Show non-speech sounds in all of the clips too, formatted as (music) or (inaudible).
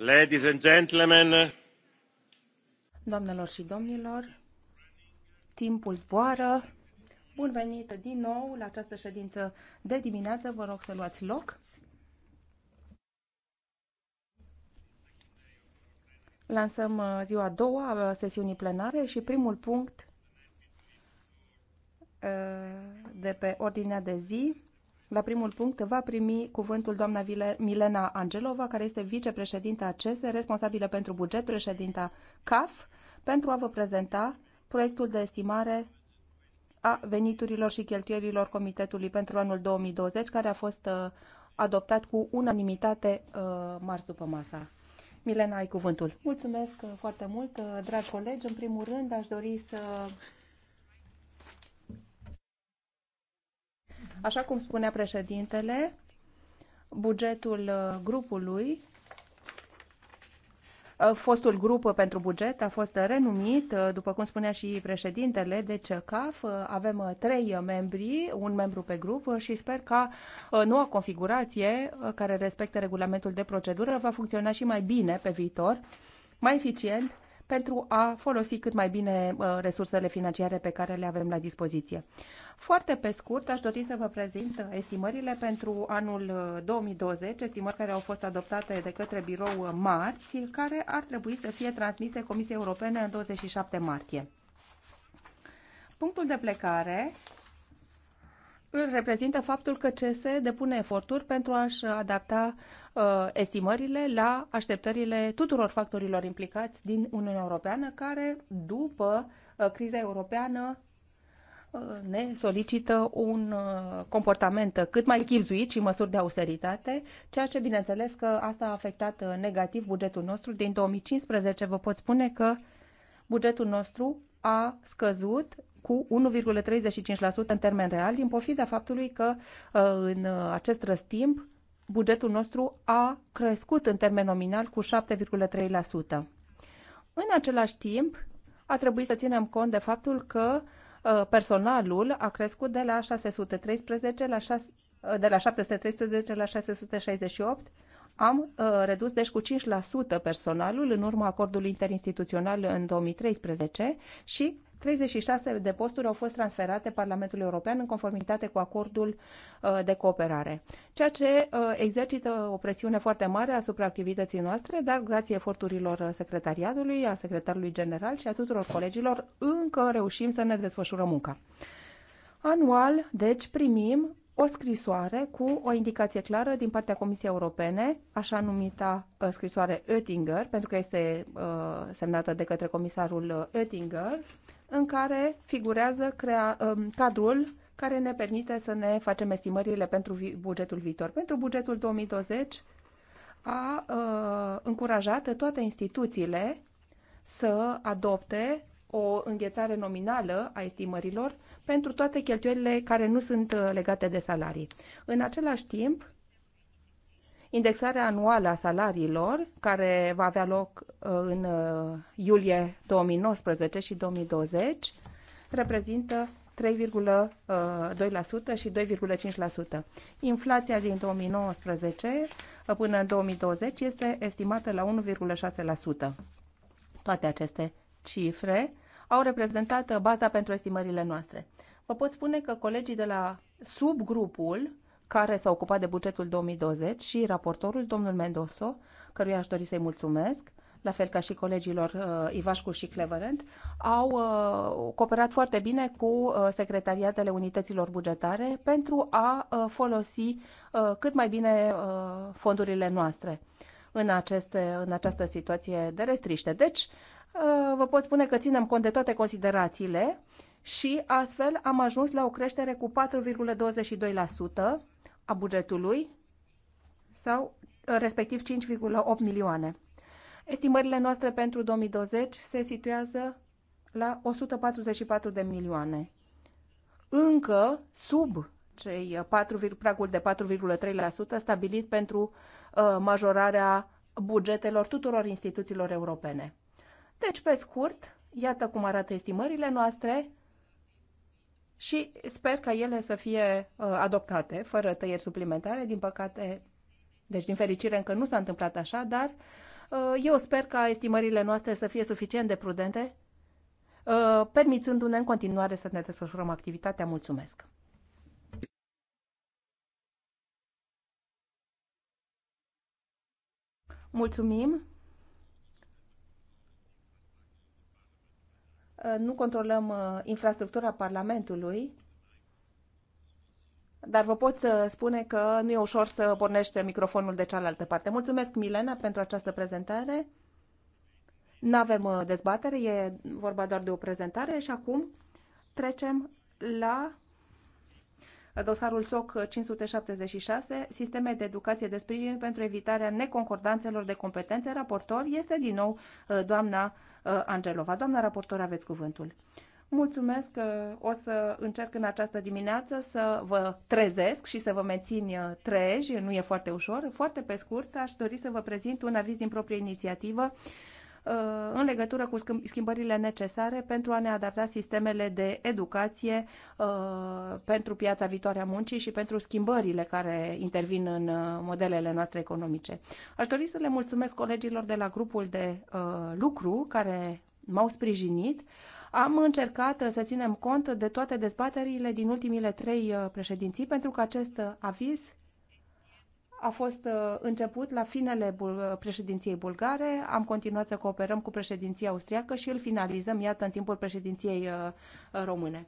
Ladies and gentlemen. Doamnelor și domnilor, timpul zboară. Bun venit din nou la această ședință de dimineață. Vă rog să luați loc. Lansăm uh, ziua a doua a sesiunii plenare și primul punct uh, de pe ordinea de zi la primul punct va primi cuvântul doamna Milena Angelova, care este vicepreședinta CESE, responsabilă pentru buget, președinta CAF, pentru a vă prezenta proiectul de estimare a veniturilor și cheltuierilor Comitetului pentru anul 2020, care a fost uh, adoptat cu unanimitate uh, marți după masa. Milena, ai cuvântul. Mulțumesc uh, foarte mult, dragi colegi. În primul rând, aș dori să Așa cum spunea președintele, bugetul uh, grupului, uh, fostul grup pentru buget a fost renumit, uh, după cum spunea și președintele, de deci, CECAF. Avem trei membri, un membru pe grup și sper ca noua configurație, care respectă regulamentul de procedură, va funcționa și mai bine pe viitor, mai eficient pentru a folosi cât mai bine uh, resursele financiare pe care le avem la dispoziție. Foarte pe scurt, aș dori să vă prezint estimările pentru anul 2020, uh, estimări care au fost adoptate de către birou uh, marți, care ar trebui să fie transmise Comisiei Europene în 27 martie. Punctul de plecare îl reprezintă faptul că CSE depune eforturi pentru a-și adapta uh, estimările la așteptările tuturor factorilor implicați din Uniunea Europeană, care după uh, criza europeană uh, ne solicită un uh, comportament cât mai chipzuit și măsuri de austeritate, ceea ce bineînțeles că asta a afectat uh, negativ bugetul nostru. Din 2015 vă pot spune că bugetul nostru a scăzut cu 1,35% în termen real, din pofida faptului că uh, în uh, acest răstimp bugetul nostru a crescut în termen nominal cu 7,3%. În același timp, a trebuit să ținem cont de faptul că uh, personalul a crescut de la 613 la 6, uh, de la 713 la 668. Am uh, redus deci cu 5% personalul în urma acordului interinstituțional în 2013 și 36 de posturi au fost transferate Parlamentului European în conformitate cu acordul uh, de cooperare, ceea ce uh, exercită o presiune foarte mare asupra activității noastre, dar grație eforturilor uh, secretariatului, a secretarului general și a tuturor colegilor, încă reușim să ne desfășurăm munca. Anual, deci, primim o scrisoare cu o indicație clară din partea Comisiei Europene, așa numita scrisoare Oettinger, pentru că este semnată de către comisarul Oettinger, în care figurează crea, um, cadrul care ne permite să ne facem estimările pentru vi bugetul viitor. Pentru bugetul 2020 a uh, încurajat toate instituțiile să adopte o înghețare nominală a estimărilor pentru toate cheltuielile care nu sunt uh, legate de salarii. În același timp, Indexarea anuală a salariilor, care va avea loc uh, în uh, iulie 2019 și 2020, reprezintă 3,2% uh, și 2,5%. Inflația din 2019 până în 2020 este estimată la 1,6%. Toate aceste cifre au reprezentat baza pentru estimările noastre. Vă pot spune că colegii de la subgrupul care s-a ocupat de bugetul 2020 și raportorul, domnul Mendoso, căruia aș dori să-i mulțumesc, la fel ca și colegilor uh, Ivașcu și Cleverent, au uh, cooperat foarte bine cu uh, secretariatele unităților bugetare pentru a uh, folosi uh, cât mai bine uh, fondurile noastre în, aceste, în această situație de restriște. Deci, uh, vă pot spune că ținem cont de toate considerațiile și astfel am ajuns la o creștere cu 4,22% a bugetului sau uh, respectiv 5,8 milioane. Estimările noastre pentru 2020 se situează la 144 de milioane. Încă sub cei 4, pragul de 4,3% stabilit pentru uh, majorarea bugetelor tuturor instituțiilor europene. Deci, pe scurt, iată cum arată estimările noastre și sper ca ele să fie uh, adoptate fără tăieri suplimentare. Din păcate, deci din fericire încă nu s-a întâmplat așa, dar uh, eu sper ca estimările noastre să fie suficient de prudente, uh, permițându-ne în continuare să ne desfășurăm activitatea. Mulțumesc! Mulțumim! Uh, nu controlăm uh, infrastructura Parlamentului, dar vă pot să uh, spune că nu e ușor să pornește microfonul de cealaltă parte. Mulțumesc, Milena, pentru această prezentare. Nu avem dezbatere, e vorba doar de o prezentare și acum trecem la dosarul SOC 576, Sisteme de Educație de Sprijin pentru Evitarea Neconcordanțelor de Competențe, raportor este din nou uh, doamna uh, Angelova. Doamna raportor, aveți cuvântul. Mulțumesc uh, o să încerc în această dimineață să vă trezesc și să vă mențin treji, nu e foarte ușor. Foarte pe scurt, aș dori să vă prezint un aviz din proprie inițiativă Uh, în legătură cu schimbările necesare pentru a ne adapta sistemele de educație uh, pentru piața viitoare a muncii și pentru schimbările care intervin în uh, modelele noastre economice. Aș dori să le mulțumesc colegilor de la grupul de lucru care m-au sprijinit. Am încercat să ținem cont de toate dezbaterile din ultimile trei președinții pentru că acest aviz a fost uh, început la finele uh, președinției bulgare, am continuat să cooperăm cu președinția austriacă și îl finalizăm, iată, în timpul președinției uh, române.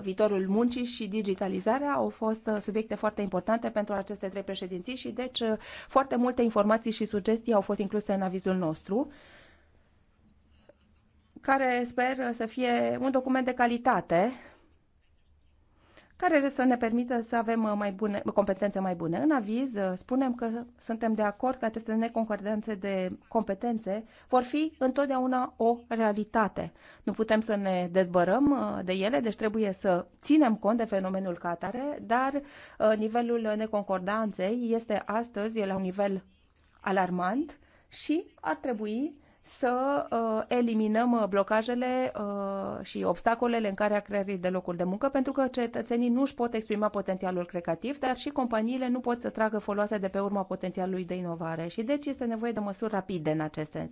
Viitorul muncii și digitalizarea au fost subiecte foarte importante pentru aceste trei președinții și deci foarte multe informații și sugestii au fost incluse în avizul nostru care sper să fie un document de calitate care să ne permită să avem uh, mai bune, competențe mai bune. În aviz uh, spunem că suntem de acord că aceste neconcordanțe de competențe vor fi întotdeauna o realitate. Nu putem să ne dezbărăm uh, de ele, deci trebuie să ținem cont de fenomenul ca atare, dar nivelul neconcordanței este astăzi la un nivel alarmant și ar trebui să uh, eliminăm uh, blocajele uh, și obstacolele în care a creării de locuri de muncă, pentru că cetățenii nu își pot exprima potențialul creativ, dar și companiile nu pot să tragă foloase de pe urma potențialului de inovare și deci este nevoie de măsuri rapide în acest sens.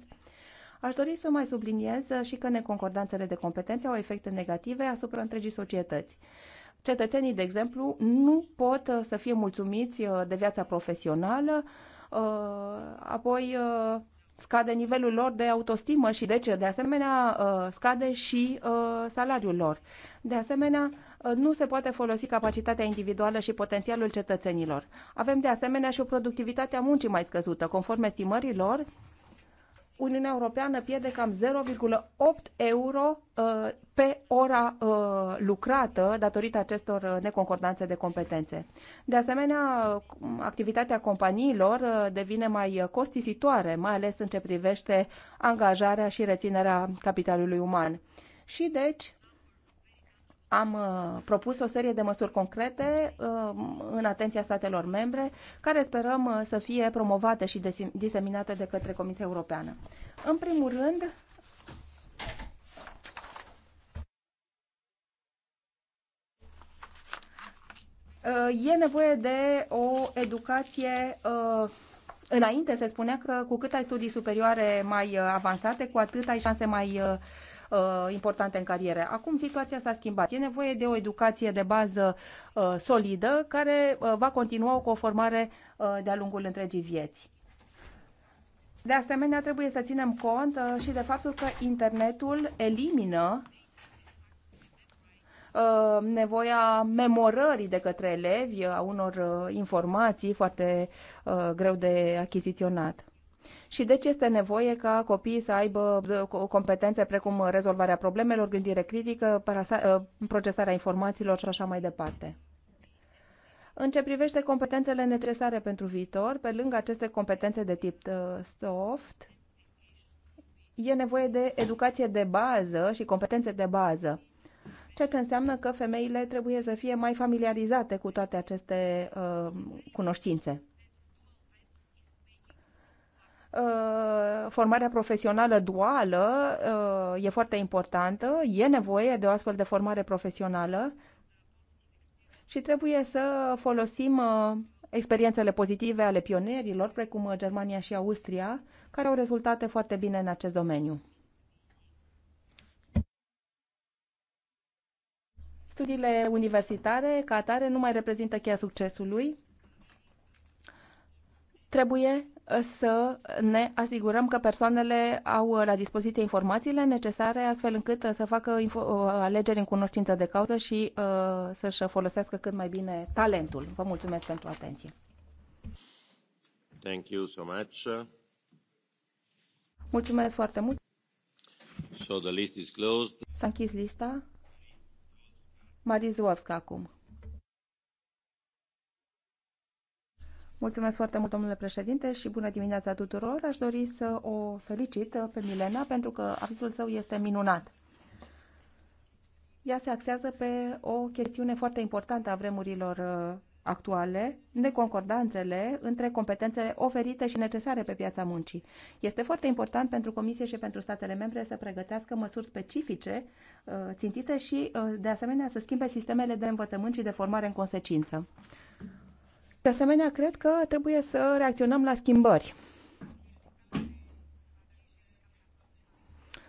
Aș dori să mai subliniez și că neconcordanțele de competențe au efecte negative asupra întregii societăți. Cetățenii, de exemplu, nu pot să fie mulțumiți de viața profesională, apoi scade nivelul lor de autostimă și de deci, ce? de asemenea, uh, scade și uh, salariul lor. De asemenea, uh, nu se poate folosi capacitatea individuală și potențialul cetățenilor. Avem de asemenea și o productivitate a muncii mai scăzută. Conform estimărilor, Uniunea Europeană pierde cam 0,8 euro uh, pe ora uh, lucrată datorită acestor uh, neconcordanțe de competențe. De asemenea, activitatea companiilor devine mai costisitoare, mai ales în ce privește angajarea și reținerea capitalului uman. Și deci, am uh, propus o serie de măsuri concrete uh, în atenția statelor membre, care sperăm uh, să fie promovate și diseminate de către Comisia Europeană. În primul rând, e nevoie de o educație Înainte se spunea că cu cât ai studii superioare mai avansate, cu atât ai șanse mai Uh, importante în carieră. Acum situația s-a schimbat. E nevoie de o educație de bază uh, solidă care uh, va continua cu o formare de-a lungul întregii vieți. De asemenea, trebuie să ținem cont și de faptul că internetul elimină nevoia memorării de către elevi a unor informații foarte greu de achiziționat și deci este nevoie ca copiii să aibă competențe precum rezolvarea problemelor, gândire critică, ă, procesarea informațiilor și așa mai departe. În ce privește competențele necesare pentru viitor, pe lângă aceste competențe de tip ă, soft, e nevoie de educație de bază și competențe de bază. Ceea ce înseamnă că femeile trebuie să fie mai familiarizate cu toate aceste uh, cunoștințe. Uh, formarea profesională duală uh, e foarte importantă, e nevoie de o astfel de formare profesională și trebuie să folosim uh, experiențele pozitive ale pionierilor, precum Germania și Austria, care au rezultate foarte bine în acest domeniu. Studiile universitare, ca atare, nu mai reprezintă cheia succesului. Trebuie să ne asigurăm că persoanele au la dispoziție informațiile necesare astfel încât să facă uh, alegeri în cunoștință de cauză și uh, să-și folosească cât mai bine talentul. Vă mulțumesc pentru atenție. Thank you so much. Mulțumesc foarte mult. So the list is closed. S-a închis lista. Marizuovska acum. Mulțumesc foarte mult, domnule președinte, și bună dimineața tuturor. Aș dori să o felicit pe Milena pentru că avizul său este minunat. Ea se axează pe o chestiune foarte importantă a vremurilor uh, actuale, neconcordanțele între competențele oferite și necesare pe piața muncii. Este foarte important pentru Comisie și pentru statele membre să pregătească măsuri specifice, uh, țintite și, uh, de asemenea, să schimbe sistemele de învățământ și de formare în consecință. De asemenea, cred că trebuie să reacționăm la schimbări.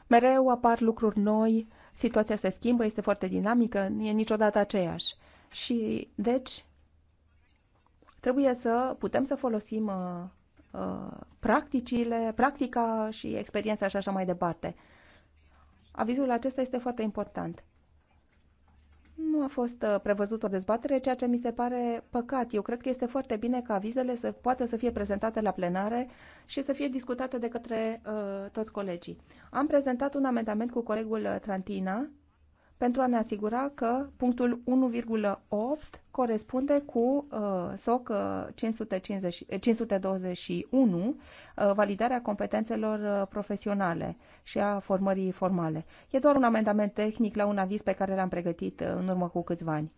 Mereu apar lucruri noi, situația se schimbă, este foarte dinamică, nu e niciodată aceeași. Și, deci, trebuie să putem să folosim uh, uh, practicile, practica și experiența și așa mai departe. Avizul acesta este foarte important. Nu a fost uh, prevăzut o dezbatere, ceea ce mi se pare păcat. Eu cred că este foarte bine ca avizele să poată să fie prezentate la plenare și să fie discutate de către uh, toți colegii. Am prezentat un amendament cu colegul uh, Trantina pentru a ne asigura că punctul 1,8 corespunde cu uh, SOC 550, 521, uh, validarea competențelor uh, profesionale și a formării formale. E doar un amendament tehnic la un aviz pe care l-am pregătit uh, în urmă cu câțiva ani.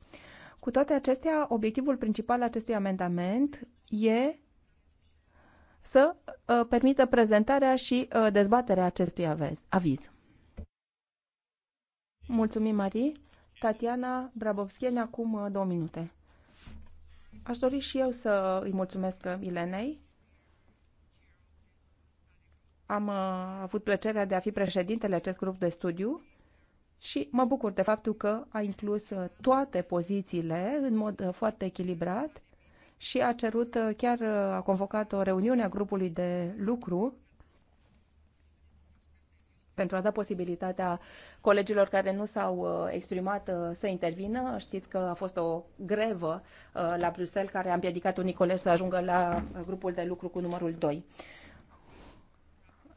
Cu toate acestea, obiectivul principal al acestui amendament e să uh, permită prezentarea și uh, dezbaterea acestui aviz. Mulțumim, Marie. Tatiana Brabovschiene, acum uh, două minute. Aș dori și eu să îi mulțumesc Ilenei. Am uh, avut plăcerea de a fi președintele acest grup de studiu și mă bucur de faptul că a inclus uh, toate pozițiile în mod foarte echilibrat și a cerut, chiar a convocat o reuniune a grupului de lucru pentru a da posibilitatea colegilor care nu s-au uh, exprimat uh, să intervină. Știți că a fost o grevă uh, la Bruxelles care a împiedicat unii colegi să ajungă la grupul de lucru cu numărul 2.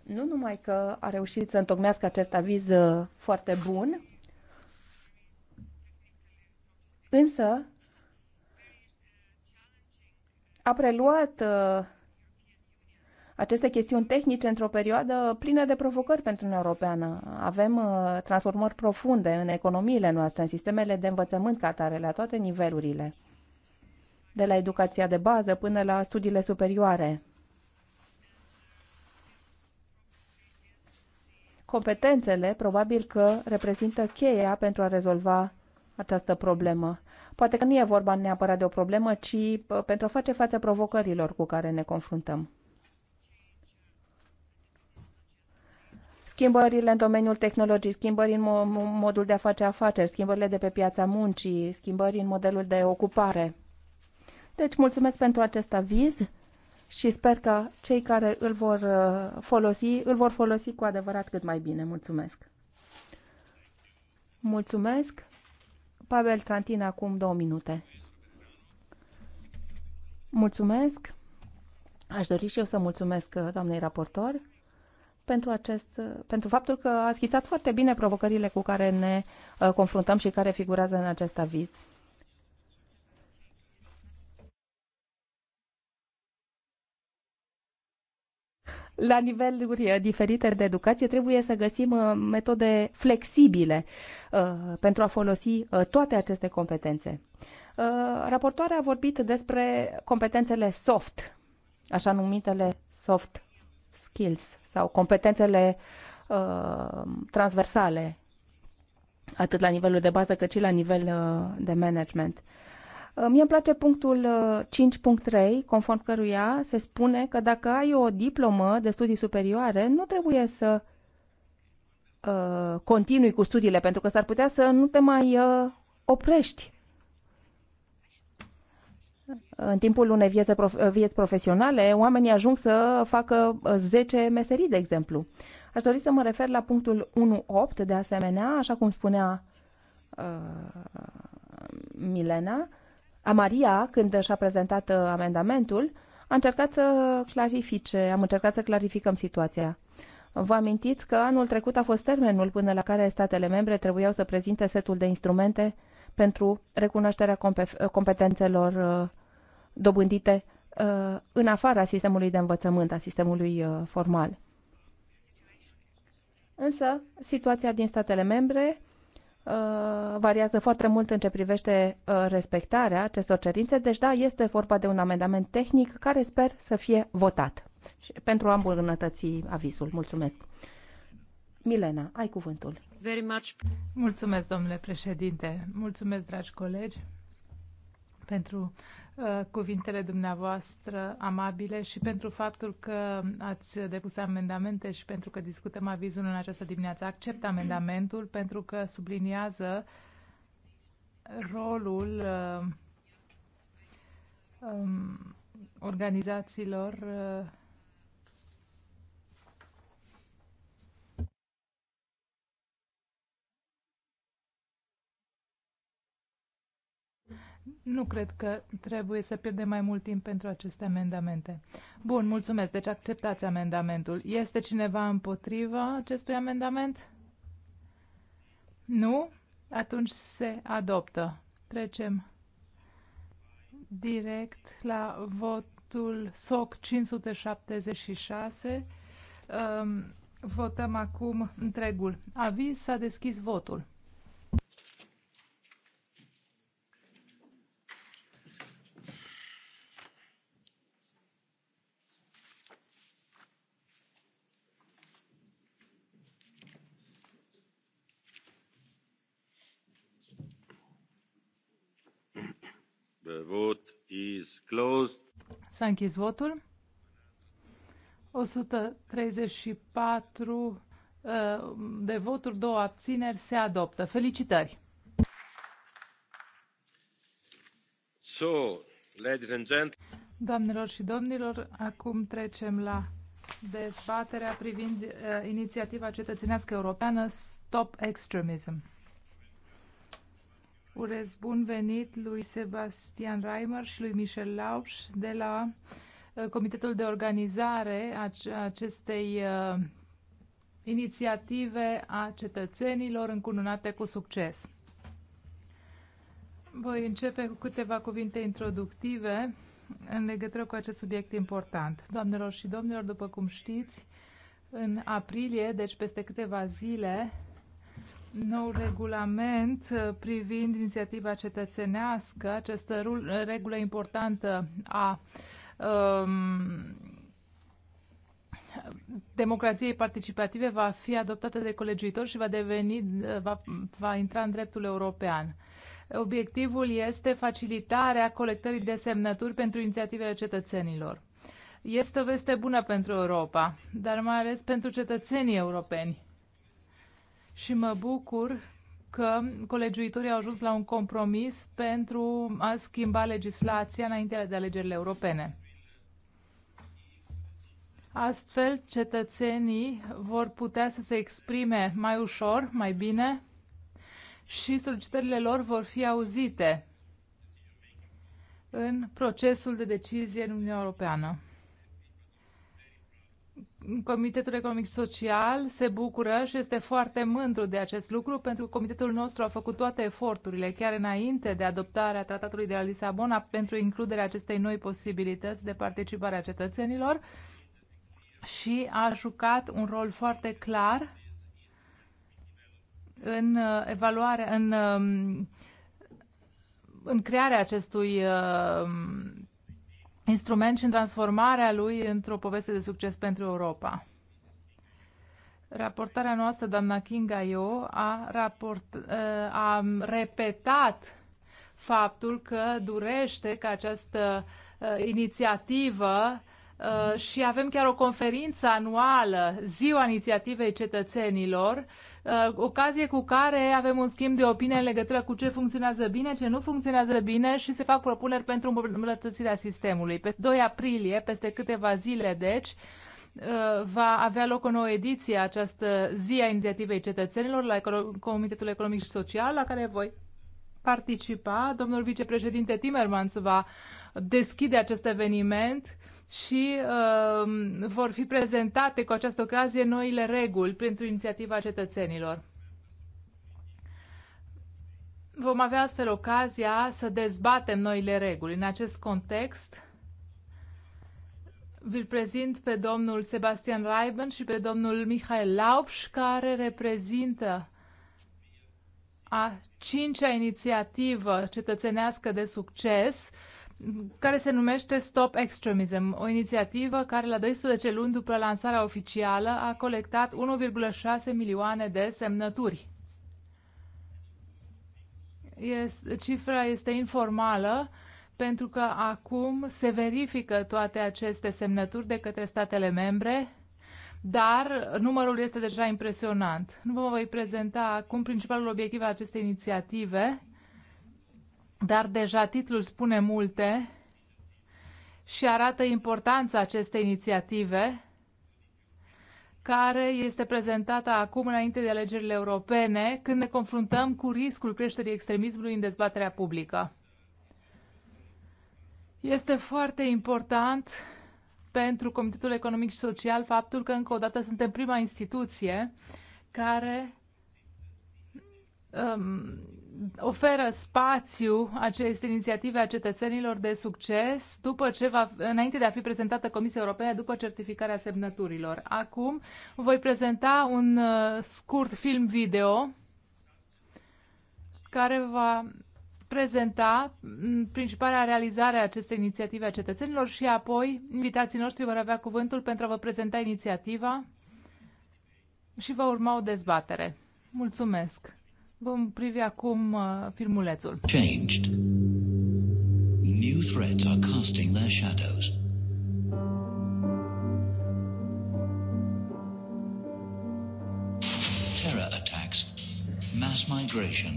Nu numai că a reușit să întocmească acest aviz foarte bun, însă a preluat uh, aceste chestiuni tehnice într-o perioadă plină de provocări pentru Uniunea Europeană. Avem uh, transformări profunde în economiile noastre, în sistemele de învățământ ca tare la toate nivelurile, de la educația de bază până la studiile superioare. Competențele probabil că reprezintă cheia pentru a rezolva această problemă. Poate că nu e vorba neapărat de o problemă, ci uh, pentru a face față provocărilor cu care ne confruntăm. schimbările în domeniul tehnologiei, schimbări în modul de a face afaceri, schimbările de pe piața muncii, schimbări în modelul de ocupare. Deci mulțumesc pentru acest aviz și sper că cei care îl vor uh, folosi, îl vor folosi cu adevărat cât mai bine. Mulțumesc! Mulțumesc! Pavel Trantin, acum două minute. Mulțumesc! Aș dori și eu să mulțumesc uh, doamnei raportor pentru, acest, pentru faptul că a schițat foarte bine provocările cu care ne uh, confruntăm și care figurează în acest aviz. la niveluri uh, diferite de educație, trebuie să găsim uh, metode flexibile pentru a folosi toate aceste competențe. Raportoarea a vorbit despre competențele soft, așa numitele soft skills sau competențele uh, transversale, atât la nivelul de bază cât și la nivel uh, de management. Uh, mie îmi place punctul 5.3, uh, conform căruia se spune că dacă ai o diplomă de studii superioare, nu trebuie să uh, continui cu studiile, pentru că s-ar putea să nu te mai uh, oprești în timpul unei vieți, prof- vieți profesionale, oamenii ajung să facă 10 uh, meserii, de exemplu. Aș dori să mă refer la punctul 1.8, de asemenea, așa cum spunea uh, Milena, a Maria, când și-a prezentat uh, amendamentul, a încercat să clarifice, am încercat să clarificăm situația. Vă amintiți că anul trecut a fost termenul până la care statele membre trebuiau să prezinte setul de instrumente pentru recunoașterea uh, competențelor dobândite uh, în afara sistemului de învățământ, a sistemului uh, formal. Însă, situația din statele membre uh, variază foarte mult în ce privește respectarea acestor cerințe, deci da, este vorba de un amendament tehnic care sper să fie votat pentru a îmbunătăți avizul. Mulțumesc! Milena, ai cuvântul. Very much. Mulțumesc, domnule președinte. Mulțumesc, dragi colegi, pentru Uh, cuvintele dumneavoastră amabile și pentru faptul că ați depus amendamente și pentru că discutăm avizul în această dimineață. Accept amendamentul pentru că subliniază rolul uh, um, organizațiilor uh, Nu cred că trebuie să pierdem mai mult timp pentru aceste amendamente. Bun, mulțumesc. Deci acceptați amendamentul. Este cineva împotriva acestui amendament? Nu? Atunci se adoptă. Trecem direct la votul SOC 576. Um, votăm acum întregul aviz. S-a deschis votul. Closed. S-a închis votul. 134 uh, de voturi, două abțineri, se adoptă. Felicitări! So, ladies and gentlemen. Doamnelor și domnilor, acum trecem la dezbaterea privind uh, inițiativa cetățenească europeană Stop Extremism. Urez bun venit lui Sebastian Reimer și lui Michel Lausch de la uh, Comitetul de Organizare a acestei uh, inițiative a cetățenilor încununate cu succes. Voi începe cu câteva cuvinte introductive în legătură cu acest subiect important. Doamnelor și domnilor, după cum știți, în aprilie, deci peste câteva zile, nou regulament uh, privind inițiativa cetățenească, această uh, regulă importantă a um, democrației participative va fi adoptată de colegiuitori și va deveni, uh, va, va intra în dreptul european. Obiectivul este facilitarea colectării de semnături pentru inițiativele cetățenilor. Este o veste bună pentru Europa, dar mai ales pentru cetățenii europeni și mă bucur că colegiuitorii au ajuns la un compromis pentru a schimba legislația înainte de alegerile europene. Astfel, cetățenii vor putea să se exprime mai ușor, mai bine și solicitările lor vor fi auzite în procesul de decizie în Uniunea Europeană. Comitetul Economic Social se bucură și este foarte mândru de acest lucru pentru că comitetul nostru a făcut toate eforturile, chiar înainte de adoptarea Tratatului de la Lisabona, pentru includerea acestei noi posibilități de participare a cetățenilor și a jucat un rol foarte clar în uh, evaluarea, în, um, în crearea acestui uh, instrument și în transformarea lui într-o poveste de succes pentru Europa. Raportarea noastră, doamna Kinga Io, a, raport, eh, a repetat faptul că durește ca această eh, inițiativă eh, și avem chiar o conferință anuală, Ziua Inițiativei Cetățenilor, uh, ocazie cu care avem un schimb de opinie în legătură cu ce funcționează bine, ce nu funcționează bine și se fac propuneri pentru îmbunătățirea sistemului. Pe 2 aprilie, peste câteva zile, deci, uh, va avea loc o nouă ediție, această zi a inițiativei cetățenilor la Comitetul Economic și Social, la care voi participa. Domnul vicepreședinte Timmermans va deschide acest eveniment și uh, vor fi prezentate cu această ocazie noile reguli pentru inițiativa cetățenilor. Vom avea astfel ocazia să dezbatem noile reguli. În acest context, vi-l prezint pe domnul Sebastian Reiben și pe domnul Mihail Laupș, care reprezintă a cincea inițiativă cetățenească de succes care se numește Stop Extremism, o inițiativă care la 12 luni după lansarea oficială a colectat 1,6 milioane de semnături. Este, cifra este informală pentru că acum se verifică toate aceste semnături de către statele membre, dar numărul este deja impresionant. Nu vă voi prezenta acum principalul obiectiv al acestei inițiative, dar deja titlul spune multe și arată importanța acestei inițiative care este prezentată acum înainte de alegerile europene, când ne confruntăm cu riscul creșterii extremismului în dezbaterea publică. Este foarte important pentru Comitetul Economic și Social faptul că încă o dată suntem prima instituție care um, oferă spațiu aceste inițiative a cetățenilor de succes după ce va, înainte de a fi prezentată Comisia Europeană după certificarea semnăturilor. Acum voi prezenta un uh, scurt film video care va prezenta principala realizare a acestei inițiative a cetățenilor și apoi invitații noștri vor avea cuvântul pentru a vă prezenta inițiativa și va urma o dezbatere. Mulțumesc! Vom privi acum uh, filmulețul. Changed. New threats are casting their shadows. Terror attacks, mass migration,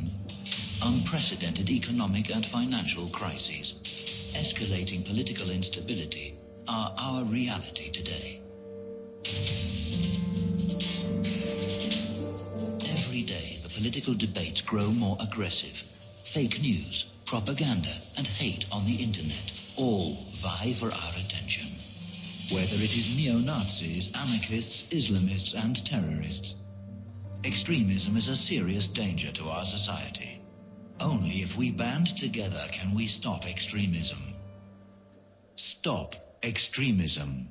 unprecedented economic and financial crises, escalating political instability are our reality today. political debate grow more aggressive. Fake news, propaganda, and hate on the internet all vie for our attention. Whether it is neo-Nazis, anarchists, Islamists, and terrorists, extremism is a serious danger to our society. Only if we band together can we stop extremism. Stop extremism.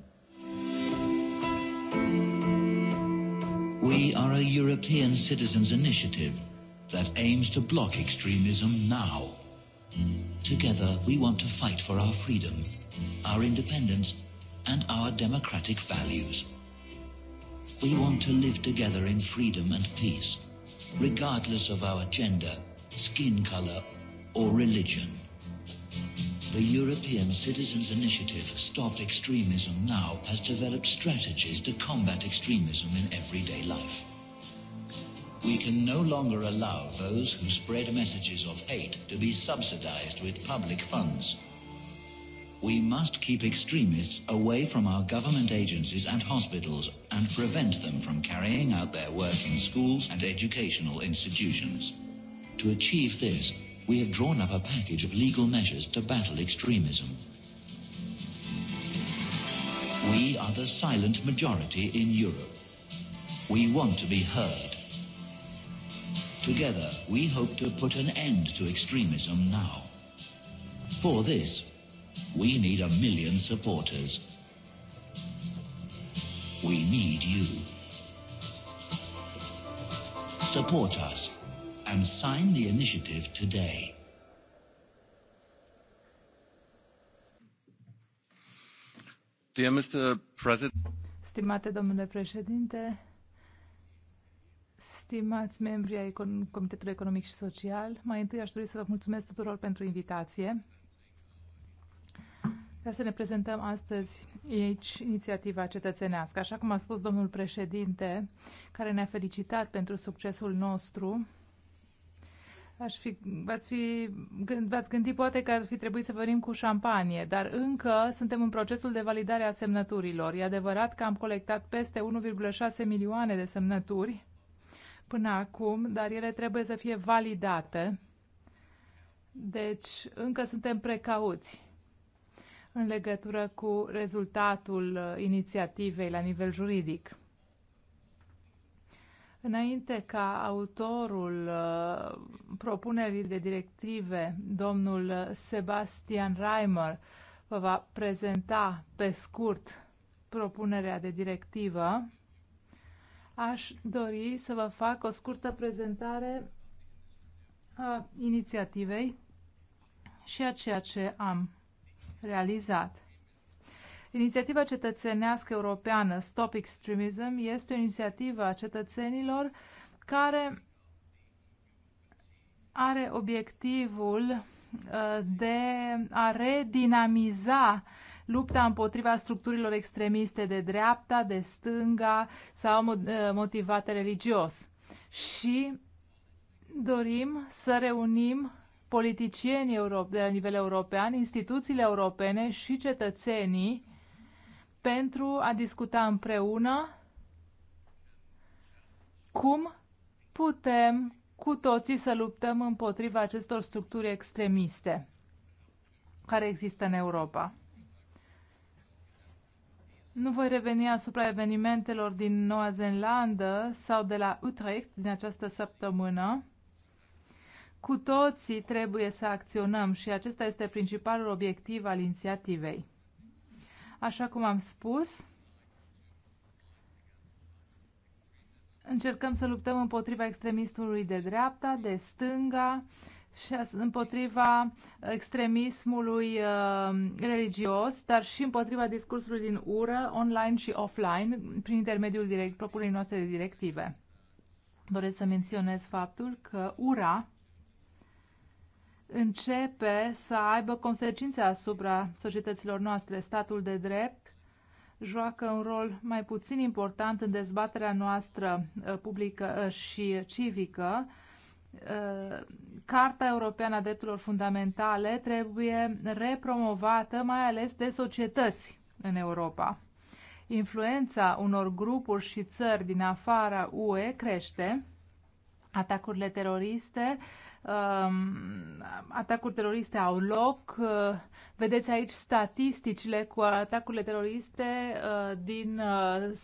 a European citizens' initiative that aims to block extremism now. Together, we want to fight for our freedom, our independence, and our democratic values. We want to live together in freedom and peace, regardless of our gender, skin color, or religion. The European Citizens Initiative Stop Extremism Now has developed strategies to combat extremism in everyday life. We can no longer allow those who spread messages of hate to be subsidized with public funds. We must keep extremists away from our government agencies and hospitals and prevent them from carrying out their work in schools and educational institutions. To achieve this, we have drawn up a package of legal measures to battle extremism. We are the silent majority in Europe. We want to be heard. Together, we hope to put an end to extremism now. For this, we need a million supporters. We need you. Support us and sign the initiative today. Dear Mr. President. Stimate domnule președinte, Stimați membri ai Comitetului Economic și Social, mai întâi aș dori să vă mulțumesc tuturor pentru invitație. Ca să ne prezentăm astăzi aici inițiativa cetățenească. Așa cum a spus domnul președinte, care ne-a felicitat pentru succesul nostru, Aș fi, v-ați, fi, v-ați gândit poate că ar fi trebuit să venim cu șampanie, dar încă suntem în procesul de validare a semnăturilor. E adevărat că am colectat peste 1,6 milioane de semnături până acum, dar ele trebuie să fie validate. Deci, încă suntem precauți în legătură cu rezultatul uh, inițiativei la nivel juridic. Înainte ca autorul uh, propunerii de directive, domnul Sebastian Reimer, vă va prezenta pe scurt propunerea de directivă, aș dori să vă fac o scurtă prezentare a inițiativei și a ceea ce am realizat. Inițiativa cetățenească europeană Stop Extremism este o inițiativă a cetățenilor care are obiectivul uh, de a redinamiza uh, lupta împotriva structurilor extremiste de dreapta, de stânga sau eh, motivate religios. Și dorim să reunim politicienii de la nivel european, instituțiile europene și cetățenii pentru a discuta împreună cum putem cu toții să luptăm împotriva acestor structuri extremiste care există în Europa. Nu voi reveni asupra evenimentelor din Noua Zeelandă sau de la Utrecht din această săptămână. Cu toții trebuie să acționăm și acesta este principalul obiectiv al inițiativei. Așa cum am spus, încercăm să luptăm împotriva extremismului de dreapta, de stânga, și împotriva extremismului uh, religios, dar și împotriva discursului din ură, online și offline, prin intermediul direct, propunerii noastre de directive. Doresc să menționez faptul că ura începe să aibă consecințe asupra societăților noastre. Statul de drept joacă un rol mai puțin important în dezbaterea noastră uh, publică uh, și civică, Uh, Carta Europeană a Drepturilor Fundamentale trebuie repromovată mai ales de societăți în Europa. Influența unor grupuri și țări din afara UE crește atacurile teroriste. Um, atacuri teroriste au loc. Uh, vedeți aici statisticile cu atacurile teroriste uh, din,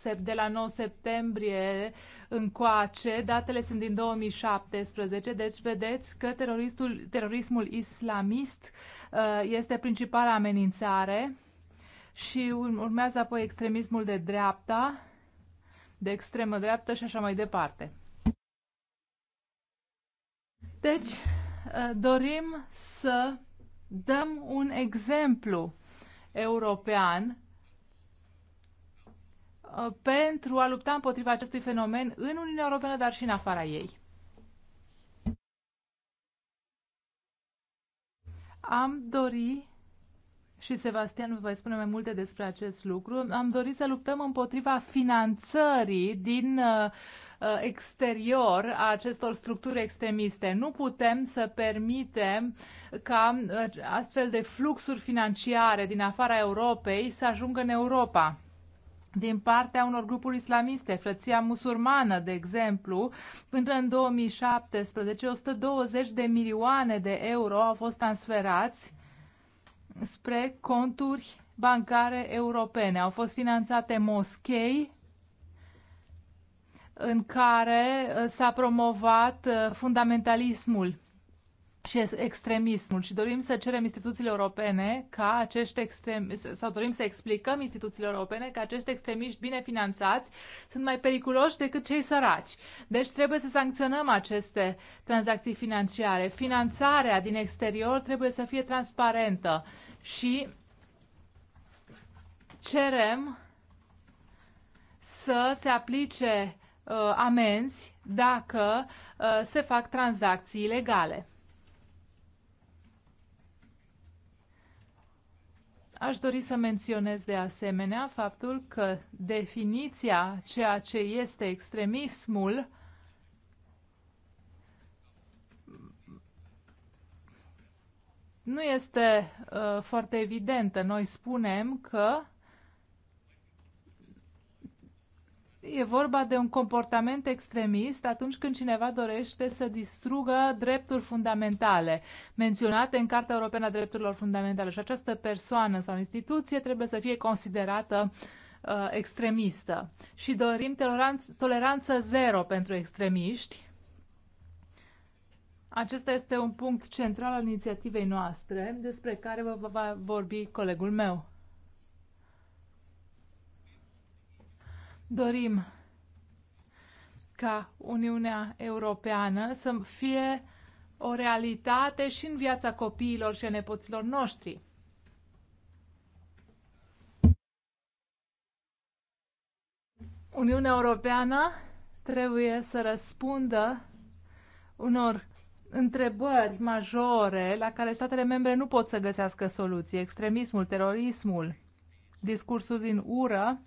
uh, de la 9 septembrie încoace. Datele sunt din 2017, deci vedeți că teroristul, terorismul islamist este principala amenințare și urmează apoi extremismul de dreapta, de extremă dreaptă și așa mai departe. Deci, uh, dorim să dăm un exemplu european uh, pentru a lupta împotriva acestui fenomen în Uniunea Europeană, dar și în afara ei. Am dori și Sebastian vă spune mai multe despre acest lucru. Am dorit să luptăm împotriva finanțării din uh, Uh, exterior a acestor structuri extremiste. Nu putem să permitem ca uh, astfel de fluxuri financiare din afara Europei să ajungă în Europa din partea unor grupuri islamiste, frăția musulmană, de exemplu, până în 2017, 120 de milioane de euro au fost transferați spre conturi bancare europene. Au fost finanțate moschei în care uh, s-a promovat uh, fundamentalismul și extremismul și dorim să cerem instituțiile europene ca acești extremiști, sau dorim să explicăm instituțiile europene că acești extremiști bine finanțați sunt mai periculoși decât cei săraci. Deci trebuie să sancționăm aceste tranzacții financiare. Finanțarea din exterior trebuie să fie transparentă și cerem să se aplice uh, amenzi dacă uh, se fac tranzacții ilegale. Aș dori să menționez de asemenea faptul că definiția ceea ce este extremismul nu este uh, foarte evidentă. Noi spunem că e vorba de un comportament extremist atunci când cineva dorește să distrugă drepturi fundamentale menționate în Carta Europeană a Drepturilor Fundamentale și această persoană sau instituție trebuie să fie considerată uh, extremistă și dorim toleranț- toleranță zero pentru extremiști. Acesta este un punct central al inițiativei noastre despre care vă va vorbi colegul meu. Dorim ca Uniunea Europeană să fie o realitate și în viața copiilor și a nepoților noștri. Uniunea Europeană trebuie să răspundă unor întrebări majore la care statele membre nu pot să găsească soluții. Extremismul, terorismul, discursul din ură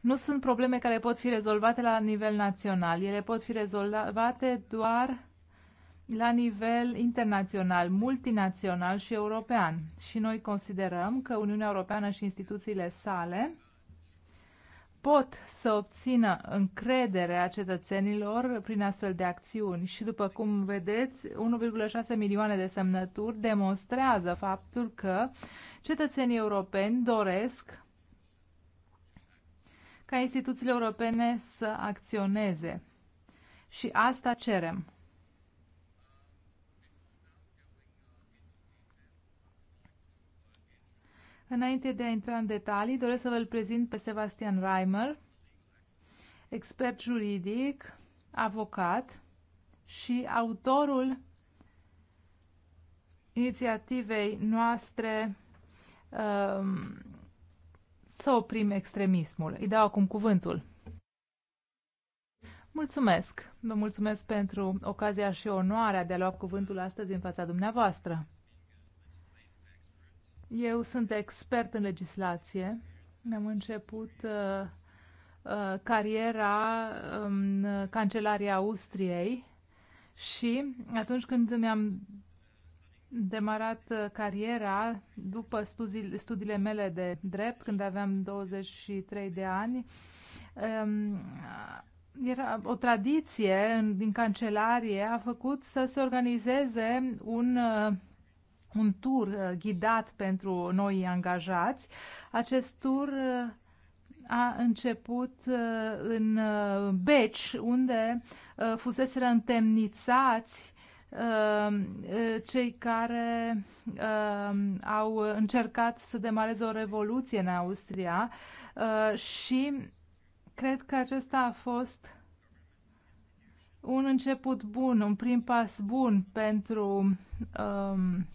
nu sunt probleme care pot fi rezolvate la nivel național. Ele pot fi rezolvate doar la nivel internațional, multinațional și european. Și noi considerăm că Uniunea Europeană și instituțiile sale pot să obțină încrederea cetățenilor prin astfel de acțiuni. Și după cum vedeți, 1,6 milioane de semnături demonstrează faptul că cetățenii europeni doresc ca instituțiile europene să acționeze. Și asta cerem. Înainte de a intra în detalii, doresc să vă-l prezint pe Sebastian Reimer, expert juridic, avocat și autorul inițiativei noastre um, să oprim extremismul. Îi dau acum cuvântul. Mulțumesc! Vă mulțumesc pentru ocazia și onoarea de a lua cuvântul astăzi în fața dumneavoastră. Eu sunt expert în legislație. Mi-am început uh, uh, cariera în Cancelaria Austriei și atunci când mi-am demarat uh, cariera după studi studiile mele de drept, când aveam 23 de ani. Um, era o tradiție din cancelarie, a făcut să se organizeze un uh, un tur uh, ghidat pentru noi angajați. Acest tur a început în Beci, unde fuseseră întemnițați Ehm, cei care ehm, au încercat să demareze o revoluție în Austria și cred că acesta a fost un început bun, un prim pas bun pentru, um,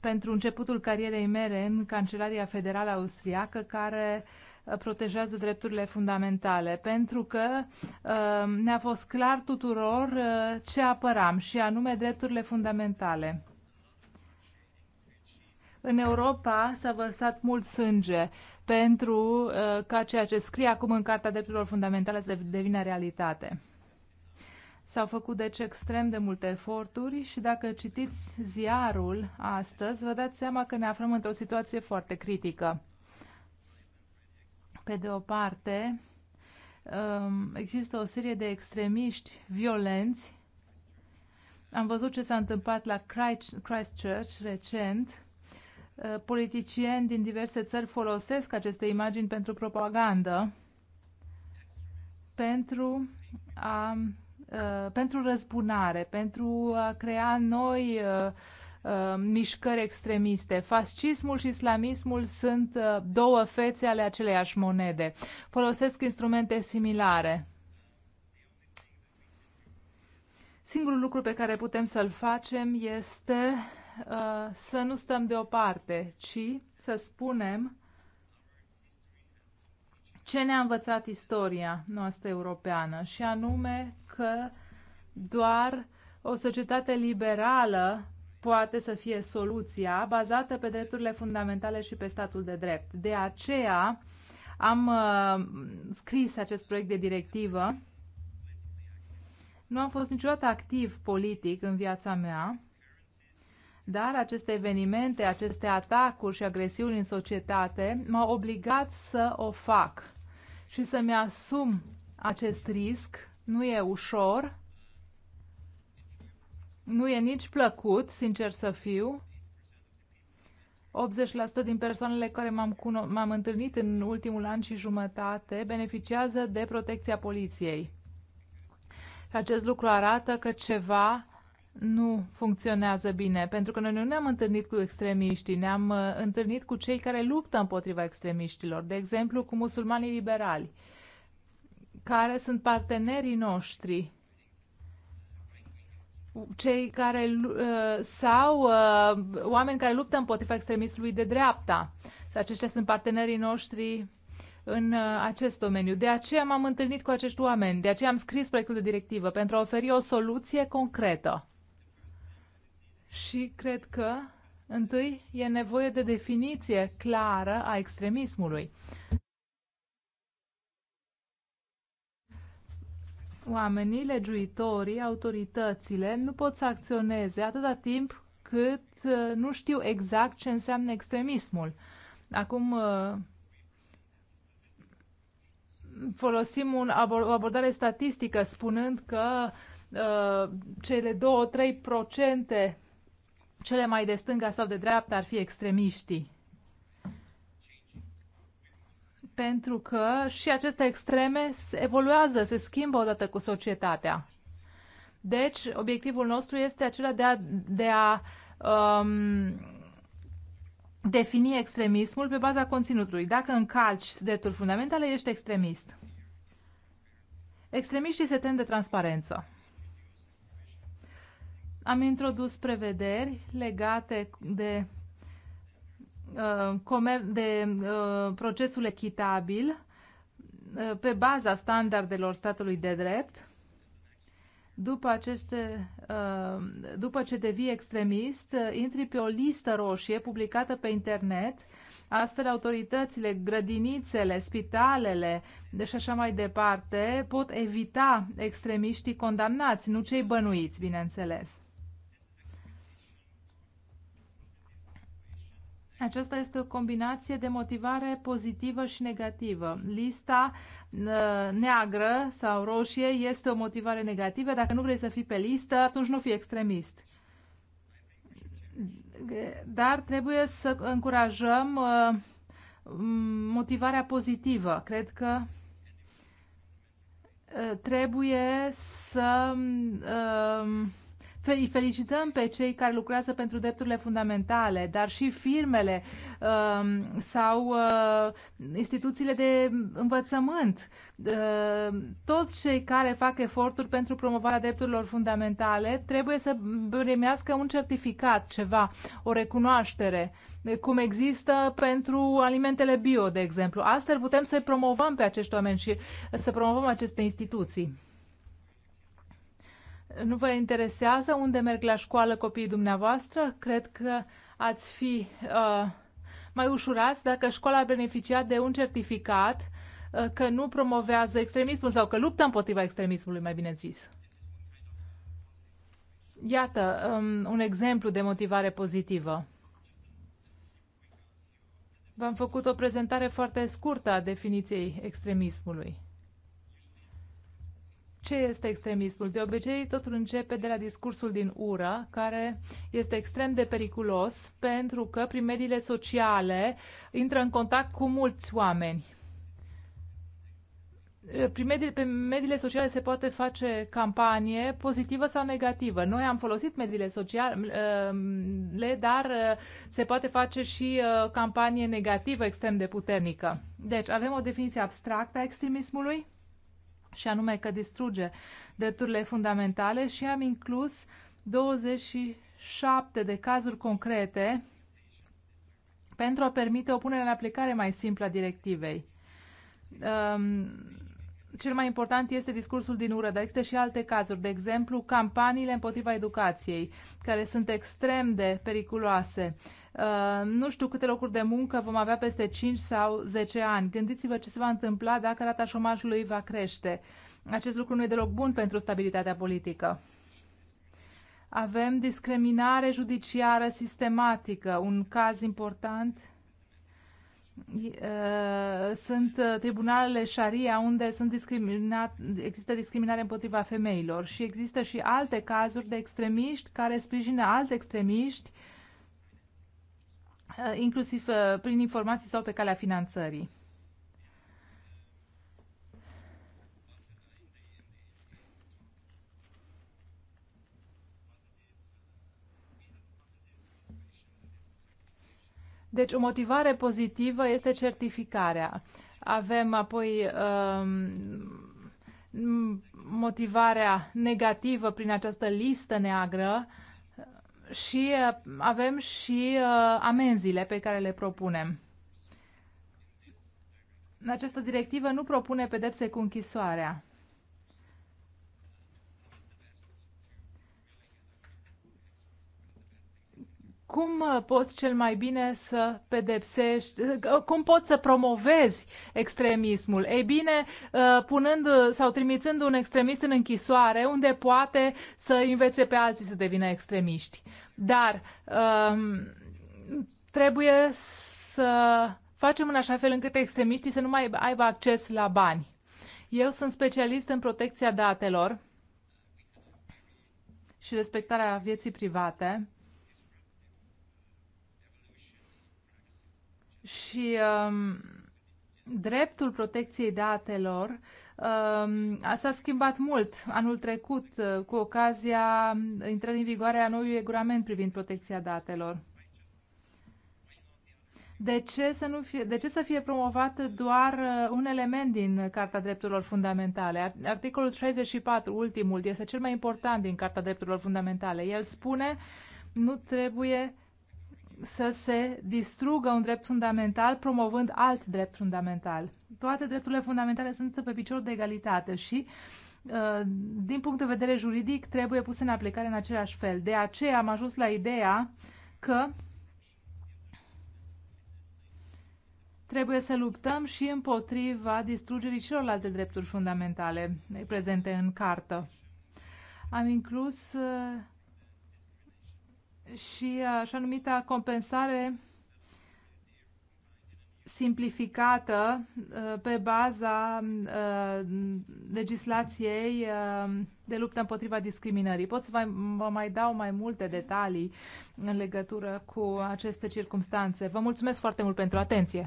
pentru începutul carierei mele în Cancelaria Federală Austriacă, care protejează drepturile fundamentale, pentru că uh, ne-a fost clar tuturor uh, ce apăram, și anume drepturile fundamentale. În Europa s-a vărsat mult sânge pentru uh, ca ceea ce scrie acum în Carta Drepturilor Fundamentale să devină realitate. S-au făcut deci extrem de multe eforturi și dacă citiți ziarul astăzi, vă dați seama că ne aflăm într-o situație foarte critică. Pe de o parte, um, există o serie de extremiști violenți. Am văzut ce s-a întâmplat la Christchurch recent. Uh, politicieni din diverse țări folosesc aceste imagini pentru propagandă, pentru a uh, pentru răzbunare, pentru a crea noi uh, Uh, mișcări extremiste. Fascismul și islamismul sunt uh, două fețe ale aceleiași monede. Folosesc instrumente similare. Singurul lucru pe care putem să-l facem este uh, să nu stăm deoparte, ci să spunem ce ne-a învățat istoria noastră europeană și anume că doar o societate liberală poate să fie soluția bazată pe drepturile fundamentale și pe statul de drept. De aceea am uh, scris acest proiect de directivă. Nu am fost niciodată activ politic în viața mea, dar aceste evenimente, aceste atacuri și agresiuni în societate m-au obligat să o fac și să-mi asum acest risc. Nu e ușor, nu e nici plăcut, sincer să fiu. 80% din persoanele care m-am, m-am întâlnit în ultimul an și jumătate beneficiază de protecția poliției. Acest lucru arată că ceva nu funcționează bine, pentru că noi nu ne-am întâlnit cu extremiștii, ne-am uh, întâlnit cu cei care luptă împotriva extremiștilor, de exemplu cu musulmanii liberali, care sunt partenerii noștri cei care uh, sau uh, oameni care luptă împotriva extremismului de dreapta. Aceștia sunt partenerii noștri în uh, acest domeniu. De aceea m-am întâlnit cu acești oameni, de aceea am scris proiectul de directivă, pentru a oferi o soluție concretă. Și cred că, întâi, e nevoie de definiție clară a extremismului. oamenii, legiuitorii, autoritățile nu pot să acționeze atâta timp cât uh, nu știu exact ce înseamnă extremismul. Acum uh, folosim un o abordare statistică spunând că uh, cele 2-3% cele mai de stânga sau de dreapta ar fi extremiștii pentru că și aceste extreme evoluează, se schimbă odată cu societatea. Deci, obiectivul nostru este acela de a, de a um, defini extremismul pe baza conținutului. Dacă încalci drepturi fundamentale, ești extremist. Extremiștii se tem de transparență. Am introdus prevederi legate de Uh, de uh, procesul echitabil uh, pe baza standardelor statului de drept, după, aceste, după ce devii extremist, intri pe o listă roșie publicată pe internet, astfel autoritățile, grădinițele, spitalele și așa mai departe pot evita extremiștii condamnați, nu cei bănuiți, bineînțeles. Aceasta este o combinație de motivare pozitivă și negativă. Lista ă, neagră sau roșie este o motivare negativă. Dacă nu vrei să fii pe listă, atunci nu fi extremist. Dar trebuie să încurajăm ă, motivarea pozitivă. Cred că ă, trebuie să îi felicităm pe cei care lucrează pentru drepturile fundamentale, dar și firmele um, sau uh, instituțiile de învățământ, uh, toți cei care fac eforturi pentru promovarea drepturilor fundamentale trebuie să primească un certificat, ceva, o recunoaștere, cum există pentru alimentele bio, de exemplu. Astfel putem să promovăm pe acești oameni și să promovăm aceste instituții. Nu vă interesează unde merg la școală copiii dumneavoastră? Cred că ați fi uh, mai ușurați dacă școala ar beneficia de un certificat uh, că nu promovează extremismul sau că luptă împotriva extremismului, mai bine zis. Iată um, un exemplu de motivare pozitivă. V-am făcut o prezentare foarte scurtă a definiției extremismului. Ce este extremismul? De obicei, totul începe de la discursul din ură, care este extrem de periculos pentru că prin mediile sociale intră în contact cu mulți oameni. Prin medii, pe mediile sociale se poate face campanie pozitivă sau negativă. Noi am folosit mediile sociale, dar se poate face și uh, campanie negativă extrem de puternică. Deci avem o definiție abstractă a extremismului și anume că distruge drepturile fundamentale și am inclus 27 de cazuri concrete pentru a permite o punere în aplicare mai simplă a directivei. Um, cel mai important este discursul din ură, dar există și alte cazuri, de exemplu campaniile împotriva educației, care sunt extrem de periculoase. Uh, Uh, nu știu câte locuri de muncă vom avea peste 5 sau 10 ani. Gândiți-vă ce se va întâmpla dacă rata șomajului va crește. Acest lucru nu e deloc bun pentru stabilitatea politică. Avem discriminare judiciară sistematică, un caz important uh, sunt uh, tribunalele șaria unde sunt discriminat, există discriminare împotriva femeilor și există și alte cazuri de extremiști care sprijină alți extremiști uh, Eh, inclusiv eh, prin informații sau pe calea finanțării. Deci o motivare pozitivă este certificarea. Avem apoi um, motivarea negativă prin această listă neagră și uh, avem și uh, amenziile pe care le propunem. Această directivă nu propune pedepse cu închisoarea. cum uh, poți cel mai bine să pedepsești, cum poți să promovezi extremismul? Ei bine, punând sau trimițând un extremist în închisoare, unde poate să învețe pe alții să devină extremiști. Dar um, trebuie să facem în așa fel încât extremiștii să nu mai aibă acces la bani. Eu sunt specialist în protecția datelor și respectarea vieții private. Și um, dreptul protecției datelor Um, s-a schimbat mult anul trecut uh, cu ocazia intrării în vigoare a noului regulament privind protecția datelor. De ce, să nu fie, de ce să fie promovat doar uh, un element din Carta Drepturilor Fundamentale? Articolul 34, ultimul, este cel mai important din Carta Drepturilor Fundamentale. El spune nu trebuie să se distrugă un drept fundamental promovând alt drept fundamental. Toate drepturile fundamentale sunt pe picior de egalitate și uh, din punct de vedere juridic trebuie puse în aplicare în același fel. De aceea am ajuns la ideea că trebuie să luptăm și împotriva distrugerii celorlalte drepturi fundamentale prezente în cartă. Am inclus uh, și uh, așa numita compensare simplificată uh, pe baza uh, legislației de luptă împotriva discriminării. Pot să vă mai dau mai multe detalii în legătură cu aceste circumstanțe. Vă mulțumesc foarte mult pentru atenție!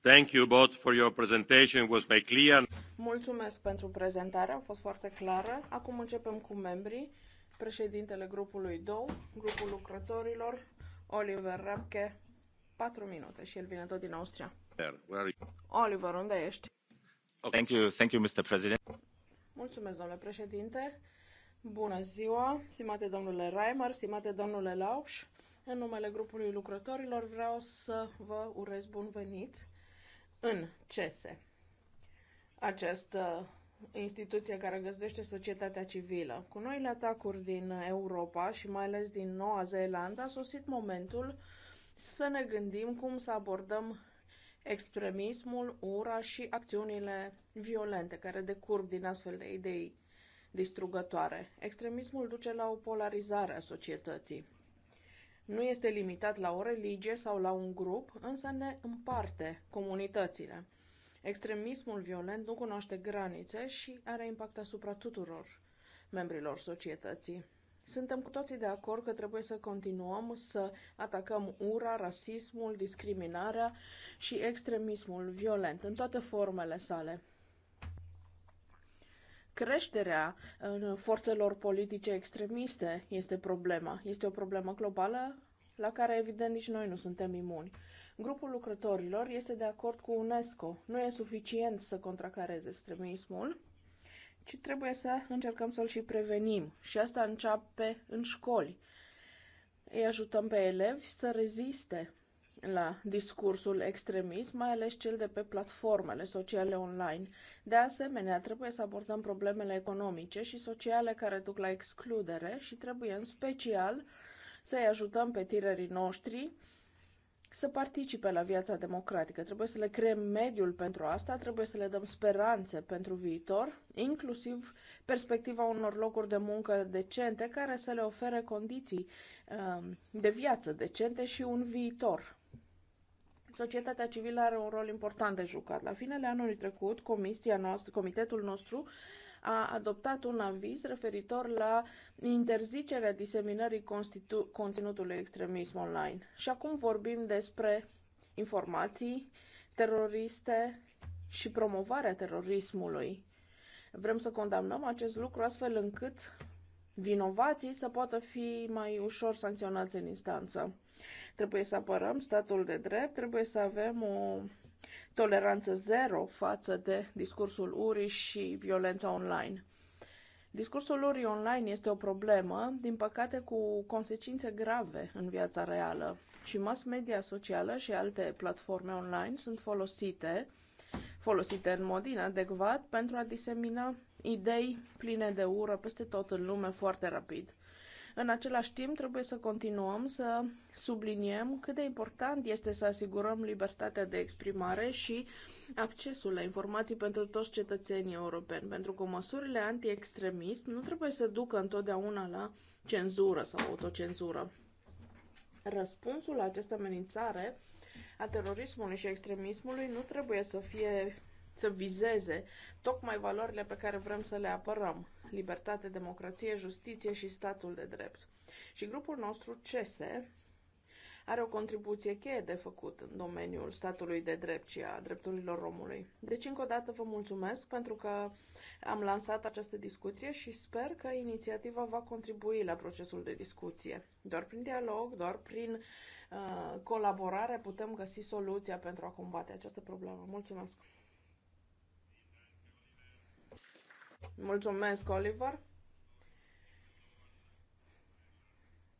Thank you both for your presentation. It was very clear. Mulțumesc pentru prezentare, a fost foarte clară. Acum începem cu membrii. Președintele grupului 2, grupul lucrătorilor, Oliver Rapke, 4 minute și el vine tot din Austria. Oliver, unde ești? Okay. Thank you, thank you, Mr. President. Mulțumesc, domnule președinte. Bună ziua, stimate domnule Reimer, stimate domnule Lauș. În numele grupului lucrătorilor vreau să vă urez bun venit în CESE această instituție care găzduiește societatea civilă. Cu noile atacuri din Europa și mai ales din Noua Zeelandă a sosit momentul să ne gândim cum să abordăm extremismul, ura și acțiunile violente care decurg din astfel de idei distrugătoare. Extremismul duce la o polarizare a societății. Nu este limitat la o religie sau la un grup, însă ne împarte comunitățile. Extremismul violent nu cunoaște granițe și are impact asupra tuturor membrilor societății. Suntem cu toții de acord că trebuie să continuăm să atacăm ura, rasismul, discriminarea și extremismul violent în toate formele sale. Creșterea forțelor politice extremiste este problema. Este o problemă globală la care, evident, nici noi nu suntem imuni. Grupul lucrătorilor este de acord cu UNESCO. Nu e suficient să contracareze extremismul, ci trebuie să încercăm să-l și prevenim. Și asta începe în școli. Îi ajutăm pe elevi să reziste la discursul extremist, mai ales cel de pe platformele sociale online. De asemenea, trebuie să abordăm problemele economice și sociale care duc la excludere și trebuie în special să-i ajutăm pe tinerii noștri să participe la viața democratică. Trebuie să le creăm mediul pentru asta, trebuie să le dăm speranțe pentru viitor, inclusiv perspectiva unor locuri de muncă decente care să le ofere condiții um, de viață decente și un viitor societatea civilă are un rol important de jucat. La finele anului trecut, comisia noastră, comitetul nostru a adoptat un aviz referitor la interzicerea diseminării conținutului extremism online. Și acum vorbim despre informații teroriste și promovarea terorismului. Vrem să condamnăm acest lucru astfel încât vinovații să poată fi mai ușor sancționați în instanță. Trebuie să apărăm statul de drept, trebuie să avem o toleranță zero față de discursul urii și violența online. Discursul urii online este o problemă, din păcate cu consecințe grave în viața reală și mass media socială și alte platforme online sunt folosite folosite în mod inadecvat pentru a disemina idei pline de ură peste tot în lume foarte rapid. În același timp, trebuie să continuăm să subliniem cât de important este să asigurăm libertatea de exprimare și accesul la informații pentru toți cetățenii europeni, pentru că măsurile anti-extremist nu trebuie să ducă întotdeauna la cenzură sau autocenzură. Răspunsul la această amenințare a terorismului și extremismului nu trebuie să fie să vizeze tocmai valorile pe care vrem să le apărăm, libertate, democrație, justiție și statul de drept. Și grupul nostru, CESE, are o contribuție cheie de făcut în domeniul statului de drept și a drepturilor omului. Deci, încă o dată, vă mulțumesc pentru că am lansat această discuție și sper că inițiativa va contribui la procesul de discuție. Doar prin dialog, doar prin uh, colaborare putem găsi soluția pentru a combate această problemă. Mulțumesc! Mulțumesc, Oliver.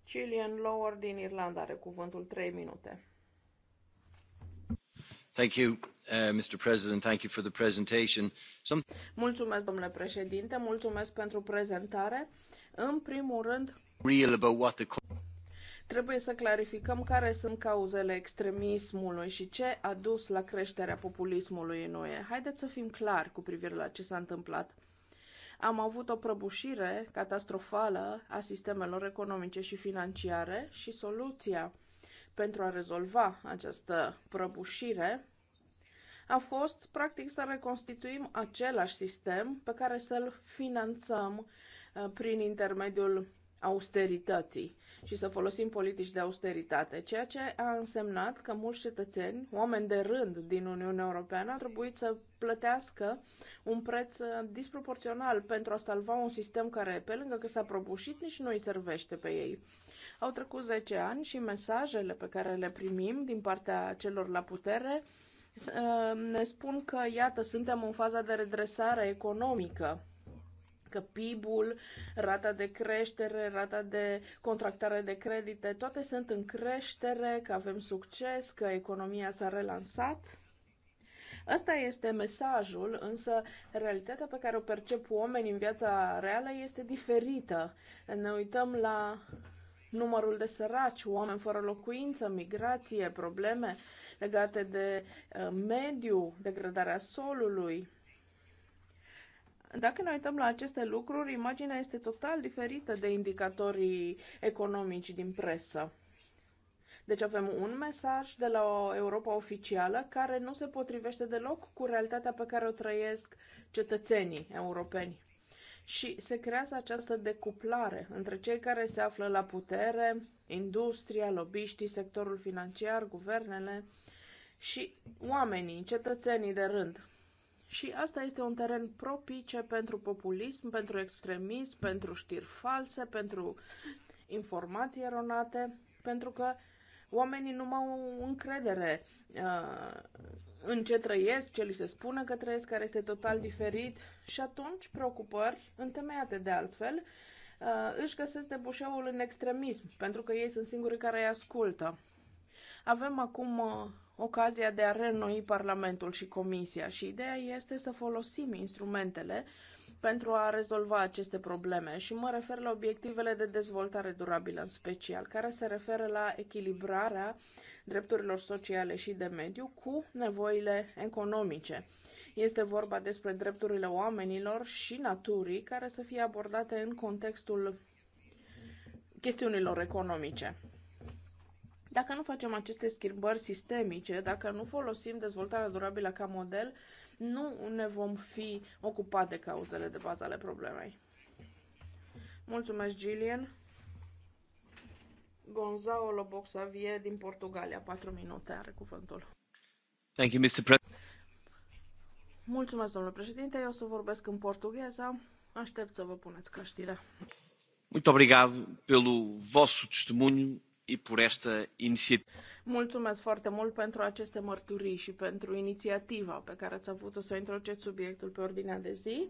Cillian Lower din Irlanda are cuvântul 3 minute. Thank you, uh, Mr. President. Thank you for the presentation. Some... Mulțumesc, domnule președinte. Mulțumesc pentru prezentare. În primul rând, real about what the... trebuie să clarificăm care sunt cauzele extremismului și ce a dus la creșterea populismului în UE. Haideți să fim clari cu privire la ce s-a întâmplat am avut o prăbușire catastrofală a sistemelor economice și financiare și soluția pentru a rezolva această prăbușire a fost, practic, să reconstituim același sistem pe care să-l finanțăm uh, prin intermediul austerității și să folosim politici de austeritate, ceea ce a însemnat că mulți cetățeni, oameni de rând din Uniunea Europeană, a trebuit să plătească un preț uh, disproporțional pentru a salva un sistem care, pe lângă că s-a prăbușit, nici nu îi servește pe ei. Au trecut 10 ani și mesajele pe care le primim din partea celor la putere uh, ne spun că, iată, suntem în faza de redresare economică că PIB-ul, rata de creștere, rata de contractare de credite, toate sunt în creștere, că avem succes, că economia s-a relansat. Ăsta este mesajul, însă realitatea pe care o percep oamenii în viața reală este diferită. Ne uităm la numărul de săraci, oameni fără locuință, migrație, probleme legate de uh, mediu, degradarea solului, dacă ne uităm la aceste lucruri, imaginea este total diferită de indicatorii economici din presă. Deci avem un mesaj de la o Europa oficială care nu se potrivește deloc cu realitatea pe care o trăiesc cetățenii europeni. Și se creează această decuplare între cei care se află la putere, industria, lobiștii, sectorul financiar, guvernele și oamenii, cetățenii de rând. Și asta este un teren propice pentru populism, pentru extremism, pentru știri false, pentru informații eronate, pentru că oamenii nu au încredere uh, în ce trăiesc, ce li se spune că trăiesc, care este total diferit și atunci preocupări, întemeiate de altfel, uh, își găsesc debușeul în extremism, pentru că ei sunt singurii care îi ascultă. Avem acum uh, ocazia de a reînnoi Parlamentul și Comisia și ideea este să folosim instrumentele pentru a rezolva aceste probleme și mă refer la obiectivele de dezvoltare durabilă în special, care se referă la echilibrarea drepturilor sociale și de mediu cu nevoile economice. Este vorba despre drepturile oamenilor și naturii care să fie abordate în contextul chestiunilor economice. Dacă nu facem aceste schimbări sistemice, dacă nu folosim dezvoltarea durabilă ca model, nu ne vom fi ocupat de cauzele de bază ale problemei. Mulțumesc, Gillian. Gonzalo Boxavier din Portugalia, 4 minute, are cuvântul. Thank you, Mr. Pre- Mulțumesc, domnule președinte. Eu o să vorbesc în portugheză. Aștept să vă puneți căștile. Muito obrigado pelo vosso testemunho e por esta iniciativa. Mulțumesc foarte mult pentru aceste mărturii și pentru inițiativa pe care ați avut-o să introduceți subiectul pe ordinea de zi.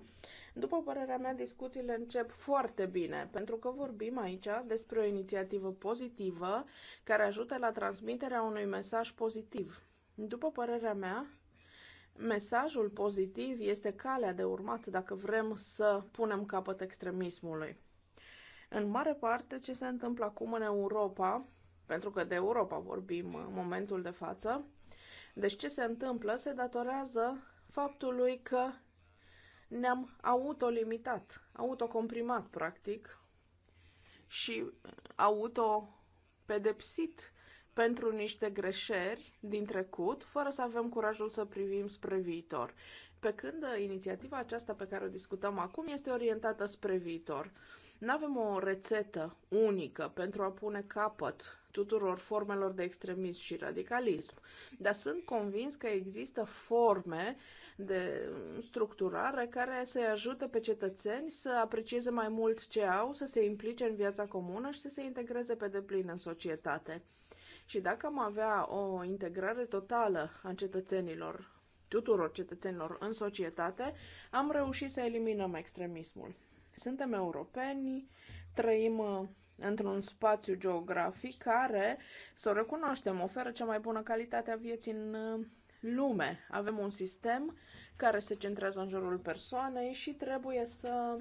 După părerea mea, discuțiile încep foarte bine, pentru că vorbim aici despre o inițiativă pozitivă care ajută la transmiterea unui mesaj pozitiv. După părerea mea, mesajul pozitiv este calea de urmat dacă vrem să punem capăt extremismului. În mare parte, ce se întâmplă acum în Europa, pentru că de Europa vorbim în momentul de față, deci ce se întâmplă se datorează faptului că ne-am autolimitat, autocomprimat practic și autopedepsit pentru niște greșeli din trecut, fără să avem curajul să privim spre viitor. Pe când inițiativa aceasta pe care o discutăm acum este orientată spre viitor. Nu avem o rețetă unică pentru a pune capăt tuturor formelor de extremism și radicalism, dar sunt convins că există forme de structurare care să-i ajute pe cetățeni să aprecieze mai mult ce au, să se implice în viața comună și să se integreze pe deplin în societate. Și dacă am avea o integrare totală a cetățenilor, tuturor cetățenilor în societate, am reușit să eliminăm extremismul. Suntem europeni, trăim uh, într-un spațiu geografic care, să o recunoaștem, oferă cea mai bună calitate a vieții în uh, lume. Avem un sistem care se centrează în jurul persoanei și trebuie să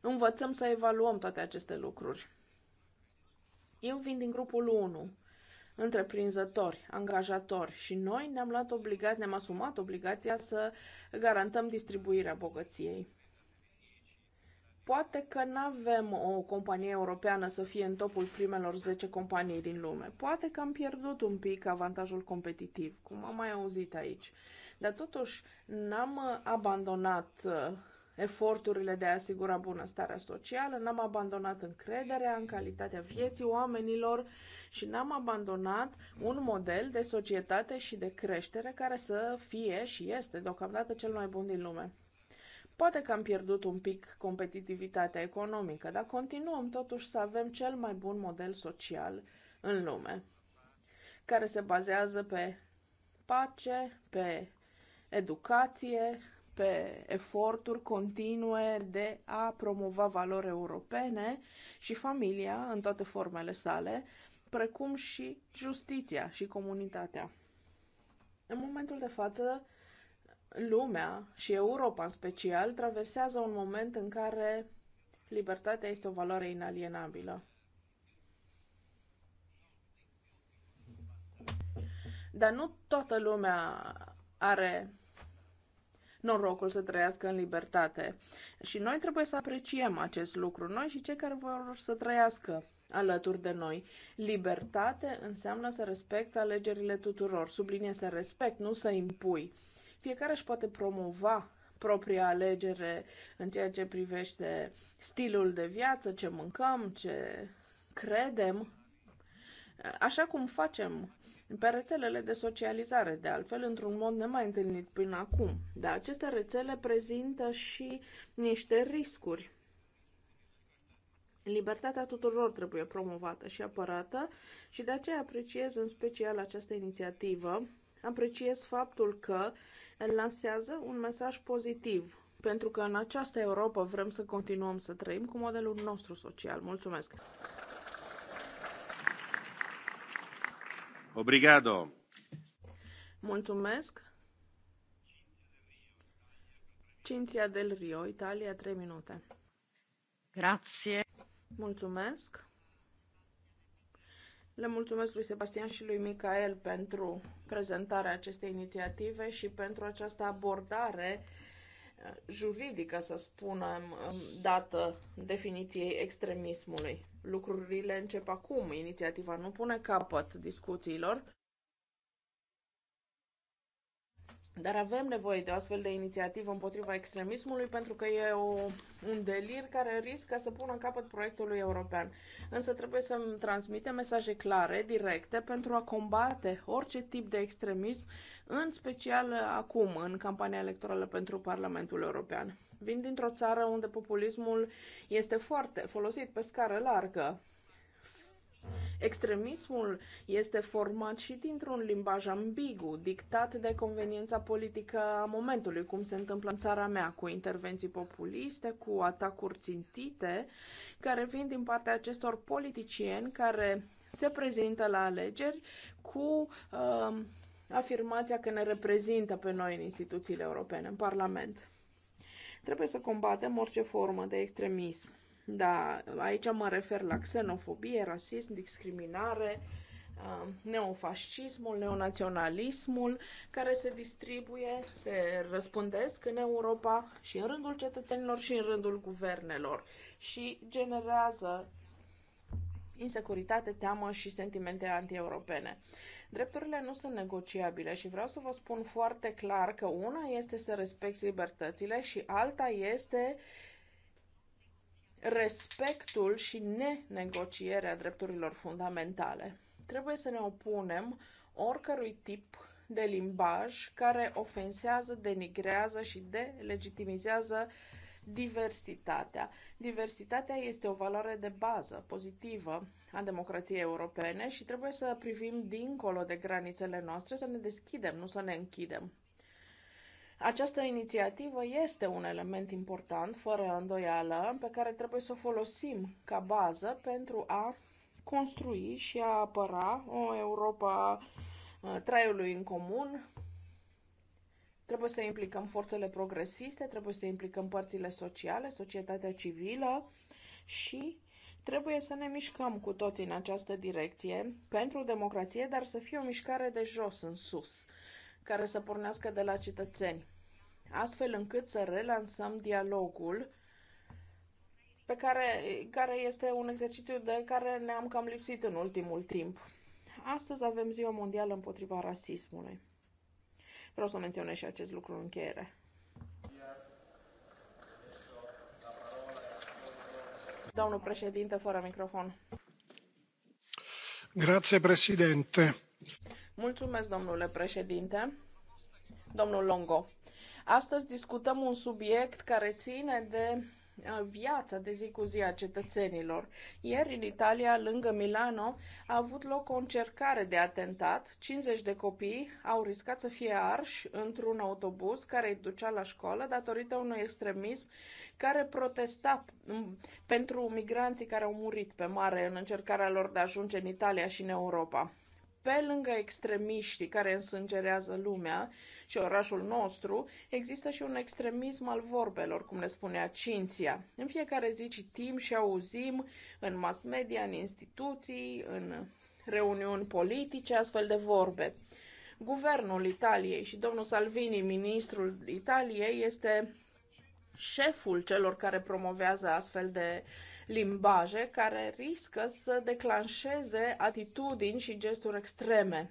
învățăm să evaluăm toate aceste lucruri. Eu vin din grupul 1, întreprinzători, angajatori și noi ne-am luat obligat, ne-am asumat obligația să garantăm distribuirea bogăției. Poate că nu avem o companie europeană să fie în topul primelor 10 companii din lume. Poate că am pierdut un pic avantajul competitiv, cum am mai auzit aici. Dar totuși n-am uh, abandonat uh, eforturile de a asigura bunăstarea socială, n-am abandonat încrederea în calitatea vieții oamenilor și n-am abandonat un model de societate și de creștere care să fie și este deocamdată cel mai bun din lume. Poate că am pierdut un pic competitivitatea economică, dar continuăm totuși să avem cel mai bun model social în lume, care se bazează pe pace, pe educație, pe eforturi continue de a promova valori europene și familia în toate formele sale, precum și justiția și comunitatea. În momentul de față, lumea și Europa în special traversează un moment în care libertatea este o valoare inalienabilă. Dar nu toată lumea are norocul să trăiască în libertate. Și noi trebuie să apreciem acest lucru, noi și cei care vor să trăiască alături de noi. Libertate înseamnă să respecti alegerile tuturor. Sublinie să respect, nu să impui. Fiecare își poate promova propria alegere în ceea ce privește stilul de viață, ce mâncăm, ce credem, așa cum facem pe rețelele de socializare, de altfel, într-un mod nemai întâlnit până acum. Dar aceste rețele prezintă și niște riscuri. Libertatea tuturor trebuie promovată și apărată și de aceea apreciez în special această inițiativă. Apreciez faptul că uh, lansează un mesaj pozitiv, pentru că în această Europa vrem să continuăm să trăim cu modelul nostru social. Mulțumesc! Obrigado! Mulțumesc! Cinzia del Rio, Italia, 3 minute. Grazie! Mulțumesc! Le mulțumesc lui Sebastian și lui Micael pentru prezentarea acestei inițiative și pentru această abordare eh, juridică, să spunem, eh, dată definiției extremismului. Lucrurile încep acum, inițiativa nu pune capăt discuțiilor Dar avem nevoie de o astfel de inițiativă împotriva extremismului pentru că e o, un delir care riscă să pună în capăt proiectului european. Însă trebuie să transmite mesaje clare, directe, pentru a combate orice tip de extremism, în special acum, în campania electorală pentru Parlamentul European. Vin dintr-o țară unde populismul este foarte folosit pe scară largă Extremismul este format și dintr-un limbaj ambigu, dictat de conveniența politică a momentului, cum se întâmplă în țara mea, cu intervenții populiste, cu atacuri țintite, care vin din partea acestor politicieni care se prezintă la alegeri cu uh, afirmația că ne reprezintă pe noi în instituțiile europene, în Parlament. Trebuie să combatem orice formă de extremism da, aici mă refer la xenofobie, rasism, discriminare, uh, neofascismul, neonaționalismul, care se distribuie, se răspândesc în Europa și în rândul cetățenilor și în rândul guvernelor și generează insecuritate, teamă și sentimente antieuropene. Drepturile nu sunt negociabile și vreau să vă spun foarte clar că una este să respecti libertățile și alta este uh, respectul și nenegocierea drepturilor fundamentale. Trebuie să ne opunem oricărui tip de limbaj care ofensează, denigrează și delegitimizează diversitatea. Diversitatea este o valoare de bază pozitivă a democrației europene și trebuie să privim dincolo de granițele noastre, să ne deschidem, nu să ne închidem. Această inițiativă este un element important, fără îndoială, pe care trebuie să o folosim ca bază pentru a construi și a apăra o Europa uh, traiului în comun. Trebuie să implicăm forțele progresiste, trebuie să implicăm părțile sociale, societatea civilă și Trebuie să ne mișcăm cu toții în această direcție, pentru democrație, dar să fie o mișcare de jos în sus care să pornească de la cetățeni, astfel încât să relansăm dialogul pe care, care este un exercițiu de care ne-am cam lipsit în ultimul timp. Astăzi avem Ziua Mondială împotriva rasismului. Vreau să menționez și acest lucru în încheiere. Domnul președinte, fără microfon. Grazie, președinte. Mulțumesc, domnule președinte. Domnul Longo, astăzi discutăm un subiect care ține de uh, viața de zi cu zi a cetățenilor. Ieri, în Italia, lângă Milano, a avut loc o încercare de atentat. 50 de copii au riscat să fie arși într-un autobuz care îi ducea la școală datorită unui extremism care protesta um, pentru migranții care au murit pe mare în încercarea lor de a ajunge în Italia și în Europa pe lângă extremiștii care însângerează lumea și orașul nostru, există și un extremism al vorbelor, cum ne spunea Cinția. În fiecare zi citim și auzim în mass media, în instituții, în reuniuni politice, astfel de vorbe. Guvernul Italiei și domnul Salvini, ministrul Italiei, este șeful celor care promovează astfel de uh, limbaje care riscă să declanșeze atitudini și gesturi extreme.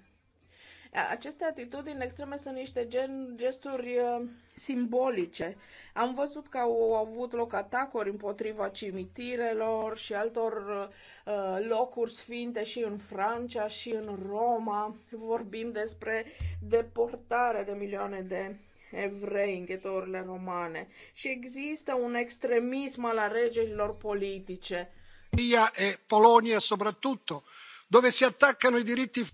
Aceste atitudini extreme sunt niște gen, gesturi uh, simbolice. Am văzut că au avut loc atacuri împotriva cimitirelor și altor uh, locuri sfinte și în Franța și în Roma. Vorbim despre deportare de milioane de evrei, închetorile romane. Și există un extremism al alegerilor politice. Italia e Polonia soprattutto, dove si attaccano i diritti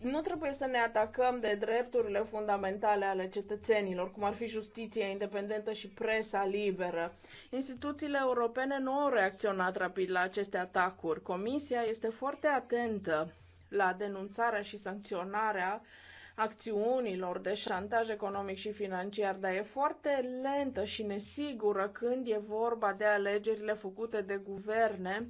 nu trebuie să ne atacăm de drepturile fundamentale ale cetățenilor, cum ar fi justiția independentă și presa liberă. Instituțiile europene nu au reacționat rapid la aceste atacuri. Comisia este foarte atentă la denunțarea și sancționarea uh, acțiunilor de șantaj economic și financiar, dar e foarte lentă și nesigură când e vorba de alegerile făcute de guverne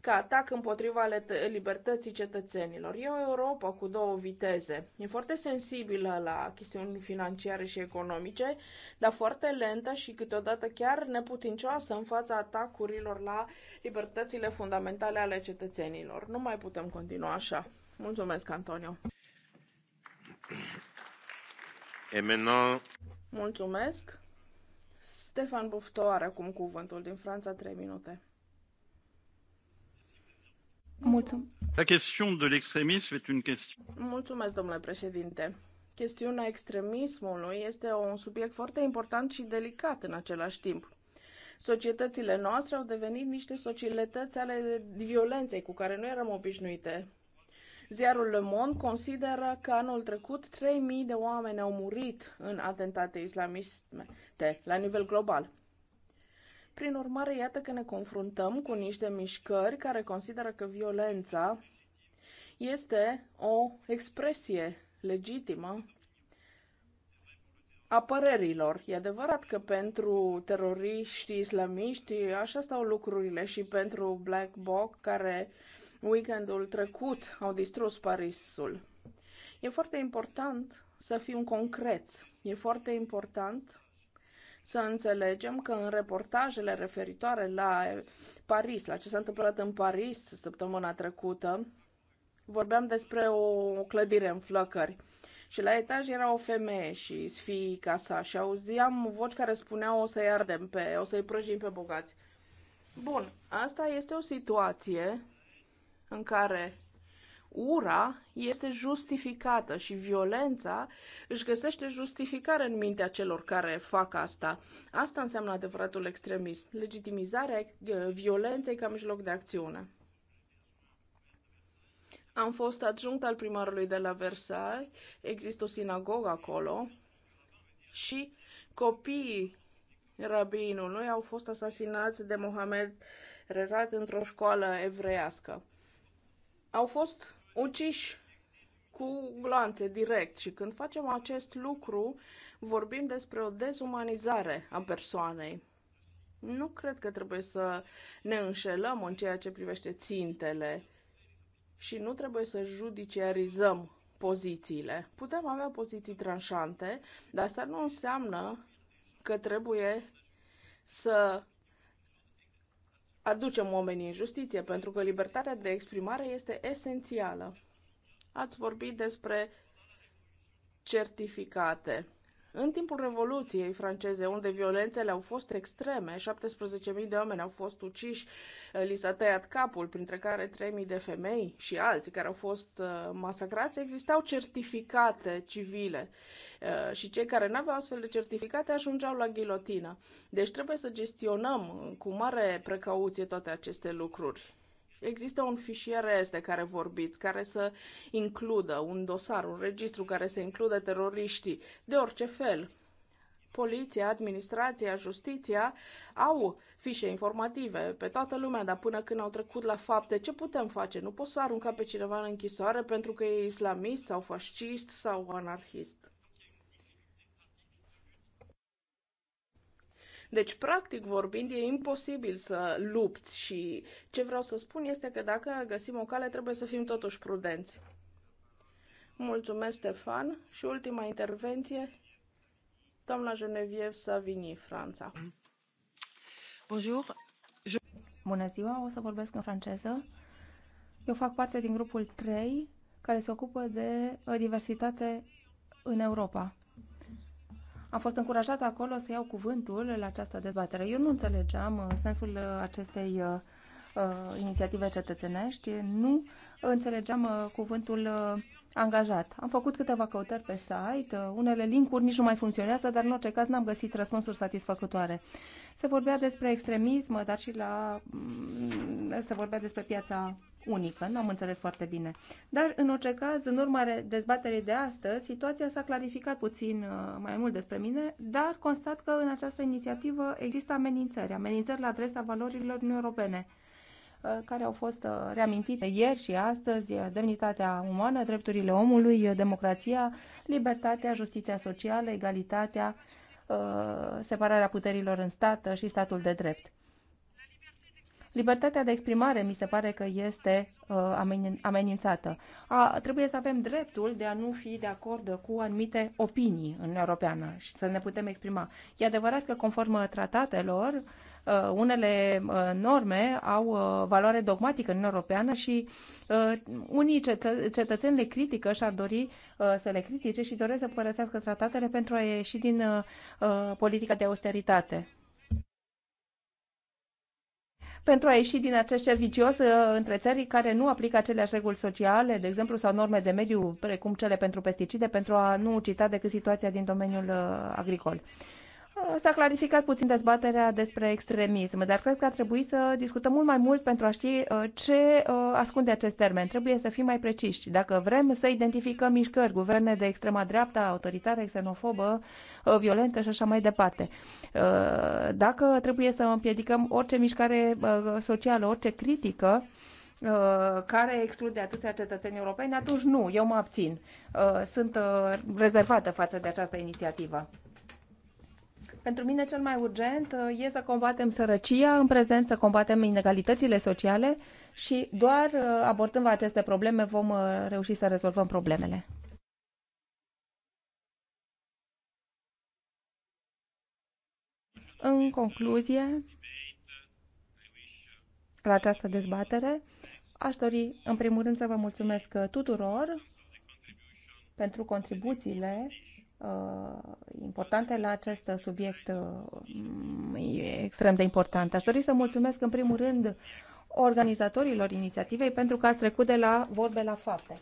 ca atac împotriva libertății cetățenilor. E o Europa cu două viteze. E foarte sensibilă la chestiuni financiare și economice, dar foarte lentă și câteodată chiar neputincioasă în fața atacurilor la libertățile fundamentale ale cetățenilor. Nu mai putem continua așa. Mulțumesc, Antonio. Mulțumesc. Stefan Bufto are acum cuvântul din Franța, 3 minute. Mulțumesc. La de Mulțumesc, domnule președinte. Chestiunea extremismului este un subiect foarte important și delicat în același timp. Societățile noastre au devenit niște societăți ale violenței cu care nu eram obișnuite Ziarul Le Monde consideră că anul trecut 3.000 de oameni au murit în atentate islamiste la nivel global. Prin urmare, iată că ne confruntăm cu niște mișcări care consideră că violența este o expresie legitimă a părerilor. E adevărat că pentru teroriști islamiști așa stau lucrurile și pentru Black Bloc care uh, weekendul trecut au distrus Parisul. E foarte important să fim concreți. E foarte important să înțelegem că în reportajele referitoare la Paris, la ce s-a întâmplat în Paris săptămâna trecută, vorbeam despre o clădire în flăcări. Și la etaj era o femeie și fiica sa și auziam voci care spuneau o să-i ardem pe, o să-i prăjim pe bogați. Bun, asta este o situație în care ura este justificată și violența își găsește justificare în mintea celor care fac asta. Asta înseamnă adevăratul extremism, legitimizarea eh, violenței ca mijloc de acțiune. Am fost adjunct al primarului de la Versailles, există o sinagogă acolo și copiii rabinului au fost asasinați de Mohamed Rerat într-o școală evreiască au fost uciși cu gloanțe direct și când facem acest lucru vorbim despre o dezumanizare a persoanei. Nu cred că trebuie să ne înșelăm în ceea ce privește țintele și nu trebuie să judiciarizăm pozițiile. Putem avea poziții tranșante, dar asta nu înseamnă că trebuie să aducem oamenii în justiție, pentru că libertatea de exprimare este esențială. Ați vorbit despre certificate. În timpul Revoluției franceze, unde violențele au fost extreme, 17.000 de oameni au fost uciși, eh, li s-a tăiat capul, printre care 3.000 de femei și alții care au fost eh, masacrați, existau certificate civile eh, și cei care nu aveau astfel de certificate ajungeau la ghilotină. Deci trebuie să gestionăm cu mare precauție toate aceste lucruri există un fișier S de care vorbiți, care să includă un dosar, un registru care să includă teroriștii de orice fel. Poliția, administrația, justiția au fișe informative pe toată lumea, dar până când au trecut la fapte, ce putem face? Nu poți să arunca pe cineva în închisoare pentru că e islamist sau fascist sau anarhist. Deci, practic vorbind, e imposibil să lupți și ce vreau să spun este că dacă găsim o cale, trebuie să fim totuși prudenți. Mulțumesc, Stefan. Și ultima intervenție, doamna Genevieve Savini, Franța. Bonjour. Je... Bună ziua, o să vorbesc în franceză. Eu fac parte din grupul 3, care se ocupă de uh, diversitate în Europa. Am fost încurajată acolo să iau cuvântul la această dezbatere. Eu nu înțelegeam uh, sensul uh, acestei uh, inițiative cetățenești, nu înțelegeam cuvântul angajat. Am făcut câteva căutări pe site, unele linkuri nici nu mai funcționează, dar în orice caz n-am găsit răspunsuri satisfăcătoare. Se vorbea despre extremism, dar și la mm, se vorbea despre piața unică. Nu am înțeles foarte bine. Dar, în orice caz, în urma dezbaterii de astăzi, situația s-a clarificat puțin uh, mai mult despre mine, dar constat că în această inițiativă există amenințări, amenințări la adresa valorilor Europene uh, care au fost uh, reamintite ieri și astăzi, demnitatea umană, drepturile omului, democrația, libertatea, justiția socială, egalitatea, separarea puterilor în stat și statul de drept. Libertatea de exprimare mi se pare că este uh, amenințată. A, trebuie să avem dreptul de a nu fi de acord cu anumite opinii în Europeană și să ne putem exprima. E adevărat că conform uh, tratatelor, uh, unele norme au valoare dogmatică în Europeană și unii cetă cetățeni le critică și ar dori să le critique și doresc să părăsească tratatele pentru a ieși din politica de austeritate pentru a ieși din acest cerc vicios uh, între țării care nu aplică aceleași reguli sociale, de exemplu, sau norme de mediu, precum cele pentru pesticide, pentru a nu cita decât situația din domeniul uh, agricol. Uh, s-a clarificat puțin dezbaterea despre extremism, dar cred că ar trebui să discutăm mult mai mult pentru a ști uh, ce uh, ascunde acest termen. Trebuie să fim mai preciși. Dacă vrem să identificăm mișcări, guverne de extrema dreapta, autoritare, xenofobă, violentă și așa mai departe. Dacă trebuie să împiedicăm orice mișcare socială, orice critică, care exclude atâția cetățeni europeni, atunci nu, eu mă abțin. Sunt rezervată față de această inițiativă. Pentru mine cel mai urgent uh, e să combatem sărăcia, în prezent să combatem inegalitățile sociale și doar uh, abordând aceste probleme vom uh, reuși să rezolvăm problemele. În concluzie, la această dezbatere, aș dori în primul rând să vă mulțumesc tuturor pentru contribuțiile Uh, importante la acest subiect uh, extrem de important. Aș dori să mulțumesc în primul rând organizatorilor inițiativei pentru că ați trecut de la vorbe la fapte.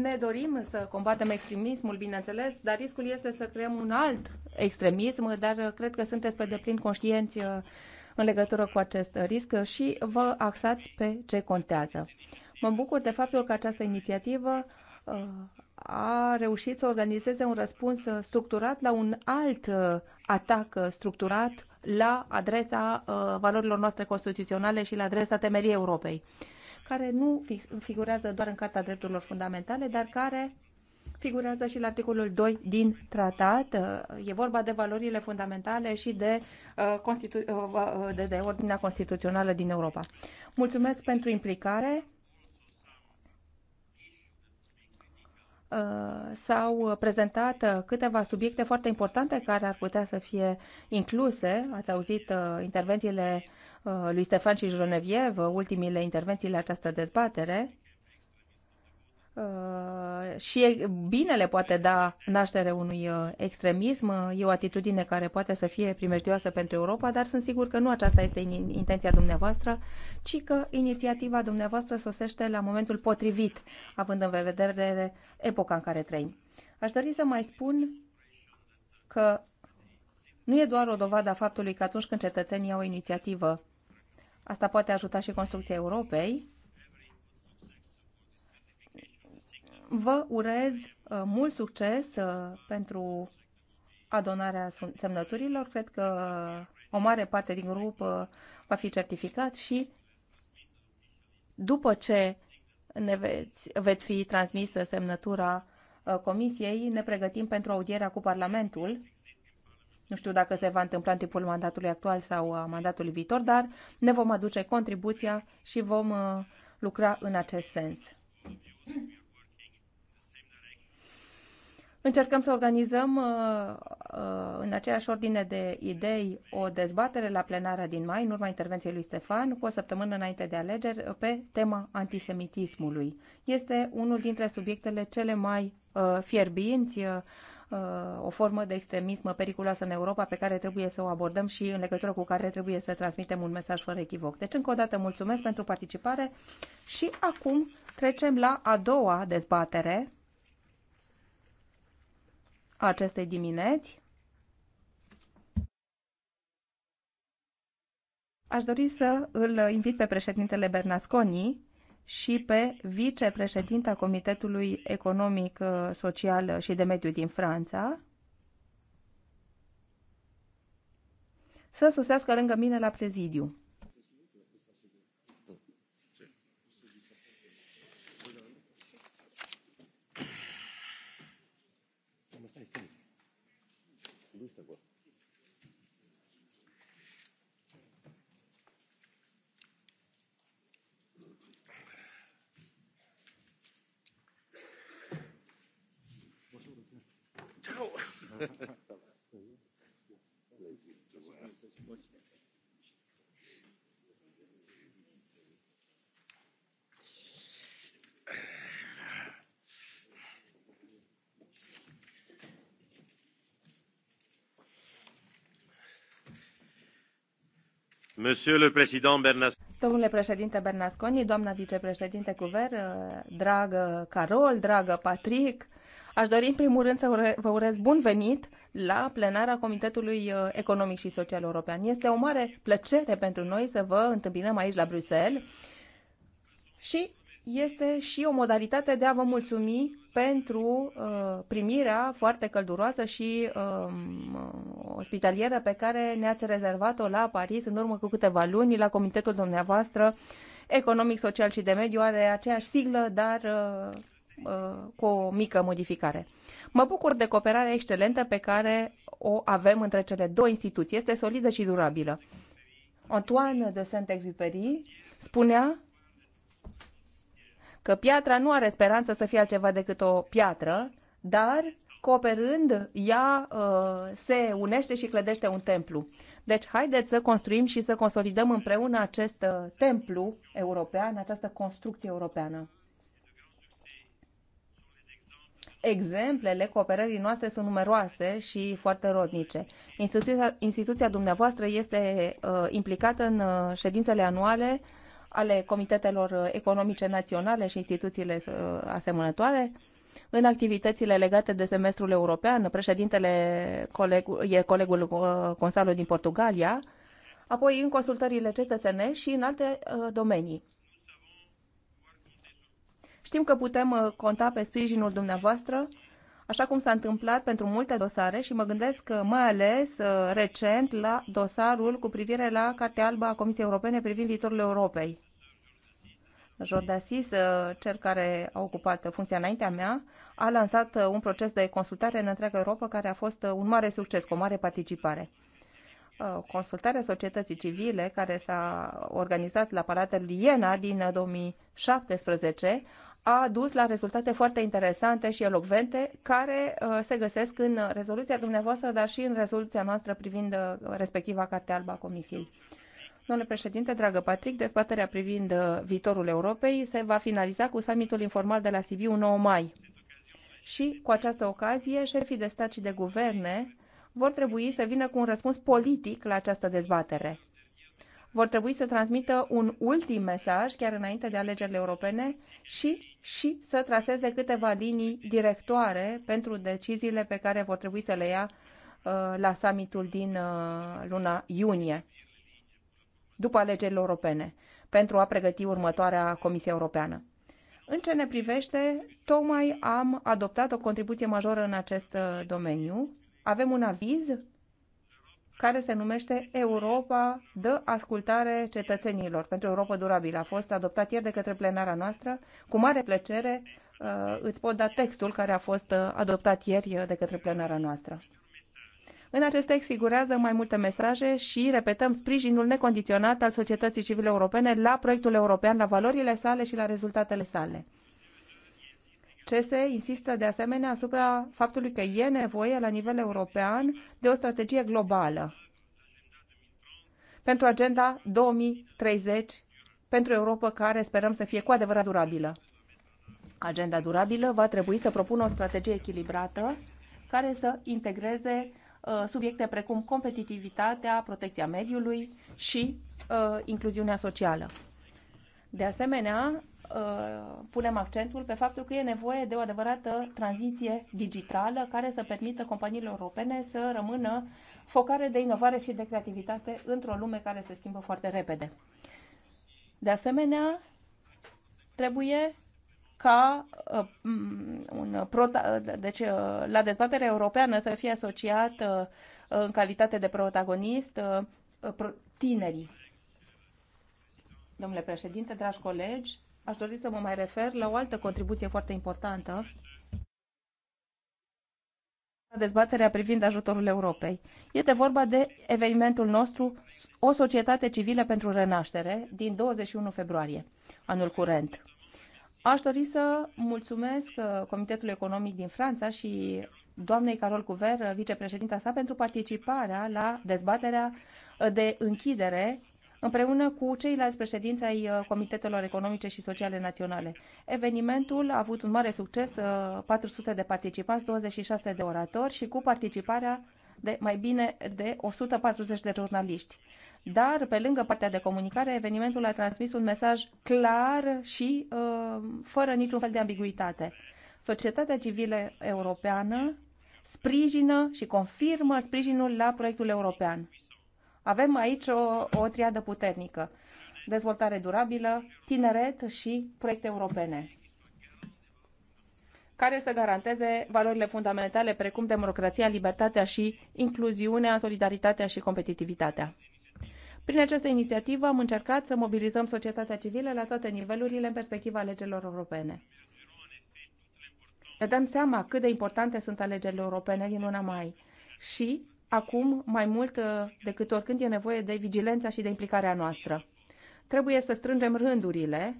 Ne dorim să combatem extremismul, bineînțeles, dar riscul este să creăm un alt extremism, dar cred că sunteți pe deplin conștienți uh, în legătură cu acest risc și vă axați pe ce contează. Mă bucur de faptul că această inițiativă uh, a reușit să organizeze un răspuns structurat la un alt uh, atac structurat la adresa uh, valorilor noastre constituționale și la adresa temeriei Europei, care nu figurează doar în Carta Drepturilor Fundamentale, dar care figurează și la articolul 2 din tratat. E vorba de valorile fundamentale și de, de, de ordinea constituțională din Europa. Mulțumesc pentru implicare Uh, s-au prezentat uh, câteva subiecte foarte importante care ar putea să fie incluse. Ați auzit uh, intervențiile lui Stefan și Joneviev, ultimile intervenții la această dezbatere. Uh, și bine le poate da naștere unui uh, extremism. Uh, e o atitudine care poate să fie primejdioasă pentru Europa, dar sunt sigur că nu aceasta este intenția dumneavoastră, ci că inițiativa dumneavoastră sosește la momentul potrivit, având în vedere epoca în care trăim. Aș dori să mai spun că nu e doar o dovadă a faptului că atunci când cetățenii au o inițiativă, asta poate ajuta și construcția Europei, Vă urez uh, mult succes uh, pentru adonarea semnăturilor. Cred că o mare parte din grup uh, va fi certificat și după ce ne veți, veți fi transmisă semnătura Comisiei, ne pregătim pentru audierea cu Parlamentul. Nu știu dacă se va întâmpla în timpul mandatului actual sau a mandatului viitor, dar ne vom aduce contribuția și vom lucra în acest sens. Încercăm să organizăm uh, uh, în aceeași ordine de idei o dezbatere la plenara din mai, în urma intervenției lui Stefan, cu o săptămână înainte de alegeri, pe tema antisemitismului. Este unul dintre subiectele cele mai uh, fierbinți, o formă de extremism periculoasă în Europa pe care trebuie să o abordăm și în legătură cu care trebuie să transmitem un mesaj fără echivoc. Deci, încă o dată, mulțumesc pentru participare și acum trecem la a doua dezbatere acestei dimineți. Aș dori să îl invit pe președintele Bernasconi și pe vicepreședinta Comitetului Economic, Social și de Mediu din Franța să susească lângă mine la prezidiu. Domnule președinte Bernasconi, doamna vicepreședinte Cuver, dragă Carol, dragă Patrick, Aș dori în primul rând să vă urez bun venit la plenara Comitetului uh, Economic și Social European. Este o mare plăcere pentru noi să vă întâmpinăm aici la Bruxelles și este și o modalitate de a vă mulțumi pentru uh, primirea foarte călduroasă și uh, ospitalieră pe care ne-ați rezervat-o la Paris în urmă cu câteva luni la comitetul dumneavoastră economic, social și de mediu. Are aceeași siglă, dar uh, Uh, cu o mică modificare. Mă bucur de cooperarea excelentă pe care o avem între cele două instituții. Este solidă și durabilă. Antoine de Saint-Exupéry spunea că piatra nu are speranță să fie altceva decât o piatră, dar cooperând, ea uh, se unește și clădește un templu. Deci, haideți să construim și să consolidăm împreună acest uh, templu european, această construcție europeană exemplele cooperării noastre sunt numeroase și foarte rodnice. Instituția, instituția dumneavoastră este uh, implicată în uh, ședințele anuale ale comitetelor economice naționale și instituțiile uh, asemănătoare, în activitățile legate de semestrul european, președintele colegul, e colegul uh, Consalo din Portugalia, apoi în consultările cetățene și în alte uh, domenii. Știm că putem uh, conta pe sprijinul dumneavoastră, așa cum s-a întâmplat pentru multe dosare și mă gândesc uh, mai ales uh, recent la dosarul cu privire la Cartea Albă a Comisiei Europene privind viitorul Europei. Jordasis, cel care a ocupat funcția înaintea mea, a lansat un proces de consultare în întreaga Europa care a fost un mare succes, cu o mare participare. Consultarea societății civile care s-a organizat la Palatul Iena din 2017 a dus la rezultate foarte interesante și elocvente care uh, se găsesc în uh, rezoluția dumneavoastră, dar și în rezoluția noastră privind uh, respectiva carte albă a Comisiei. Domnule președinte, dragă Patrick, dezbaterea privind viitorul Europei se va finaliza cu summitul informal de la Sibiu 9 mai. Și, cu această ocazie, șefii de stat și de guverne vor trebui să vină cu un răspuns politic la această dezbatere. Vor trebui să transmită un ultim mesaj, chiar înainte de alegerile europene, și și să traseze câteva linii directoare pentru deciziile pe care vor trebui să le ia uh, la summitul din uh, luna iunie, după alegerile europene, pentru a pregăti următoarea Comisie Europeană. În ce ne privește, tocmai am adoptat o contribuție majoră în acest uh, domeniu. Avem un aviz care se numește Europa de ascultare cetățenilor pentru Europa durabilă. A fost adoptat ieri de către plenara noastră. Cu mare plăcere uh, îți pot da textul care a fost uh, adoptat ieri uh, de către plenara noastră. În acest text figurează mai multe mesaje și repetăm sprijinul necondiționat al societății civile europene la proiectul european, la valorile sale și la rezultatele sale. CS insistă de asemenea asupra faptului că e nevoie la nivel european de o strategie globală pentru agenda 2030 pentru Europa care sperăm să fie cu adevărat durabilă. Agenda durabilă va trebui să propună o strategie echilibrată care să integreze uh, subiecte precum competitivitatea, protecția mediului și uh, incluziunea socială. De asemenea, Uh, punem accentul pe faptul că e nevoie de o adevărată tranziție digitală care să permită companiilor europene să rămână focare de inovare și de creativitate într-o lume care se schimbă foarte repede. De asemenea, trebuie ca uh, un prota- uh, deci uh, la dezbaterea europeană să fie asociat uh, în calitate de protagonist uh, pro- tinerii. Domnule președinte, dragi colegi, Aș dori să mă mai refer la o altă contribuție foarte importantă dezbaterea privind ajutorul Europei. Este vorba de evenimentul nostru O societate civilă pentru renaștere din 21 februarie, anul curent. Aș dori să mulțumesc uh, Comitetul Economic din Franța și doamnei Carol Cuver, uh, vicepreședinta sa, pentru participarea la dezbaterea uh, de închidere împreună cu ceilalți președinți ai uh, Comitetelor Economice și Sociale Naționale. Evenimentul a avut un mare succes, 400 uh, de participanți, 26 de oratori și cu participarea de mai bine de 140 de jurnaliști. Dar, pe lângă partea de comunicare, evenimentul a transmis un mesaj clar și uh, fără niciun fel de ambiguitate. Societatea civilă europeană sprijină și confirmă sprijinul la proiectul european avem aici o, o triadă puternică. Dezvoltare durabilă, tineret și proiecte europene care să garanteze valorile fundamentale precum democrația, libertatea și incluziunea, solidaritatea și competitivitatea. Prin această inițiativă am încercat să mobilizăm societatea civilă la toate nivelurile în perspectiva alegerilor europene. Ne dăm seama cât de importante sunt alegerile europene din luna mai și acum mai mult uh, decât oricând e nevoie de vigilența și de implicarea noastră. Trebuie să strângem rândurile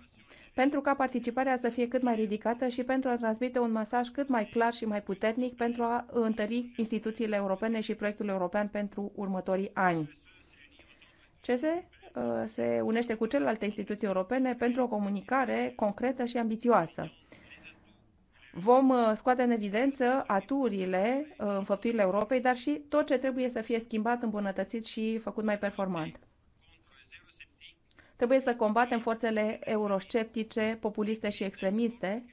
pentru ca participarea să fie cât mai ridicată și pentru a transmite un mesaj cât mai clar și mai puternic pentru a întări instituțiile europene și proiectul european pentru următorii ani. CESE uh, se unește cu celelalte instituții europene pentru o comunicare concretă și ambițioasă. Vom uh, scoate în evidență aturile, uh, făpturile Europei, dar și tot ce trebuie să fie schimbat, îmbunătățit și făcut mai performant. Trebuie să combatem forțele eurosceptice, populiste și extremiste,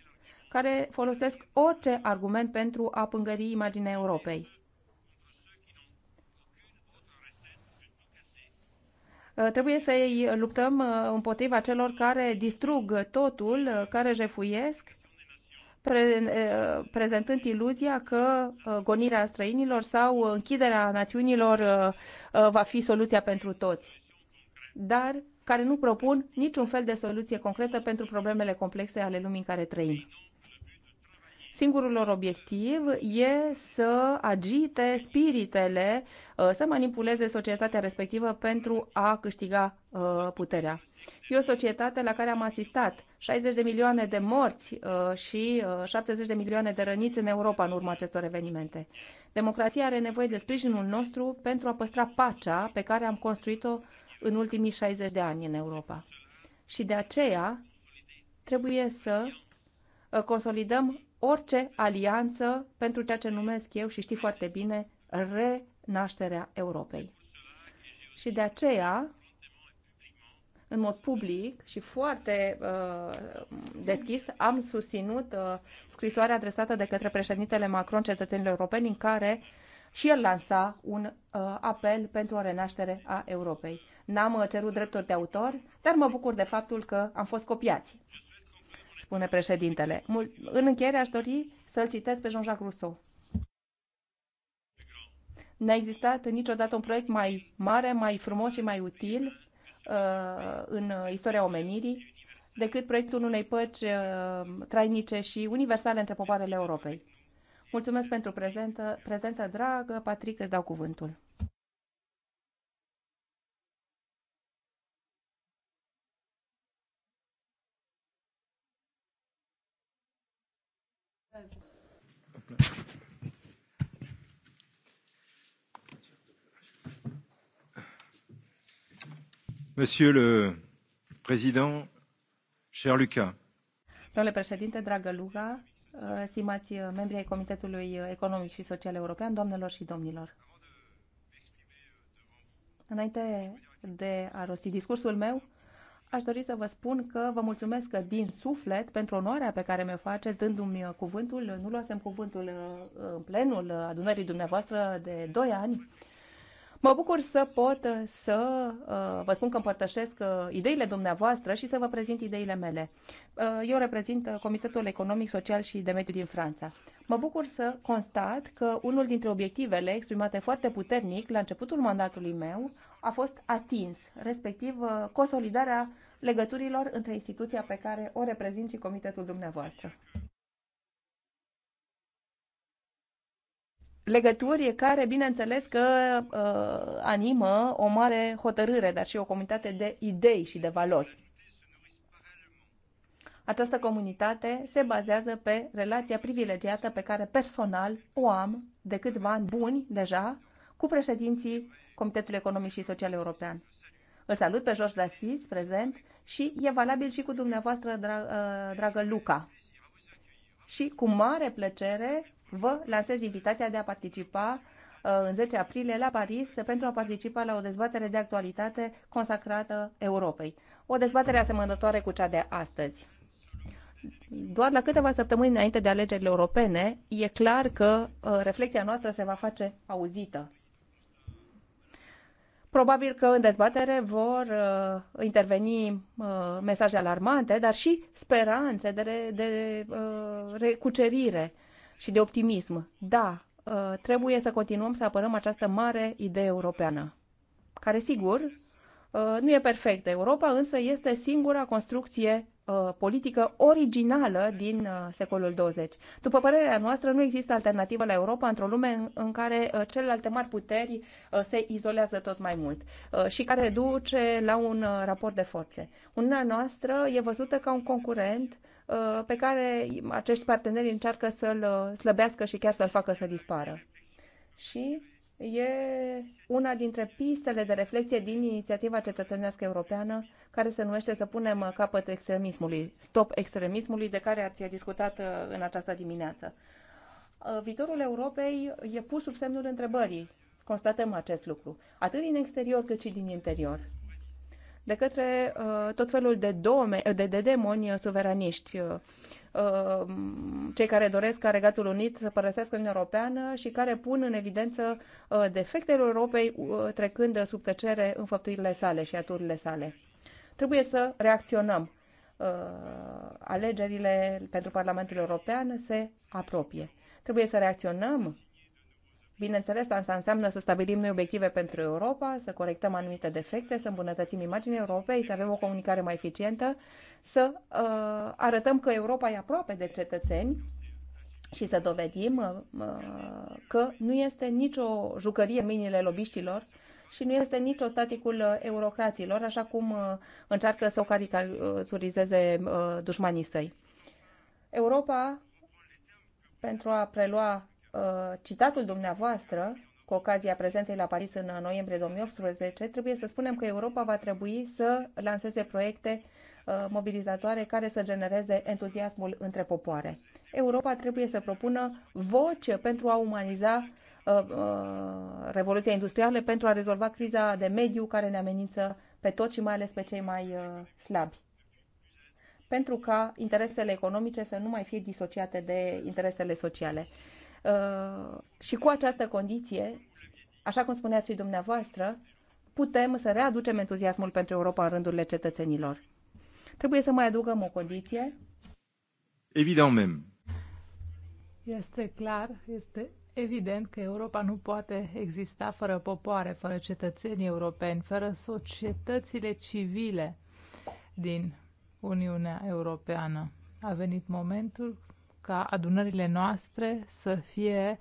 care folosesc orice argument pentru a pângări imaginea Europei. Uh, trebuie să îi luptăm împotriva celor care distrug totul, care jefuiesc prezentând iluzia că gonirea străinilor sau închiderea națiunilor va fi soluția pentru toți, dar care nu propun niciun fel de soluție concretă pentru problemele complexe ale lumii în care trăim singurul lor obiectiv e să agite spiritele, uh, să manipuleze societatea respectivă pentru a câștiga uh, puterea. E o societate la care am asistat 60 de milioane de morți uh, și 70 de milioane de răniți în Europa în urma acestor evenimente. Democrația are nevoie de sprijinul nostru pentru a păstra pacea pe care am construit-o în ultimii 60 de ani în Europa. Și de aceea trebuie să consolidăm orice alianță pentru ceea ce numesc eu și știi foarte bine renașterea Europei. Și de aceea, în mod public și foarte uh, deschis, am susținut uh, scrisoarea adresată de către președintele Macron cetățenilor europeni în care și el lansa un uh, apel pentru o renaștere a Europei. N-am uh, cerut drepturi de autor, dar mă bucur de faptul că am fost copiați spune președintele. Mul- în încheiere aș dori să-l citesc pe Jean-Jacques Rousseau. N-a existat niciodată un proiect mai mare, mai frumos și mai util uh, în istoria omenirii decât proiectul unei păci uh, trainice și universale între popoarele Europei. Mulțumesc pentru prezentă, prezența, dragă Patrick, îți dau cuvântul. Monsieur le Président, cher Lucas. Domnule președinte, dragă Luca, uh, stimați uh, membri ai Comitetului Economic și Social European, doamnelor și domnilor. Înainte de a rosti discursul meu, Aș dori să vă spun că vă mulțumesc din suflet pentru onoarea pe care mi-o faceți dându-mi cuvântul. Nu luasem cuvântul uh, în plenul adunării dumneavoastră de 2 ani Mă bucur să pot uh, să uh, vă spun că împărtășesc uh, ideile dumneavoastră și să vă prezint ideile mele. Eu reprezint Comitetul Economic, Social și de Mediu din Franța. Mă bucur să constat că unul dintre obiectivele exprimate foarte puternic la începutul mandatului meu a fost atins, respectiv consolidarea legăturilor între instituția pe care o reprezint și comitetul dumneavoastră. legături care, bineînțeles, că uh, animă o mare hotărâre, dar și o comunitate de idei și de valori. Această comunitate se bazează pe relația privilegiată pe care personal o am de câțiva ani buni deja cu președinții Comitetului Economic și Social European. Îl salut pe George Dasis, prezent, și e valabil și cu dumneavoastră, uh, dragă Luca. Și cu mare plăcere vă lansez invitația de a participa uh, în 10 aprilie la Paris pentru a participa la o dezbatere de actualitate consacrată Europei. O dezbatere asemănătoare cu cea de astăzi. Doar la câteva săptămâni înainte de alegerile europene, e clar că uh, reflexia noastră se va face auzită. Probabil că în dezbatere vor uh, interveni uh, mesaje alarmante, dar și speranțe de, re, de uh, recucerire uh, și de optimism. Da, ă, trebuie să continuăm să apărăm această mare idee europeană, care, sigur, ă, nu e perfectă. Europa însă este singura construcție ă, politică originală din secolul 20. După părerea noastră, nu există alternativă la Europa într-o lume în care celelalte mari puteri se izolează tot mai mult și care duce la un raport de forțe. Uniunea noastră e văzută ca un concurent Uh, pe care acești parteneri încearcă să-l uh, slăbească și chiar să-l facă să dispară. Și e una dintre pistele de reflexie din inițiativa cetățenească europeană care se numește Să punem capăt extremismului, stop extremismului, de care ați discutat uh, în această dimineață. Viitorul Europei e pus sub semnul întrebării. Constatăm acest lucru, atât din exterior cât și din interior de către uh, tot felul de, dome, de, de demoni suveraniști, uh, uh, cei care doresc ca Regatul Unit să părăsească Uniunea Europeană și care pun în evidență uh, defectele Europei uh, trecând sub tăcere înfăptuirile sale și aturile sale. Trebuie să reacționăm. alegerile pentru Parlamentul European se apropie. Trebuie să reacționăm Bineînțeles, asta înseamnă să stabilim noi obiective pentru Europa, să corectăm anumite defecte, să îmbunătățim imaginea Europei, să avem o comunicare mai eficientă, să uh, arătăm că Europa e aproape de cetățeni și să dovedim uh, uh că nu este nicio jucărie în mâinile lobiștilor și nu este nicio staticul uh, eurocraților, așa cum uh, încearcă să o caricaturizeze uh, dușmanii săi. Europa, pentru a prelua Uh, citatul dumneavoastră, cu ocazia prezenței la Paris în uh, noiembrie 2018, trebuie să spunem că Europa va trebui să lanseze proiecte uh, mobilizatoare care să genereze entuziasmul între popoare. Europa trebuie să propună voce pentru a umaniza Revoluția Industrială, pentru a rezolva criza de mediu care ne amenință pe toți și mai ales pe cei mai slabi. Pentru ca interesele economice să nu mai fie disociate de interesele sociale. Uh, și cu această condiție, așa cum spuneați și dumneavoastră, putem să readucem entuziasmul pentru Europa în rândurile cetățenilor. Trebuie să mai adugăm o condiție. Evident, mem. Este clar, este evident că Europa nu poate exista fără popoare, fără cetățenii europeni, fără societățile civile din Uniunea Europeană. A venit momentul ca adunările noastre să fie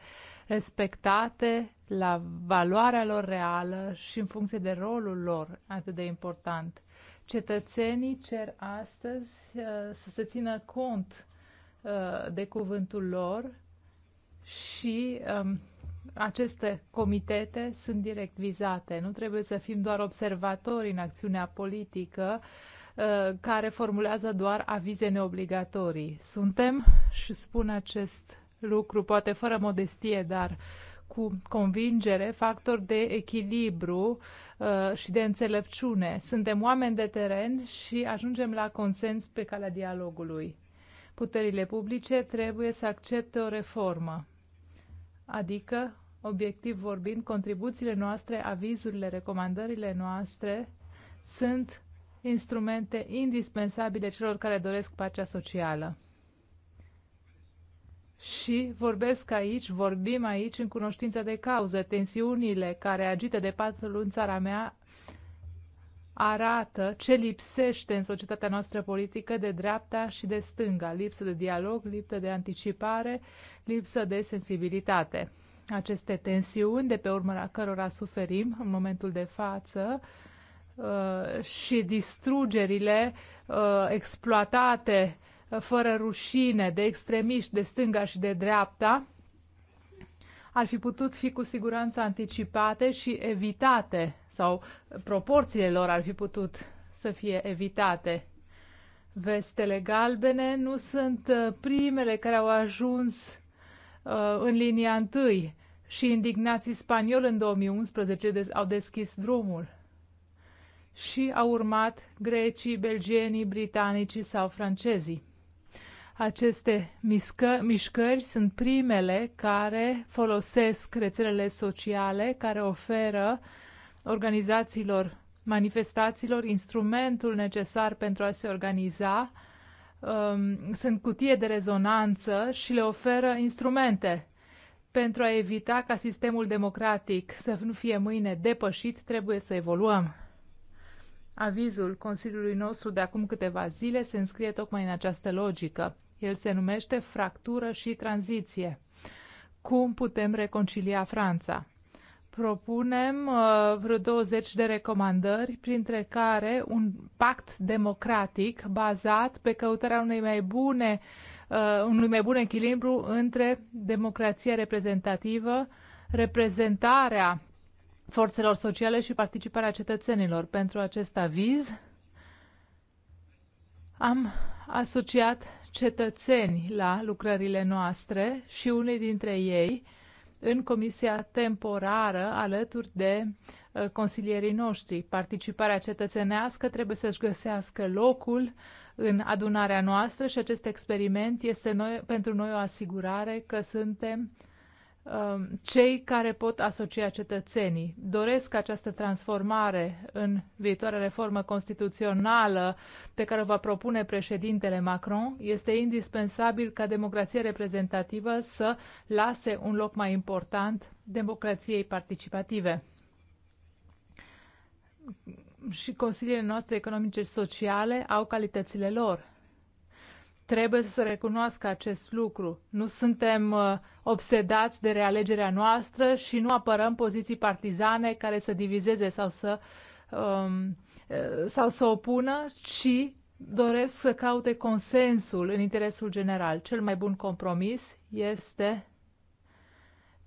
respectate la valoarea lor reală și în funcție de rolul lor atât de important. Cetățenii cer astăzi uh, să se țină cont uh, de cuvântul lor și um, aceste comitete sunt direct vizate. Nu trebuie să fim doar observatori în acțiunea politică, Uh, care formulează doar avize neobligatorii. Suntem, și spun acest lucru, poate fără modestie, dar cu convingere, factor de echilibru uh, și de înțelepciune. Suntem oameni de teren și ajungem la consens pe calea dialogului. Puterile publice trebuie să accepte o reformă, adică, obiectiv vorbind, contribuțiile noastre, avizurile, recomandările noastre sunt instrumente indispensabile celor care doresc pacea socială. Și vorbesc aici, vorbim aici în cunoștință de cauză. Tensiunile care agită de patru luni țara mea arată ce lipsește în societatea noastră politică de dreapta și de stânga. Lipsă de dialog, lipsă de anticipare, lipsă de sensibilitate. Aceste tensiuni de pe urmă la cărora suferim în momentul de față uh, Uh, și distrugerile uh, exploatate uh, fără rușine de extremiști de stânga și de dreapta ar fi putut fi cu siguranță anticipate și evitate sau proporțiile lor ar fi putut să fie evitate. Vestele galbene nu sunt primele care au ajuns uh, în linia întâi și indignații spanioli în 2011 au deschis drumul și au urmat grecii, belgienii, britanicii sau francezii. Aceste mișcă, mișcări sunt primele care folosesc rețelele sociale, care oferă organizațiilor, manifestațiilor instrumentul necesar pentru a se organiza, um, sunt cutie de rezonanță și le oferă instrumente. Pentru a evita ca sistemul democratic să nu fie mâine depășit, trebuie să evoluăm. Avizul Consiliului nostru de acum câteva zile se înscrie tocmai în această logică. El se numește Fractură și Tranziție. Cum putem reconcilia Franța? Propunem uh, vreo 20 de recomandări, printre care un pact democratic bazat pe căutarea unei mai bune, uh, unui mai bun echilibru între democrația reprezentativă, reprezentarea forțelor sociale și participarea cetățenilor. Pentru acest aviz am asociat cetățeni la lucrările noastre și unii dintre ei în comisia temporară alături de uh, consilierii noștri. Participarea cetățenească trebuie să-și găsească locul în adunarea noastră și acest experiment este noi, pentru noi o asigurare că suntem Um, cei care pot asocia cetățenii. Doresc această transformare în viitoarea reformă constituțională pe care o va propune președintele Macron. Este indispensabil ca democrația reprezentativă să lase un loc mai important democrației participative. Și consiliile noastre economice și sociale au calitățile lor trebuie să se recunoască acest lucru. Nu suntem uh, obsedați de realegerea noastră și nu apărăm poziții partizane care să divizeze sau să, um, uh, sau să opună, ci doresc să caute consensul în interesul general. Cel mai bun compromis este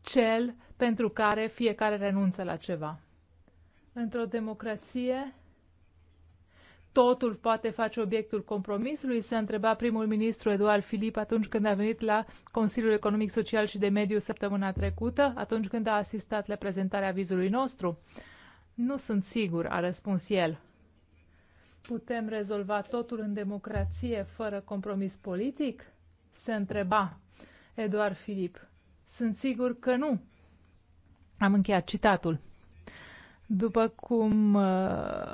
cel pentru care fiecare renunță la ceva. Într-o democrație, totul poate face obiectul compromisului, se întreba primul ministru Eduard Filip atunci când a venit la Consiliul Economic, Social și de Mediu săptămâna trecută, atunci când a asistat la prezentarea vizului nostru. Nu sunt sigur, a răspuns el. Putem rezolva totul în democrație fără compromis politic? Se întreba Eduard Filip. Sunt sigur că nu. Am încheiat citatul. După cum uh,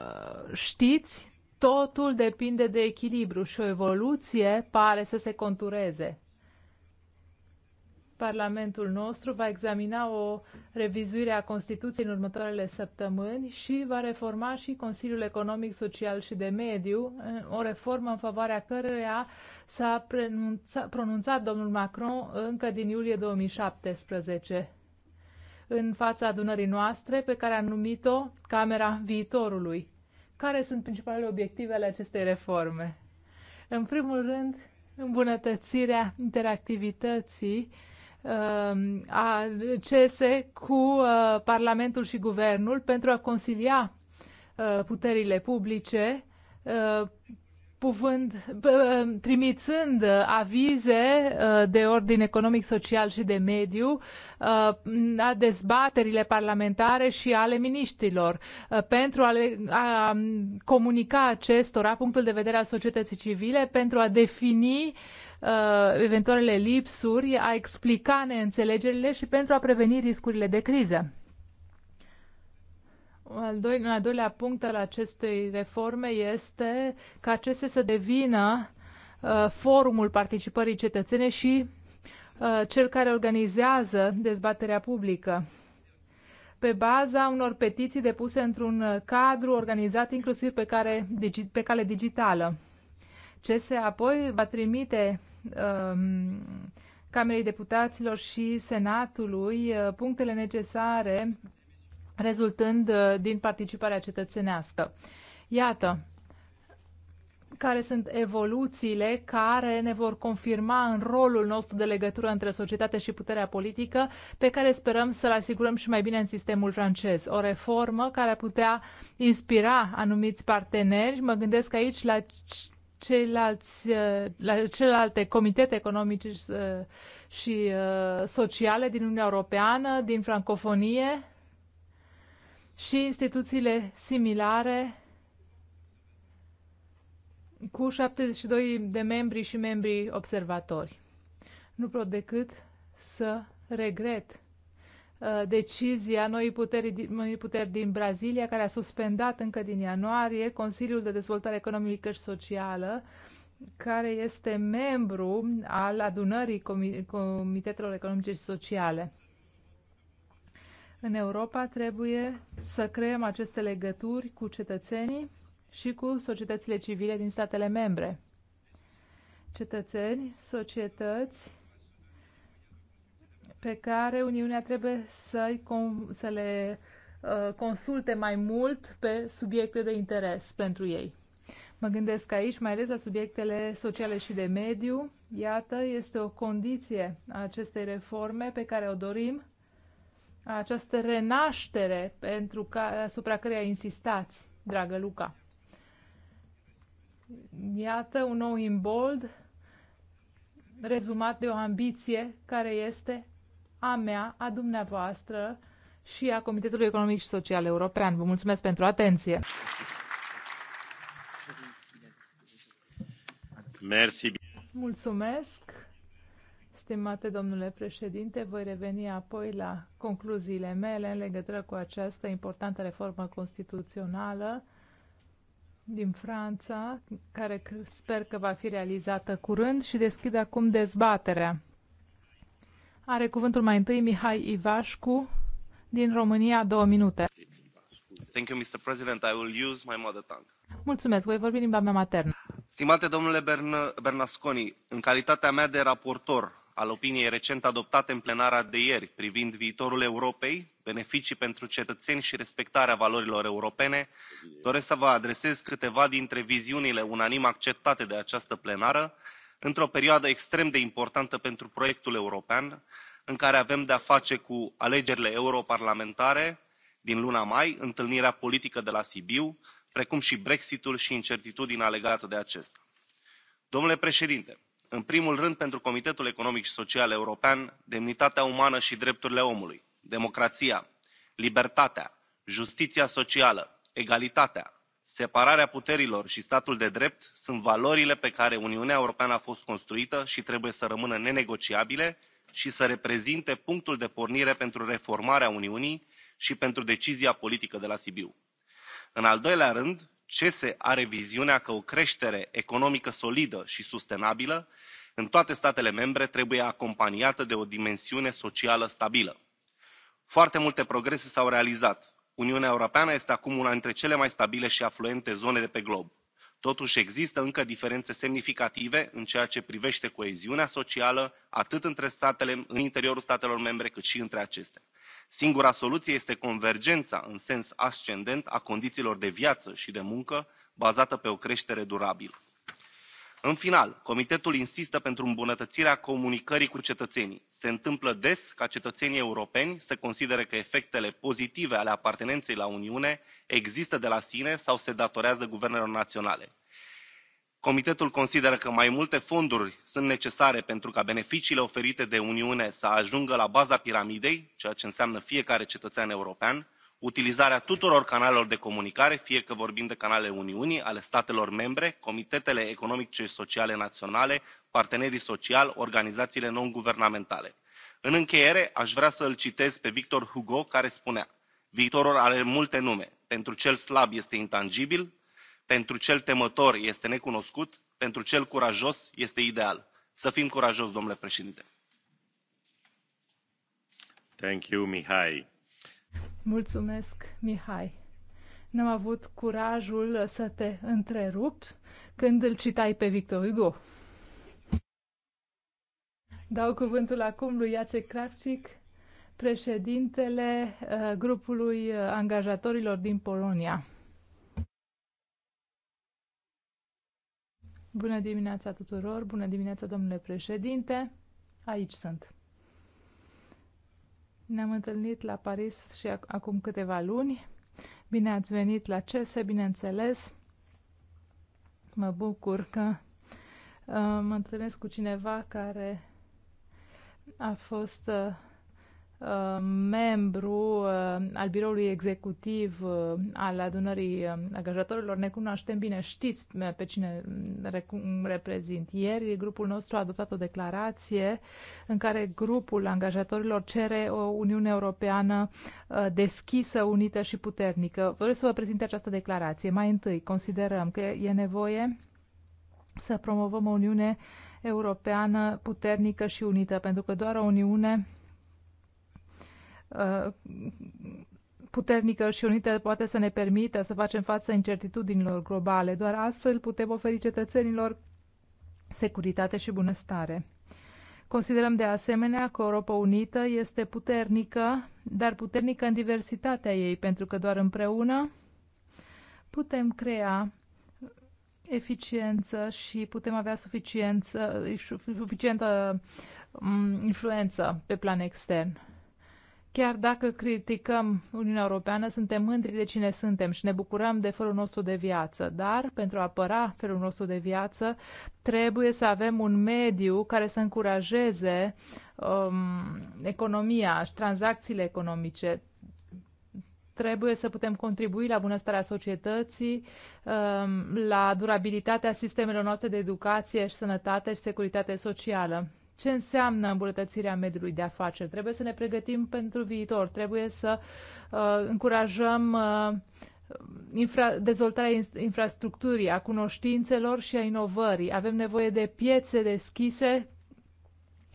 știți, totul depinde de echilibru și o evoluție pare să se contureze. Parlamentul nostru va examina o revizuire a Constituției în următoarele săptămâni și va reforma și Consiliul Economic, Social și de Mediu, o reformă în favoarea căreia s-a pronunțat, pronunțat domnul Macron încă din iulie 2017 în fața adunării noastre pe care a numit-o Camera Viitorului care sunt principalele obiective ale acestei reforme? În primul rând, îmbunătățirea interactivității um, a CESE cu uh, Parlamentul și Guvernul pentru a uh, puterile publice uh, puvând, trimițând uh, avize uh, de ordin economic, social și de mediu la uh, dezbaterile parlamentare și ale miniștrilor pentru a, le, a um, comunica acestora punctul de vedere al societății civile, pentru a defini eventualele lipsuri, a explica neînțelegerile și pentru a preveni riscurile de criză. Al doilea, un al doilea punct al acestei reforme este ca acestea să devină uh, forumul participării cetățene și uh, cel care organizează dezbaterea publică pe baza unor petiții depuse într-un uh, cadru organizat inclusiv pe, care, pe cale digitală. CSE apoi va trimite um, Camerei Deputaților și Senatului uh, punctele necesare rezultând uh, din participarea cetățenească. Iată care sunt evoluțiile care ne vor confirma în rolul nostru de legătură între societate și puterea politică, pe care sperăm să-l asigurăm și mai bine în sistemul francez. O reformă care ar putea inspira anumiți parteneri. Mă gândesc aici la ceilalți, uh, la celelalte comitete economice uh, și, și sociale din Uniunea Europeană, din francofonie, și instituțiile similare cu 72 de membri și membri observatori. Nu pot decât să regret uh, decizia noii puteri, noii puteri din Brazilia, care a suspendat încă din ianuarie Consiliul de Dezvoltare Economică și Socială, care este membru al adunării Comitetelor Economice și Sociale. În Europa trebuie să creăm aceste legături cu cetățenii și cu societățile civile din statele membre. Cetățeni, societăți pe care Uniunea trebuie să, să le uh, consulte mai mult pe subiecte de interes pentru ei. Mă gândesc aici mai ales la subiectele sociale și de mediu. Iată, este o condiție a acestei reforme pe care o dorim această renaștere pentru ca, asupra căreia insistați, dragă Luca. Iată un nou imbold rezumat de o ambiție care este a mea, a dumneavoastră și a Comitetului Economic și Social European. Vă mulțumesc pentru atenție. Mulțumesc. Stimate domnule președinte, voi reveni apoi la concluziile mele în legătură cu această importantă reformă constituțională din Franța, care sper că va fi realizată curând și deschid acum dezbaterea. Are cuvântul mai întâi Mihai Ivașcu din România, două minute. Thank you, Mr. President. I will use my mother tongue. Mulțumesc, voi vorbi limba mea maternă. Stimate domnule Bern Bernasconi, în calitatea mea de raportor al opiniei recent adoptate în plenara de ieri privind viitorul Europei, beneficii pentru cetățeni și respectarea valorilor europene, doresc să vă adresez câteva dintre viziunile unanim acceptate de această plenară într-o perioadă extrem de importantă pentru proiectul european, în care avem de-a face cu alegerile europarlamentare din luna mai, întâlnirea politică de la Sibiu, precum și Brexitul și incertitudinea legată de acesta. Domnule președinte, în primul rând pentru comitetul economic și social european demnitatea umană și drepturile omului democrația libertatea justiția socială egalitatea separarea puterilor și statul de drept sunt valorile pe care uniunea europeană a fost construită și trebuie să rămână nenegociabile și să reprezinte punctul de pornire pentru reformarea uniunii și pentru decizia politică de la sibiu. în al doilea rând CESE are viziunea că o creștere economică solidă și sustenabilă în toate statele membre trebuie acompaniată de o dimensiune socială stabilă. Foarte multe progrese s-au realizat. Uniunea Europeană este acum una dintre cele mai stabile și afluente zone de pe glob. Totuși există încă diferențe semnificative în ceea ce privește coeziunea socială atât între statele în interiorul statelor membre cât și între acestea Singura soluție este convergența în sens ascendent a condițiilor de viață și de muncă bazată pe o creștere durabilă. În final, Comitetul insistă pentru îmbunătățirea comunicării cu cetățenii. Se întâmplă des ca cetățenii europeni să considere că efectele pozitive ale apartenenței la Uniune există de la sine sau se datorează guvernelor naționale comitetul consideră că mai multe fonduri sunt necesare pentru ca beneficiile oferite de uniune să ajungă la baza piramidei ceea ce înseamnă fiecare cetățean european utilizarea tuturor canalelor de comunicare fie că vorbim de canalele uniunii ale statelor membre comitetele economice și sociale naționale partenerii sociali organizațiile non guvernamentale. în încheiere aș vrea să îl citez pe victor hugo care spunea viitorul are multe nume pentru cel slab este intangibil pentru cel temător este necunoscut, pentru cel curajos este ideal. Să fim curajos, domnule președinte. Thank you, Mihai. Mulțumesc, Mihai. N-am avut curajul să te întrerup când îl citai pe Victor Hugo. Dau cuvântul acum lui Iacek Kravcic, președintele uh, grupului uh, angajatorilor din Polonia. Bună dimineața tuturor, bună dimineața domnule președinte, aici sunt. Ne-am întâlnit la Paris și ac acum câteva luni. Bine ați venit la CESE, bineînțeles. Mă bucur că uh, mă întâlnesc cu cineva care a fost uh, Uh, membru uh, al biroului executiv uh, al adunării angajatorilor, ne cunoaștem bine, știți pe cine reprezint. Ieri grupul nostru a adoptat o declarație în care grupul angajatorilor cere o Uniune Europeană deschisă, unită și puternică. Vreau să vă prezint această declarație. Mai întâi, considerăm că e nevoie să promovăm o Uniune Europeană puternică și unită, pentru că doar o Uniune Uh, puternică și unită poate să ne permită să facem față incertitudinilor globale. Doar astfel putem oferi cetățenilor securitate și bunăstare. Considerăm de asemenea că Europa Unită este puternică, dar puternică în diversitatea ei, pentru că doar împreună putem crea eficiență și putem avea suficiență, suficientă mm, influență pe plan extern. Chiar dacă criticăm Uniunea Europeană, suntem mândri de cine suntem și ne bucurăm de felul nostru de viață. Dar, pentru a apăra felul nostru de viață, trebuie să avem un mediu care să încurajeze um, economia și tranzacțiile economice. Trebuie să putem contribui la bunăstarea societății, um, la durabilitatea sistemelor noastre de educație și sănătate și securitate socială ce înseamnă îmbunătățirea mediului de afaceri. Trebuie să ne pregătim pentru viitor, trebuie să uh, încurajăm uh, infra, dezvoltarea infrastructurii, a cunoștințelor și a inovării. Avem nevoie de piețe deschise.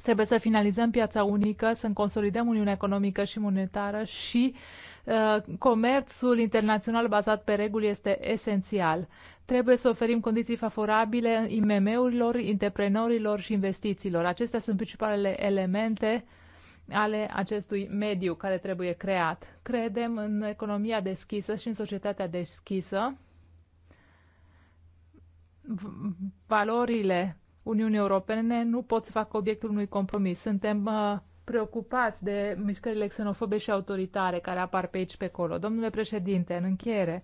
Trebuie să finalizăm piața unică, să consolidăm Uniunea Economică și Monetară și uh, comerțul internațional bazat pe reguli este esențial. Trebuie să oferim condiții favorabile IMM-urilor, antreprenorilor și investițiilor. Acestea sunt principalele elemente ale acestui mediu care trebuie creat. Credem în economia deschisă și în societatea deschisă. Valorile Uniunii Europene nu pot să facă obiectul unui compromis. Suntem uh, preocupați de mișcările xenofobe și autoritare care apar pe aici pe acolo. Domnule președinte, în încheiere,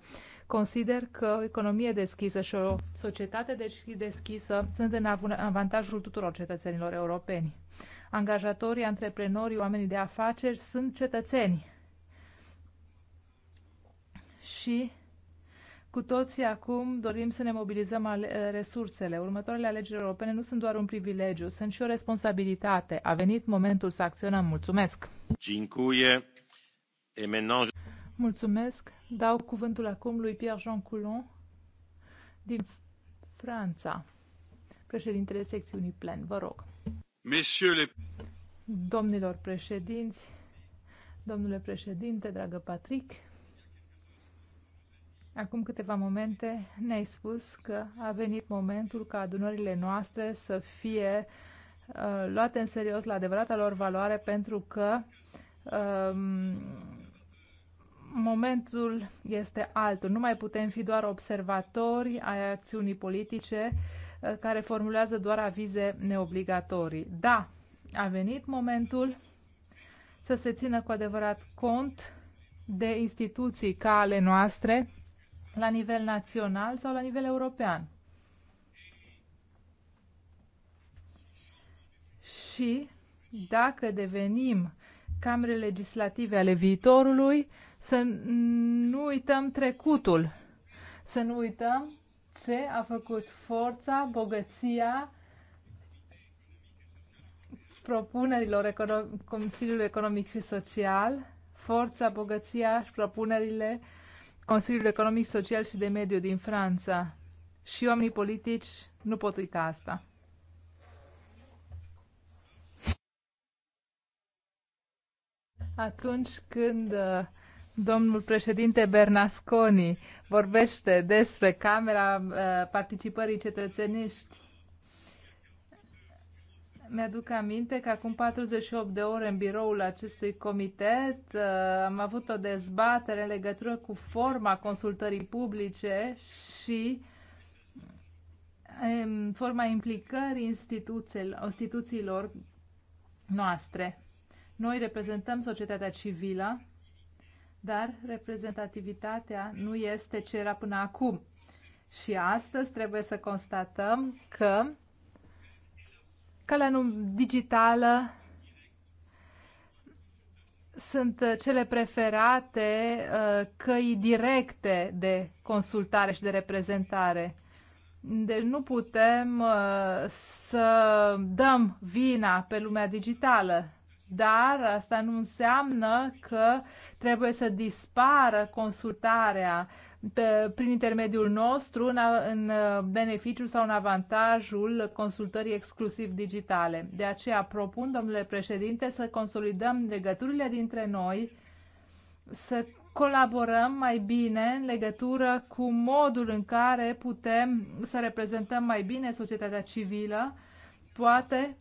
Consider că o economie deschisă și o societate deschisă sunt în avantajul tuturor cetățenilor europeni. Angajatorii, antreprenorii, oamenii de afaceri sunt cetățeni. Și cu toții acum dorim să ne mobilizăm resursele. Următoarele alegeri europene nu sunt doar un privilegiu, sunt și o responsabilitate. A venit momentul să acționăm. Mulțumesc! Mulțumesc. Dau cuvântul acum lui Pierre-Jean Coulon din Franța, președintele secțiunii plen. Vă rog. Le... Domnilor președinți, domnule președinte, dragă Patrick, Acum câteva momente ne-ai spus că a venit momentul ca adunările noastre să fie uh, luate în serios la adevărata lor valoare pentru că um, momentul este altul. Nu mai putem fi doar observatori ai acțiunii politice uh, care formulează doar avize neobligatorii. Da, a venit momentul să se țină cu adevărat cont de instituții ca ale noastre la nivel național sau la nivel european. Și dacă devenim camere legislative ale viitorului, să nu uităm trecutul, să nu uităm ce a făcut forța, bogăția propunerilor Consiliului Economic și Social, forța, bogăția și propunerile Consiliului Economic, Social și de Mediu din Franța. Și oamenii politici nu pot uita asta. Atunci când uh, domnul președinte Bernasconi vorbește despre Camera uh, Participării Cetățeniști. Mi-aduc aminte că acum 48 de ore în biroul acestui comitet uh, am avut o dezbatere în legătură cu forma consultării publice și um, forma implicării instituțiilor noastre. Noi reprezentăm societatea civilă, dar reprezentativitatea nu este ce era până acum. Și astăzi trebuie să constatăm că calea digitală sunt cele preferate uh, căi directe de consultare și de reprezentare. Deci nu putem uh, să dăm vina pe lumea digitală dar asta nu înseamnă că trebuie să dispară consultarea pe, prin intermediul nostru în, în uh, beneficiul sau în avantajul consultării exclusiv digitale. De aceea propun, domnule președinte, să consolidăm legăturile dintre noi, să colaborăm mai bine în legătură cu modul în care putem să reprezentăm mai bine societatea civilă, poate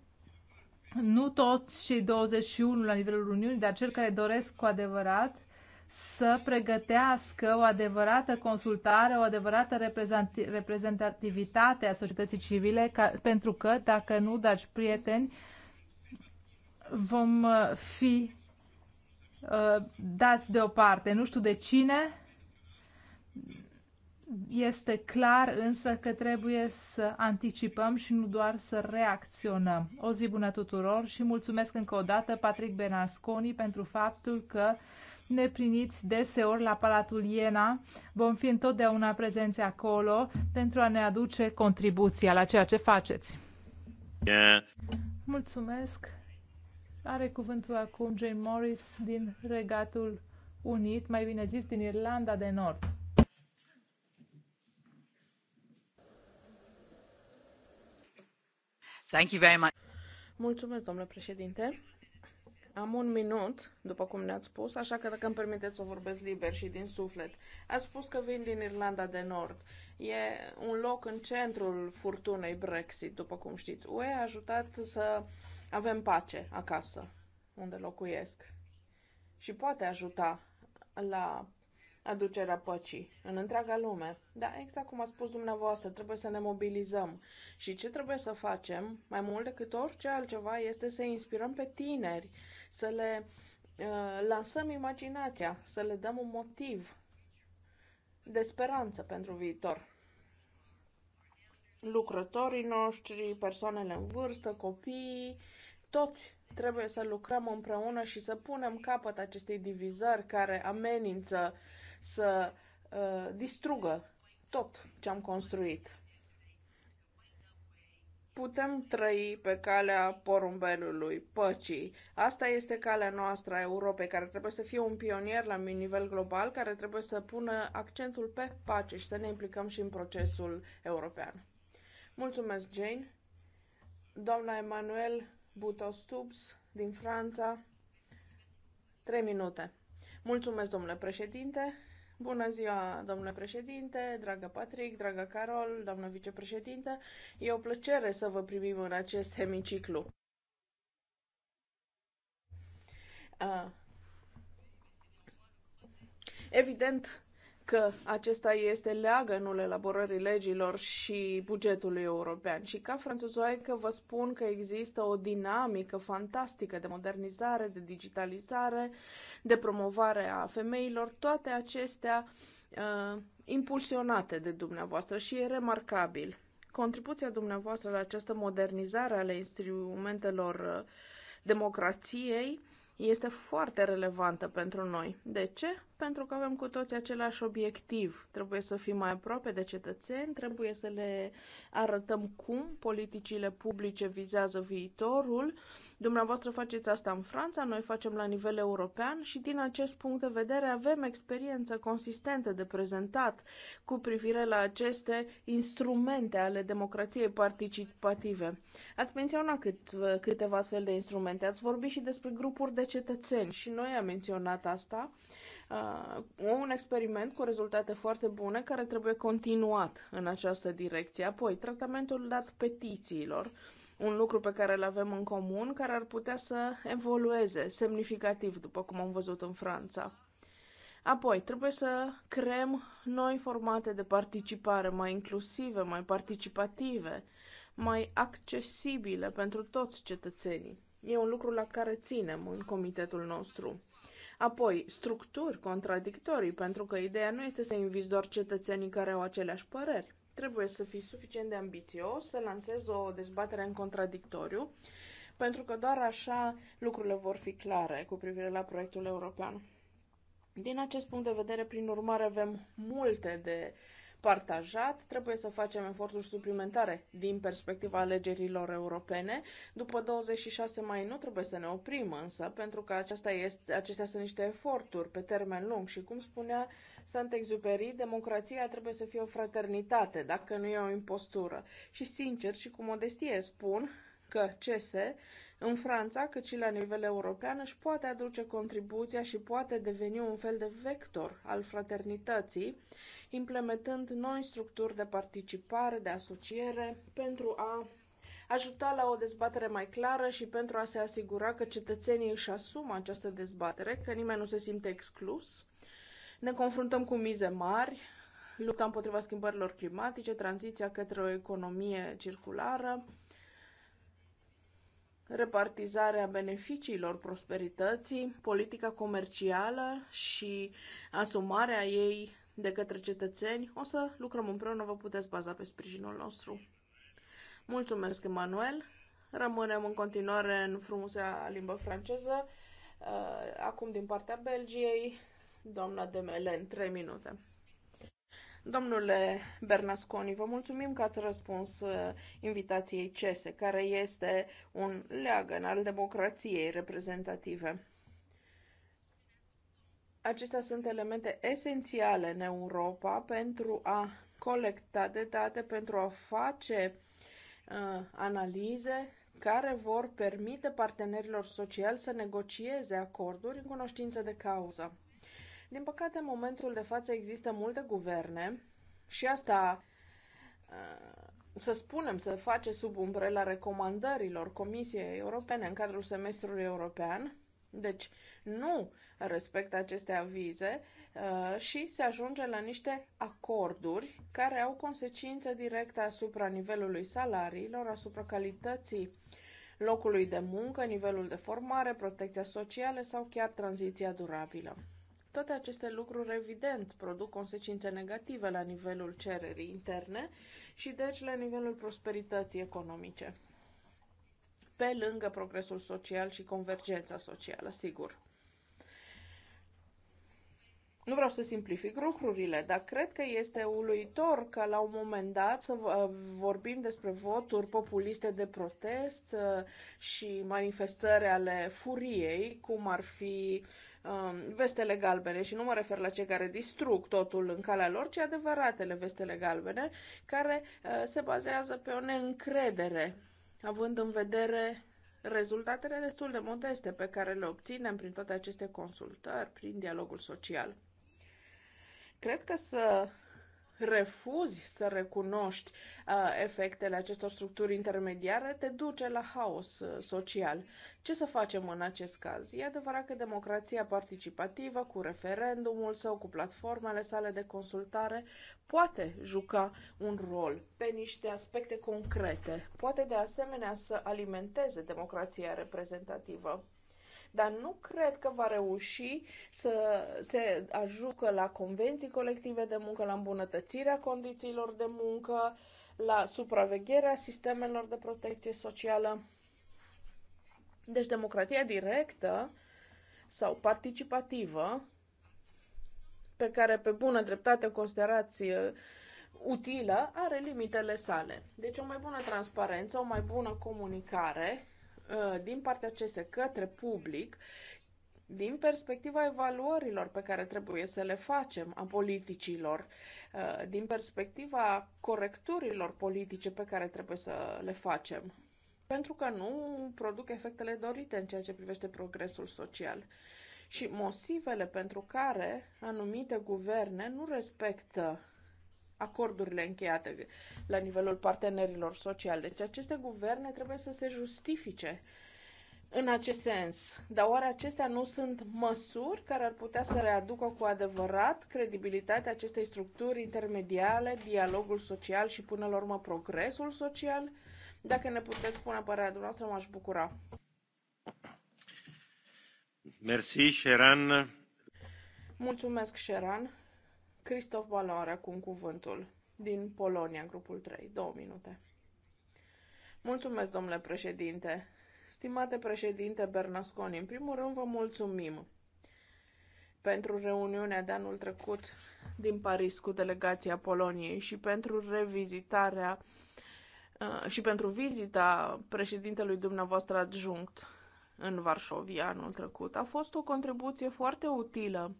nu toți cei 21 la nivelul Uniunii, dar cel care doresc cu adevărat să pregătească o adevărată consultare, o adevărată reprezentativitate a societății civile, ca, pentru că, dacă nu, dragi prieteni, vom uh, fi uh, dați deoparte. Nu știu de cine, este clar însă că trebuie să anticipăm și nu doar să reacționăm. O zi bună tuturor și mulțumesc încă o dată Patrick Benasconi pentru faptul că ne priniți deseori la Palatul Iena. Vom fi întotdeauna prezenți acolo pentru a ne aduce contribuția la ceea ce faceți. Yeah. Mulțumesc. Are cuvântul acum Jane Morris din Regatul Unit, mai bine zis din Irlanda de Nord. Thank you very much. Mulțumesc, domnule președinte. Am un minut, după cum ne-ați spus, așa că dacă îmi permiteți să vorbesc liber și din suflet. Ați spus că vin din Irlanda de Nord. E un loc în centrul furtunei Brexit, după cum știți. UE a ajutat să avem pace acasă, unde locuiesc. Și poate ajuta la aducerea păcii în întreaga lume. Da, exact cum a spus dumneavoastră, trebuie să ne mobilizăm. Și ce trebuie să facem, mai mult decât orice altceva, este să inspirăm pe tineri, să le uh, lansăm imaginația, să le dăm un motiv de speranță pentru viitor. Lucrătorii noștri, persoanele în vârstă, copiii, toți trebuie să lucrăm împreună și să punem capăt acestei divizări care amenință să uh, distrugă tot ce am construit. Putem trăi pe calea porumbelului, păcii. Asta este calea noastră a Europei, care trebuie să fie un pionier la nivel global, care trebuie să pună accentul pe pace și să ne implicăm și în procesul european. Mulțumesc, Jane. Doamna Emanuel Butostubs din Franța. 3 minute. Mulțumesc, domnule președinte. Bună ziua, domnule președinte, dragă Patrick, dragă Carol, doamnă vicepreședinte. E o plăcere să vă primim în acest hemiciclu. Uh. Evident, că acesta este leagănul elaborării legilor și bugetului european. Și ca franțuzoaică vă spun că există o dinamică fantastică de modernizare, de digitalizare, de promovare a femeilor, toate acestea uh, impulsionate de dumneavoastră și e remarcabil. Contribuția dumneavoastră la această modernizare ale instrumentelor uh, democrației uh, este foarte relevantă pentru noi. De ce? Pentru că avem cu toți același obiectiv. Trebuie să fim mai aproape de cetățeni, trebuie să le arătăm cum politicile publice vizează viitorul, uh, Dumneavoastră faceți asta în Franța, noi facem la nivel european și din acest punct de vedere avem experiență consistentă de prezentat cu privire la aceste instrumente ale democrației participative. Ați menționat cât, câteva astfel de instrumente, ați vorbit și despre grupuri de cetățeni și noi am menționat asta. Uh, un experiment cu rezultate foarte bune care trebuie continuat în această direcție. Apoi, tratamentul dat petițiilor. Uh, un lucru pe care îl avem în comun, care ar putea să evolueze semnificativ, după cum am văzut în Franța. Apoi, trebuie să creăm noi formate de participare mai inclusive, mai participative, mai accesibile pentru toți cetățenii. E un lucru la care ținem în comitetul nostru. Apoi, structuri contradictorii, pentru că ideea nu este să invizi doar cetățenii care au aceleași păreri trebuie să fii suficient de ambițios, să lansezi o dezbatere în contradictoriu, pentru că doar așa lucrurile vor fi clare cu privire la proiectul european. Din acest punct de vedere, prin urmare, avem multe de partajat, trebuie să facem eforturi suplimentare din perspectiva alegerilor europene. După 26 mai nu trebuie să ne oprim însă, pentru că aceasta este, acestea sunt niște eforturi pe termen lung și, cum spunea sunt exuperi, democrația trebuie să fie o fraternitate, dacă nu e o impostură. Și sincer și cu modestie spun că CS în Franța, cât și la nivel european, își poate aduce contribuția și poate deveni un fel de vector al fraternității implementând noi structuri de participare, de asociere, pentru a ajuta la o dezbatere mai clară și pentru a se asigura că cetățenii își asumă această dezbatere, că nimeni nu se simte exclus. Ne confruntăm cu mize mari, lupta împotriva schimbărilor climatice, tranziția către o economie circulară, repartizarea beneficiilor prosperității, politica comercială și asumarea ei de către cetățeni, o să lucrăm împreună, vă puteți baza pe sprijinul nostru. Mulțumesc, Emanuel! Rămânem în continuare în frumusea limbă franceză. Uh, acum, din partea Belgiei, doamna în 3 minute. Domnule Bernasconi, vă mulțumim că ați răspuns uh, invitației CESE, care este un leagăn al democrației reprezentative. Acestea sunt elemente esențiale în Europa pentru a colecta de date, pentru a face uh, analize care vor permite partenerilor sociali să negocieze acorduri în cunoștință de cauză. Din păcate, în momentul de față există multe guverne și asta, uh, să spunem, se face sub umbrela recomandărilor Comisiei Europene în cadrul semestrului european. Deci nu respectă aceste avize uh, și se ajunge la niște acorduri care au consecințe directe asupra nivelului salariilor, asupra calității locului de muncă, nivelul de formare, protecția socială sau chiar tranziția durabilă. Toate aceste lucruri, evident, produc consecințe negative la nivelul cererii interne și deci la nivelul prosperității economice. Pe lângă progresul social și convergența socială, sigur. Nu vreau să simplific lucrurile, dar cred că este uluitor că la un moment dat să vorbim despre voturi populiste de protest uh, și manifestări ale furiei, cum ar fi um, vestele galbene și nu mă refer la cei care distrug totul în calea lor, ci adevăratele vestele galbene, care uh, se bazează pe o neîncredere, având în vedere rezultatele destul de modeste pe care le obținem prin toate aceste consultări, prin dialogul social. Cred că să refuzi să recunoști uh, efectele acestor structuri intermediare, te duce la haos uh, social. Ce să facem în acest caz? E adevărat că democrația participativă, cu referendumul sau cu platformele sale de consultare, poate juca un rol pe niște aspecte concrete. Poate de asemenea să alimenteze democrația reprezentativă dar nu cred că va reuși să se ajucă la convenții colective de muncă, la îmbunătățirea condițiilor de muncă, la supravegherea sistemelor de protecție socială. Deci democrația directă sau participativă, pe care pe bună dreptate o considerați uh, utilă, are limitele sale. Deci o mai bună transparență, o mai bună comunicare Uh, din partea CS către public din perspectiva evaluărilor pe care trebuie să le facem a politicilor, uh, din perspectiva corecturilor politice pe care trebuie să le facem, pentru că nu produc efectele dorite în ceea ce privește progresul social. Și motivele pentru care anumite guverne nu respectă acordurile încheiate la nivelul partenerilor sociale. Deci aceste guverne trebuie să se justifice în acest sens. Dar oare acestea nu sunt măsuri care ar putea să readucă cu adevărat credibilitatea acestei structuri intermediale, dialogul social și până la urmă progresul social? Dacă ne puteți spune părerea dumneavoastră, m-aș bucura. Mersi, Sheran. Mulțumesc, Sheran. Cristof Balon are acum cuvântul din Polonia, grupul 3. Două minute. Mulțumesc, domnule președinte. Stimate președinte Bernasconi, în primul rând vă mulțumim pentru reuniunea de anul trecut din Paris cu delegația Poloniei și pentru revizitarea uh, și pentru vizita președintelui dumneavoastră adjunct în Varșovia anul trecut. A fost o contribuție foarte utilă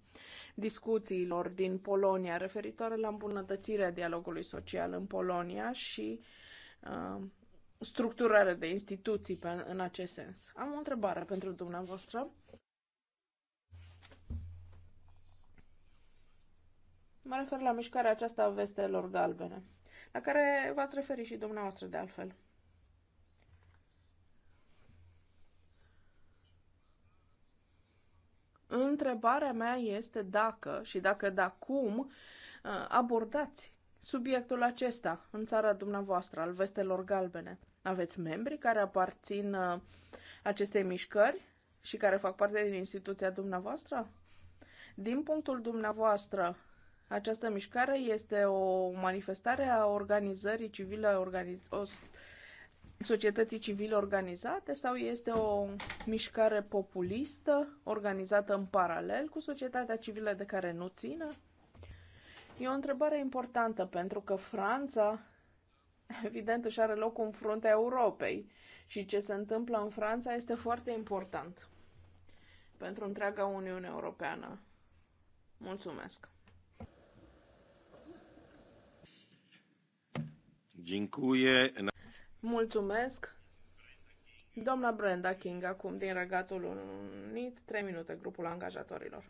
discuțiilor din Polonia referitoare la îmbunătățirea dialogului social în Polonia și uh, structurare de instituții pe, în acest sens. Am o întrebare pentru dumneavoastră. Mă refer la mișcarea aceasta a vestelor galbene, la care v-ați referit și dumneavoastră de altfel. Întrebarea mea este dacă și dacă da cum uh, abordați subiectul acesta în țara dumneavoastră al vestelor galbene. Aveți membri care aparțin uh, acestei mișcări și care fac parte din instituția dumneavoastră? Din punctul dumneavoastră, această mișcare este o manifestare a organizării civile organiz- societății civile organizate sau este o mișcare populistă organizată în paralel cu societatea civilă de care nu țină? E o întrebare importantă pentru că Franța, evident, își are locul în fruntea Europei și ce se întâmplă în Franța este foarte important pentru întreaga Uniune Europeană. Mulțumesc! Dziękuję. Mulțumesc. Doamna Brenda King, acum din Regatul Unit, 3 minute, grupul angajatorilor.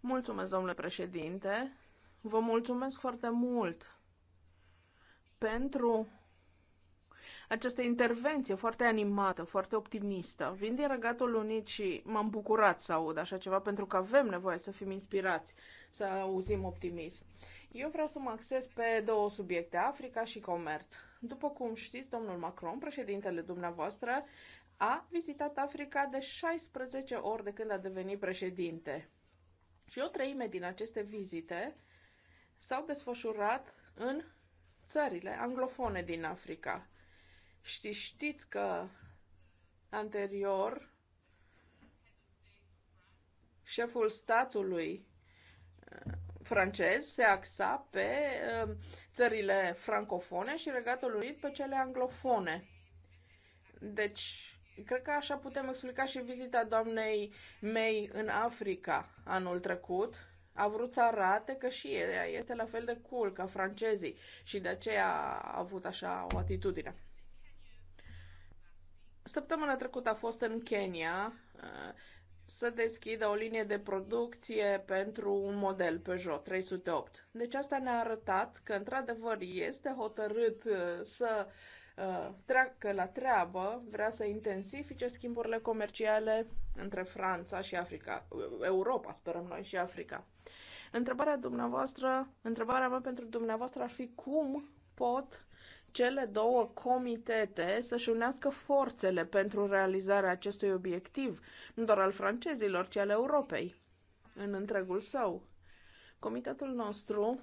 Mulțumesc, domnule președinte. Vă mulțumesc foarte mult pentru această intervenție foarte animată, foarte optimistă. Vin din Regatul Unit și m-am bucurat să aud așa ceva, pentru că avem nevoie să fim inspirați, să auzim optimism. Eu vreau să mă acces pe două subiecte, Africa și comerț. După cum știți, domnul Macron, președintele dumneavoastră, a vizitat Africa de 16 ori de când a devenit președinte. Și o treime din aceste vizite s-au desfășurat în țările anglofone din Africa. Și știți că anterior șeful statului francez se axa pe um, țările francofone și Regatul Unit pe cele anglofone. Deci, cred că așa putem explica și vizita doamnei mei în Africa anul trecut. A vrut să arate că și ea este la fel de cool ca francezii și de aceea a avut așa o atitudine. Săptămâna trecută a fost în Kenya uh, să deschidă o linie de producție pentru un model Peugeot 308. Deci asta ne-a arătat că într-adevăr este hotărât uh, să uh, treacă la treabă, vrea să intensifice schimburile comerciale între Franța și Africa, uh, Europa sperăm noi și Africa. Întrebarea dumneavoastră, întrebarea mea pentru dumneavoastră ar fi cum pot cele două comitete să-și unească forțele pentru realizarea acestui obiectiv, nu doar al francezilor, ci al Europei, în întregul său. Comitetul nostru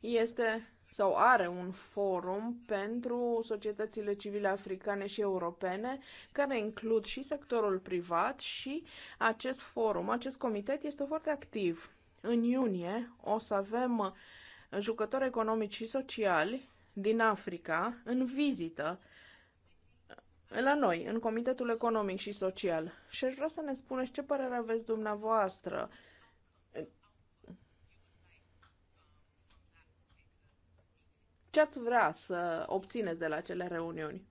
este sau are un forum pentru societățile civile africane și europene, care includ și sectorul privat și acest forum, acest comitet este foarte activ. În iunie o să avem jucători economici și sociali din Africa în vizită la noi, în Comitetul Economic și Social. Și aș vrea să ne spuneți ce părere aveți dumneavoastră ce ați vrea să obțineți de la acele reuniuni?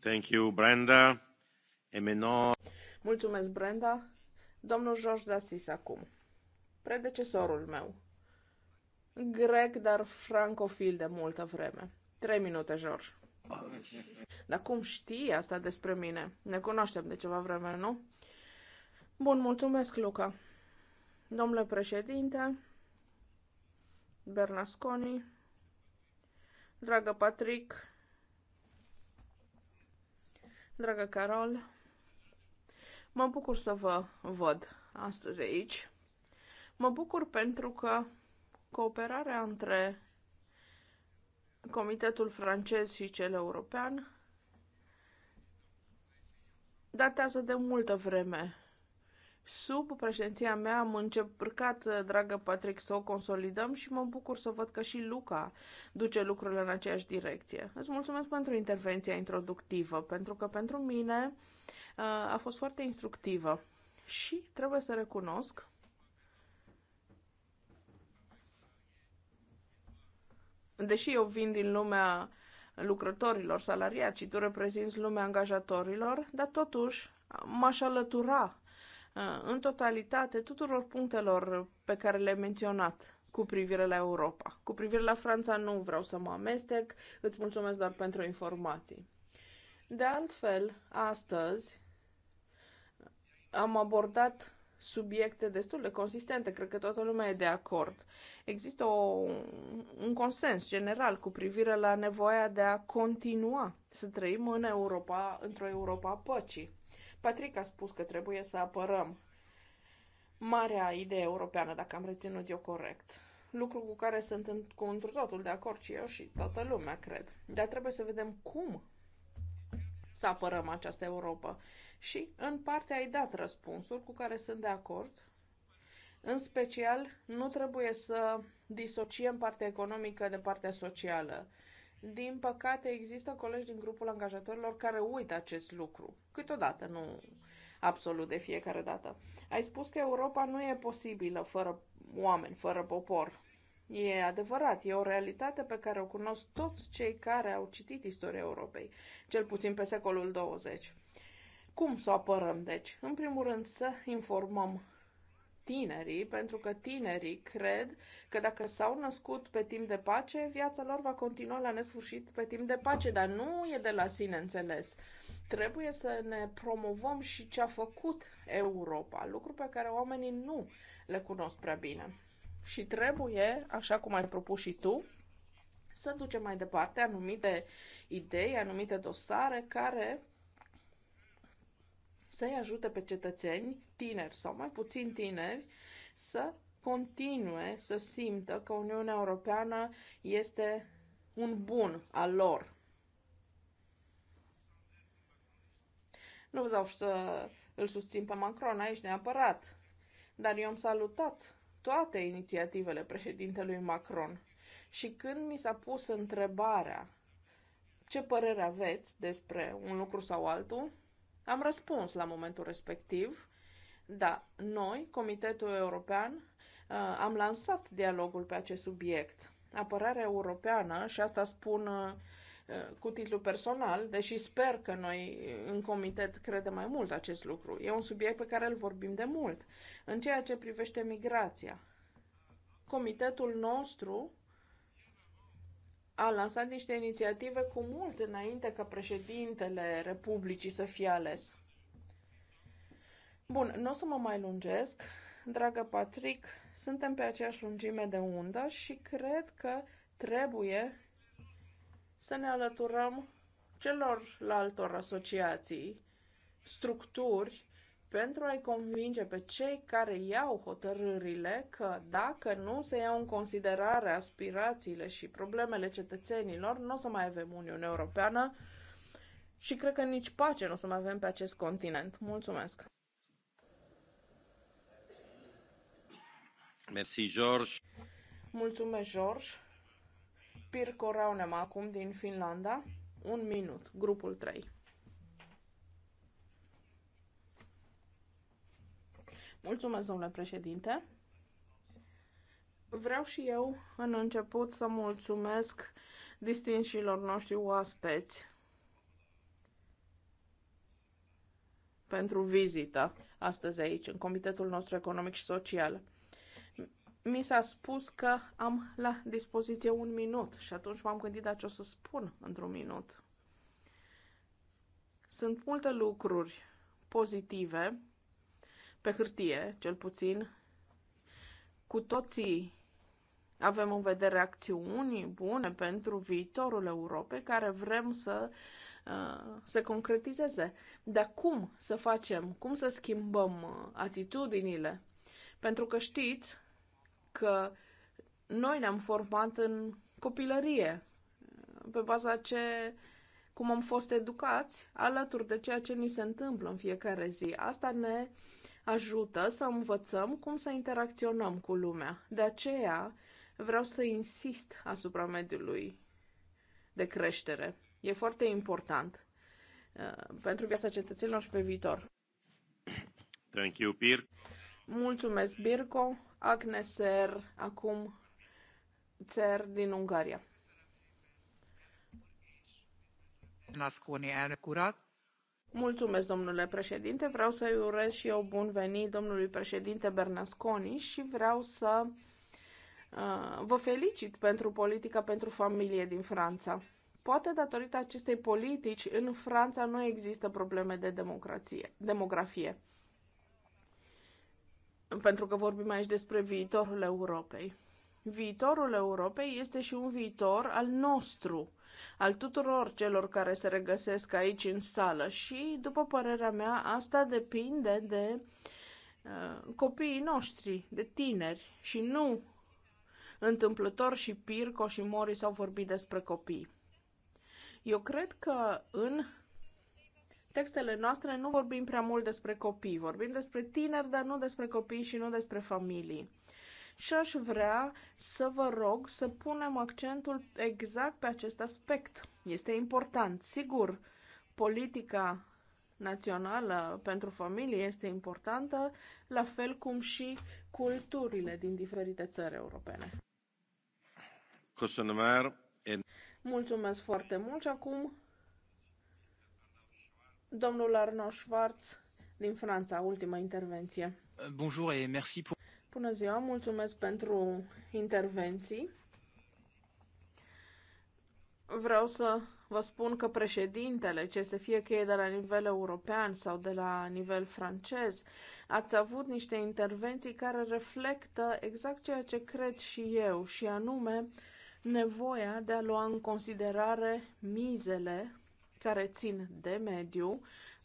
Thank you, Brenda. Emeno... Mulțumesc, Brenda. Domnul George Dasis acum, predecesorul meu grec, dar francofil de multă vreme. Trei minute, George. Dar cum știi asta despre mine? Ne cunoaștem de ceva vreme, nu? Bun, mulțumesc, Luca. Domnule președinte, Bernasconi, dragă Patrick, dragă Carol, mă bucur să vă văd astăzi aici. Mă bucur pentru că Cooperarea între Comitetul francez și cel european datează de multă vreme. Sub președinția mea am încercat, dragă Patrick, să o consolidăm și mă bucur să văd că și Luca duce lucrurile în aceeași direcție. Îți mulțumesc pentru intervenția introductivă, pentru că pentru mine uh, a fost foarte instructivă și trebuie să recunosc Deși eu vin din lumea lucrătorilor salariați și tu reprezinți lumea angajatorilor, dar totuși m-aș alătura uh, în totalitate tuturor punctelor pe care le-ai menționat cu privire la Europa. Cu privire la Franța nu vreau să mă amestec, îți mulțumesc doar pentru informații. De altfel, astăzi am abordat subiecte destul de consistente, cred că toată lumea e de acord. Există o, un consens general cu privire la nevoia de a continua să trăim în Europa, într-o Europa păcii. Patrick a spus că trebuie să apărăm marea idee europeană, dacă am reținut eu corect. Lucru cu care sunt în, cu într totul de acord și eu și toată lumea, cred. Dar trebuie să vedem cum să apărăm această Europa și în parte ai dat răspunsuri cu care sunt de acord. În special, nu trebuie să disociem partea economică de partea socială. Din păcate, există colegi din grupul angajatorilor care uită acest lucru. Câteodată, nu absolut de fiecare dată. Ai spus că Europa nu e posibilă fără oameni, fără popor. E adevărat, e o realitate pe care o cunosc toți cei care au citit istoria Europei, cel puțin pe secolul 20. Cum să o apărăm, deci? În primul rând să informăm tinerii, pentru că tinerii cred că dacă s-au născut pe timp de pace, viața lor va continua la nesfârșit pe timp de pace, dar nu e de la sine înțeles. Trebuie să ne promovăm și ce a făcut Europa, lucru pe care oamenii nu le cunosc prea bine. Și trebuie, așa cum ai propus și tu, să ducem mai departe anumite idei, anumite dosare care să-i ajute pe cetățeni, tineri sau mai puțin tineri, să continue să simtă că Uniunea Europeană este un bun al lor. Nu vreau să îl susțin pe Macron aici neapărat, dar eu am salutat toate inițiativele președintelui Macron. Și când mi s-a pus întrebarea ce părere aveți despre un lucru sau altul, am răspuns la momentul respectiv. Da, noi, Comitetul European, uh, am lansat dialogul pe acest subiect. Apărarea europeană, și asta spun uh, cu titlu personal, deși sper că noi în comitet credem mai mult acest lucru. E un subiect pe care îl vorbim de mult. În ceea ce privește migrația, comitetul nostru a lansat niște inițiative cu mult înainte ca președintele Republicii să fie ales. Bun, nu o să mă mai lungesc. Dragă Patrick, suntem pe aceeași lungime de undă și cred că trebuie să ne alăturăm celorlaltor asociații, structuri pentru a-i convinge pe cei care iau hotărârile că dacă nu se iau în considerare aspirațiile și problemele cetățenilor, nu o să mai avem Uniune Europeană și cred că nici pace nu o să mai avem pe acest continent. Mulțumesc! Mersi, George! Mulțumesc, George! Pirko Raunema acum din Finlanda. Un minut, grupul 3. Mulțumesc, domnule președinte. Vreau și eu, în început, să mulțumesc distinșilor noștri oaspeți pentru vizită astăzi aici, în Comitetul nostru Economic și Social. Mi s-a spus că am la dispoziție un minut și atunci m-am gândit dacă ce o să spun într-un minut. Sunt multe lucruri pozitive pe hârtie, cel puțin, cu toții avem în vedere acțiuni bune pentru viitorul Europei care vrem să uh, se concretizeze. Dar cum să facem? Cum să schimbăm uh, atitudinile? Pentru că știți că noi ne-am format în copilărie, pe baza ce cum am fost educați, alături de ceea ce ni se întâmplă în fiecare zi. Asta ne uh, ajută să învățăm cum să interacționăm cu lumea. De aceea vreau să insist asupra mediului de creștere. E foarte important uh, pentru viața cetățenilor și pe viitor. Thank you, Pir. Mulțumesc, Birko. Agneser, acum țer din Ungaria. Nasconi elnök curat. Mulțumesc, domnule președinte. Vreau să-i urez și eu bun venit domnului președinte Bernasconi și vreau să uh, vă felicit pentru politica pentru familie din Franța. Poate datorită acestei politici, în Franța nu există probleme de democrație, demografie. Pentru că vorbim aici despre viitorul Europei. Viitorul Europei este și un viitor al nostru al tuturor celor care se regăsesc aici în sală și, după părerea mea, asta depinde de uh, copiii noștri, de tineri și nu întâmplător și Pirco și s au vorbit despre copii. Eu cred că în textele noastre nu vorbim prea mult despre copii, vorbim despre tineri, dar nu despre copii și nu despre familii și aș vrea să vă rog să punem accentul exact pe acest aspect. Este important, sigur, politica națională pentru familie este importantă, la fel cum și culturile din diferite țări europene. Mulțumesc foarte mult și acum domnul Arnaud Schwarz din Franța, ultima intervenție. Bonjour et merci pour Bună ziua, mulțumesc pentru intervenții. Vreau să vă spun că președintele, ce să fie că e de la nivel european sau de la nivel francez, ați avut niște intervenții care reflectă exact ceea ce cred și eu, și anume nevoia de a lua în considerare mizele care țin de mediu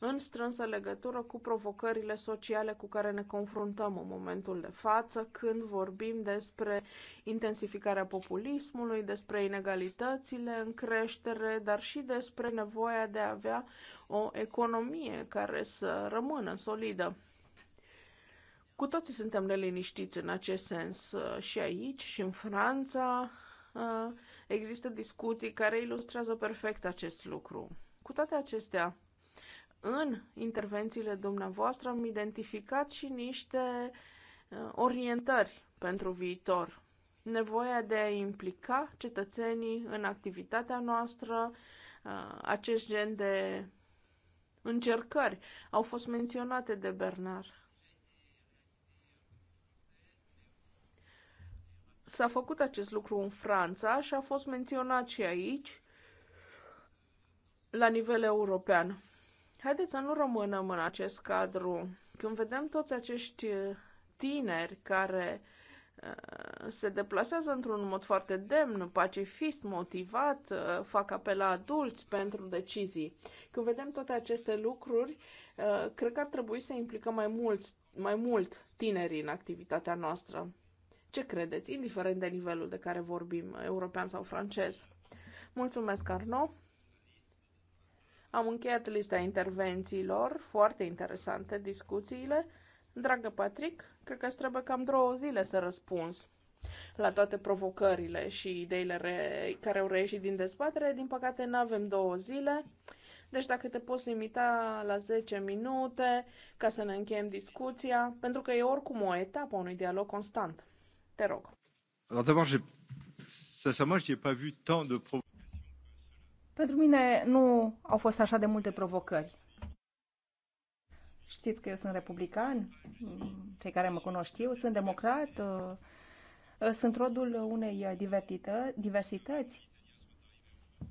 în strânsă legătură cu provocările sociale cu care ne confruntăm în momentul de față, când vorbim despre intensificarea populismului, despre inegalitățile în creștere, dar și despre nevoia de a avea o economie care să rămână solidă. Cu toții suntem neliniștiți în acest sens uh, și aici și în Franța. Uh, există discuții care ilustrează perfect acest lucru. Cu toate acestea, în intervențiile dumneavoastră am identificat și niște uh, orientări pentru viitor. Nevoia de a implica cetățenii în activitatea noastră, uh, acest gen de încercări au fost menționate de Bernard. S-a făcut acest lucru în Franța și a fost menționat și aici, la nivel european. Haideți să nu rămânem în acest cadru. Când vedem toți acești tineri care uh, se deplasează într-un mod foarte demn, pacifist, motivat, uh, fac apel la adulți pentru decizii. Când vedem toate aceste lucruri, uh, cred că ar trebui să implicăm mai mult, mai mult tinerii în activitatea noastră. Ce credeți, indiferent de nivelul de care vorbim, european sau francez? Mulțumesc, Arno! Am încheiat lista intervențiilor, foarte interesante discuțiile. Dragă Patrick, cred că îți trebuie cam două zile să răspunzi la toate provocările și ideile re- care au reieșit din dezbatere. Din păcate, nu avem două zile. Deci dacă te poți limita la 10 minute ca să ne încheiem discuția, pentru că e oricum o etapă unui dialog constant. Te rog. Alors d'abord, j'ai... sincèrement, je n'ai pas vu tant de pentru mine nu au fost așa de multe provocări. Știți că eu sunt republican, cei care mă cunosc eu, sunt democrat, uh, sunt rodul unei diversități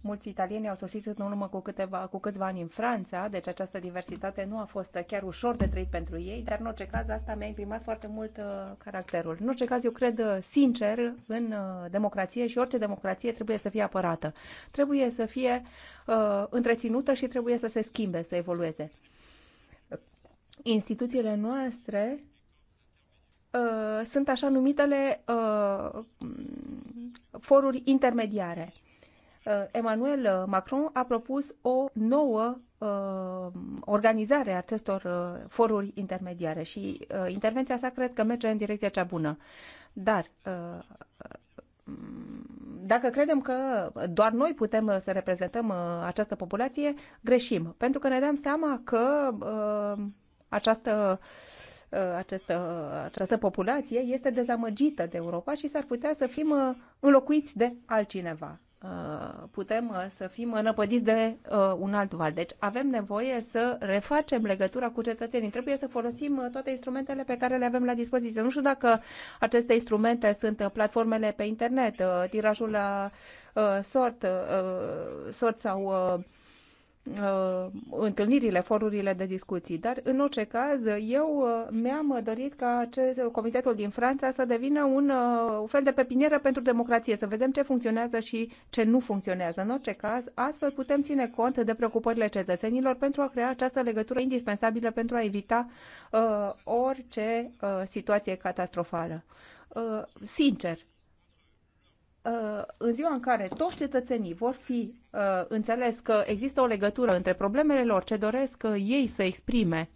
Mulți italieni au sosit în urmă cu, câteva, cu câțiva ani în Franța, deci această diversitate nu a fost chiar ușor de trăit pentru ei, dar în orice caz asta mi-a imprimat foarte mult uh, caracterul. În orice caz eu cred uh, sincer în uh, democrație și orice democrație trebuie să fie apărată. Trebuie să fie uh, întreținută și trebuie să se schimbe, să evolueze. Instituțiile noastre uh, sunt așa numitele uh, foruri intermediare Uh, Emmanuel uh, Macron a propus o nouă uh, organizare a acestor foruri intermediare și intervenția sa cred că merge în direcția cea bună. Dar mm, dacă credem că doar noi putem să reprezentăm această populație, greșim, pentru că ne dăm seama că această această, această populație este dezamăgită de Europa și s-ar putea să fim înlocuiți de altcineva. Uh, putem uh, să fim înăpădiți de uh, un alt val. Deci avem nevoie să refacem legătura cu cetățenii. Trebuie să folosim toate instrumentele pe care le avem la dispoziție. Nu știu dacă aceste instrumente sunt platformele pe internet, tirajul la sort, sort sau uh, întâlnirile, forurile de discuții. Dar, în orice caz, eu uh, mi-am dorit ca acest comitetul din Franța să devină un uh, fel de pepinieră pentru democrație, să vedem ce funcționează și ce nu funcționează. În orice caz, astfel putem ține cont de preocupările cetățenilor pentru a crea această legătură indispensabilă pentru a evita uh, orice uh, situație catastrofală. Uh, sincer, Uh, în ziua în care toți cetățenii vor fi uh, înțeles că există o legătură între problemele lor, ce doresc uh, ei să exprime,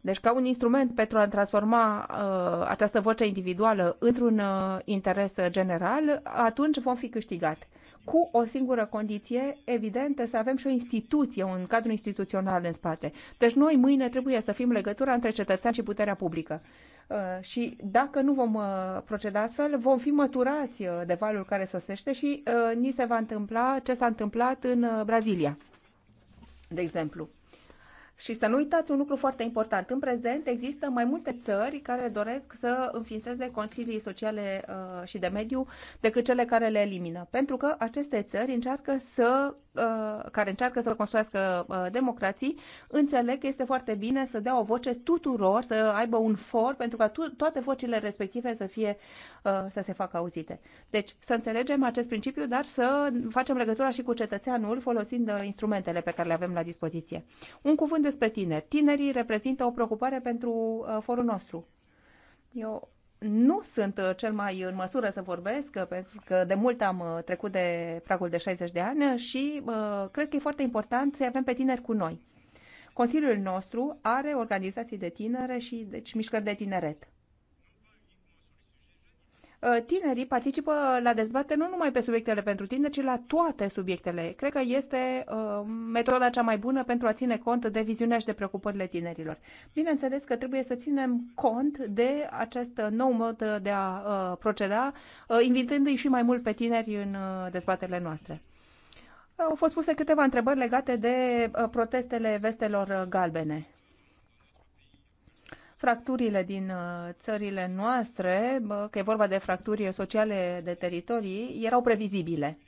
deci ca un instrument pentru a transforma uh, această voce individuală într-un uh, interes general, atunci vom fi câștigat cu o singură condiție evidentă, să avem și o instituție, un cadru instituțional în spate. Deci noi mâine trebuie să fim legătura între cetățean și puterea publică. Uh, și dacă nu vom uh, proceda astfel, vom fi măturați uh, de valul care sosește și ni se va întâmpla ce s-a întâmplat în Brazilia, de exemplu. Și să nu uitați un lucru foarte important. În prezent există mai multe țări care doresc să înființeze consilii sociale uh, și de mediu decât cele care le elimină. Pentru că aceste țări încearcă să Uh, care încearcă să construiască uh, democrații, înțeleg că este foarte bine să dea o voce tuturor, să aibă un for pentru ca toate vocile respective să fie uh, să se facă auzite. Deci să înțelegem acest principiu, dar să facem legătura și cu cetățeanul folosind instrumentele pe care le avem la dispoziție. Un cuvânt despre tineri. Tinerii reprezintă o preocupare pentru forul nostru. Eu nu sunt uh, cel mai în măsură să vorbesc, uh, pentru că de mult am uh, trecut de pragul de 60 de ani și cred că e foarte important să avem pe tineri cu noi. Consiliul nostru are organizații de tinere și deci mișcări de tineret. Uh, tinerii participă la dezbatere nu numai pe subiectele pentru tineri, ci la toate subiectele. Cred că este uh, metoda cea mai bună pentru a ține cont de viziunea și de preocupările tinerilor. Bineînțeles că trebuie să ținem cont de acest nou mod de a uh, proceda, uh, invitându-i și mai mult pe tineri în uh, dezbaterile noastre. Au fost puse câteva întrebări legate de uh, protestele vestelor galbene fracturile din uh, țările noastre, că e vorba de fracturi sociale de teritorii, erau previzibile.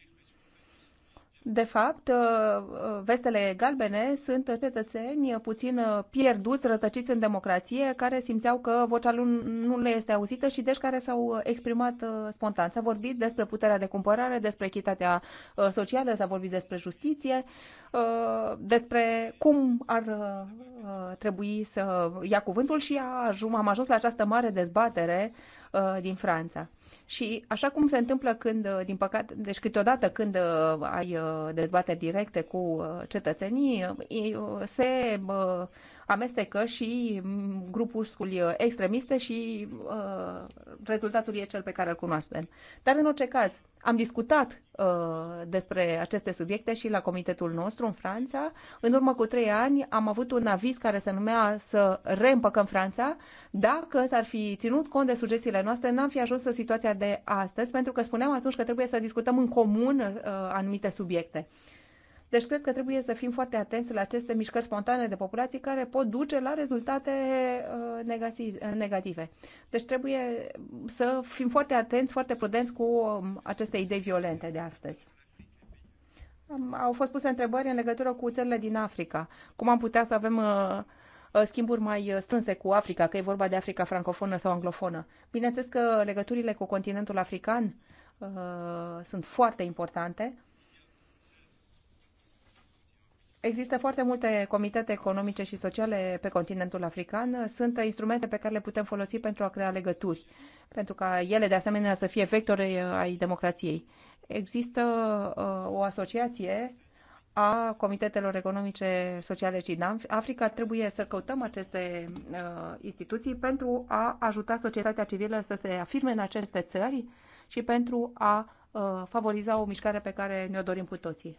De fapt, uh, uh, vestele galbene sunt cetățeni puțin uh, pierduți, rătăciți în democrație, care simțeau că vocea lui nu le este auzită și deci care s-au exprimat spontan. S-a vorbit despre puterea de cumpărare, despre echitatea socială, s-a vorbit despre justiție, despre cum ar trebui să ia cuvântul și am ajuns la această mare dezbatere din Franța și așa cum se întâmplă când, uh, din păcate, deci câteodată când uh, ai uh, dezbateri directe cu cetățenii, se amestecă și mm, grupusculi extremiste și rezultatul e cel pe care îl cunoaștem. Dar în orice caz, am discutat uh, despre aceste subiecte și la comitetul nostru în Franța. În urmă cu trei ani am avut un aviz care se numea să reîmpăcăm Franța. Dacă s-ar fi ținut cont de sugestiile noastre, n-am fi ajuns în situația de astăzi, pentru că spuneam atunci că trebuie să discutăm în comun uh, anumite subiecte. Uh, deci cred că trebuie să fim foarte atenți la aceste mișcări spontane de populații care pot duce la rezultate uh, uh, negative. Deci trebuie să fim foarte atenți, foarte prudenți cu um, aceste idei violente de astăzi. Au fost puse întrebări în legătură cu țările din Africa. Cum am putea să avem uh, schimburi mai strânse cu Africa, că e vorba de Africa francofonă sau anglofonă. Bineînțeles că legăturile cu continentul african uh, sunt foarte importante Există foarte multe comitete economice și sociale pe continentul african. Sunt instrumente pe care le putem folosi pentru a crea legături, pentru ca ele de asemenea să fie vectore ai democrației. Există uh, o asociație a comitetelor economice, sociale și din Africa. Trebuie să căutăm aceste uh, instituții pentru a ajuta societatea civilă să se afirme în aceste țări și pentru a uh, favoriza o mișcare pe care ne-o dorim cu toții.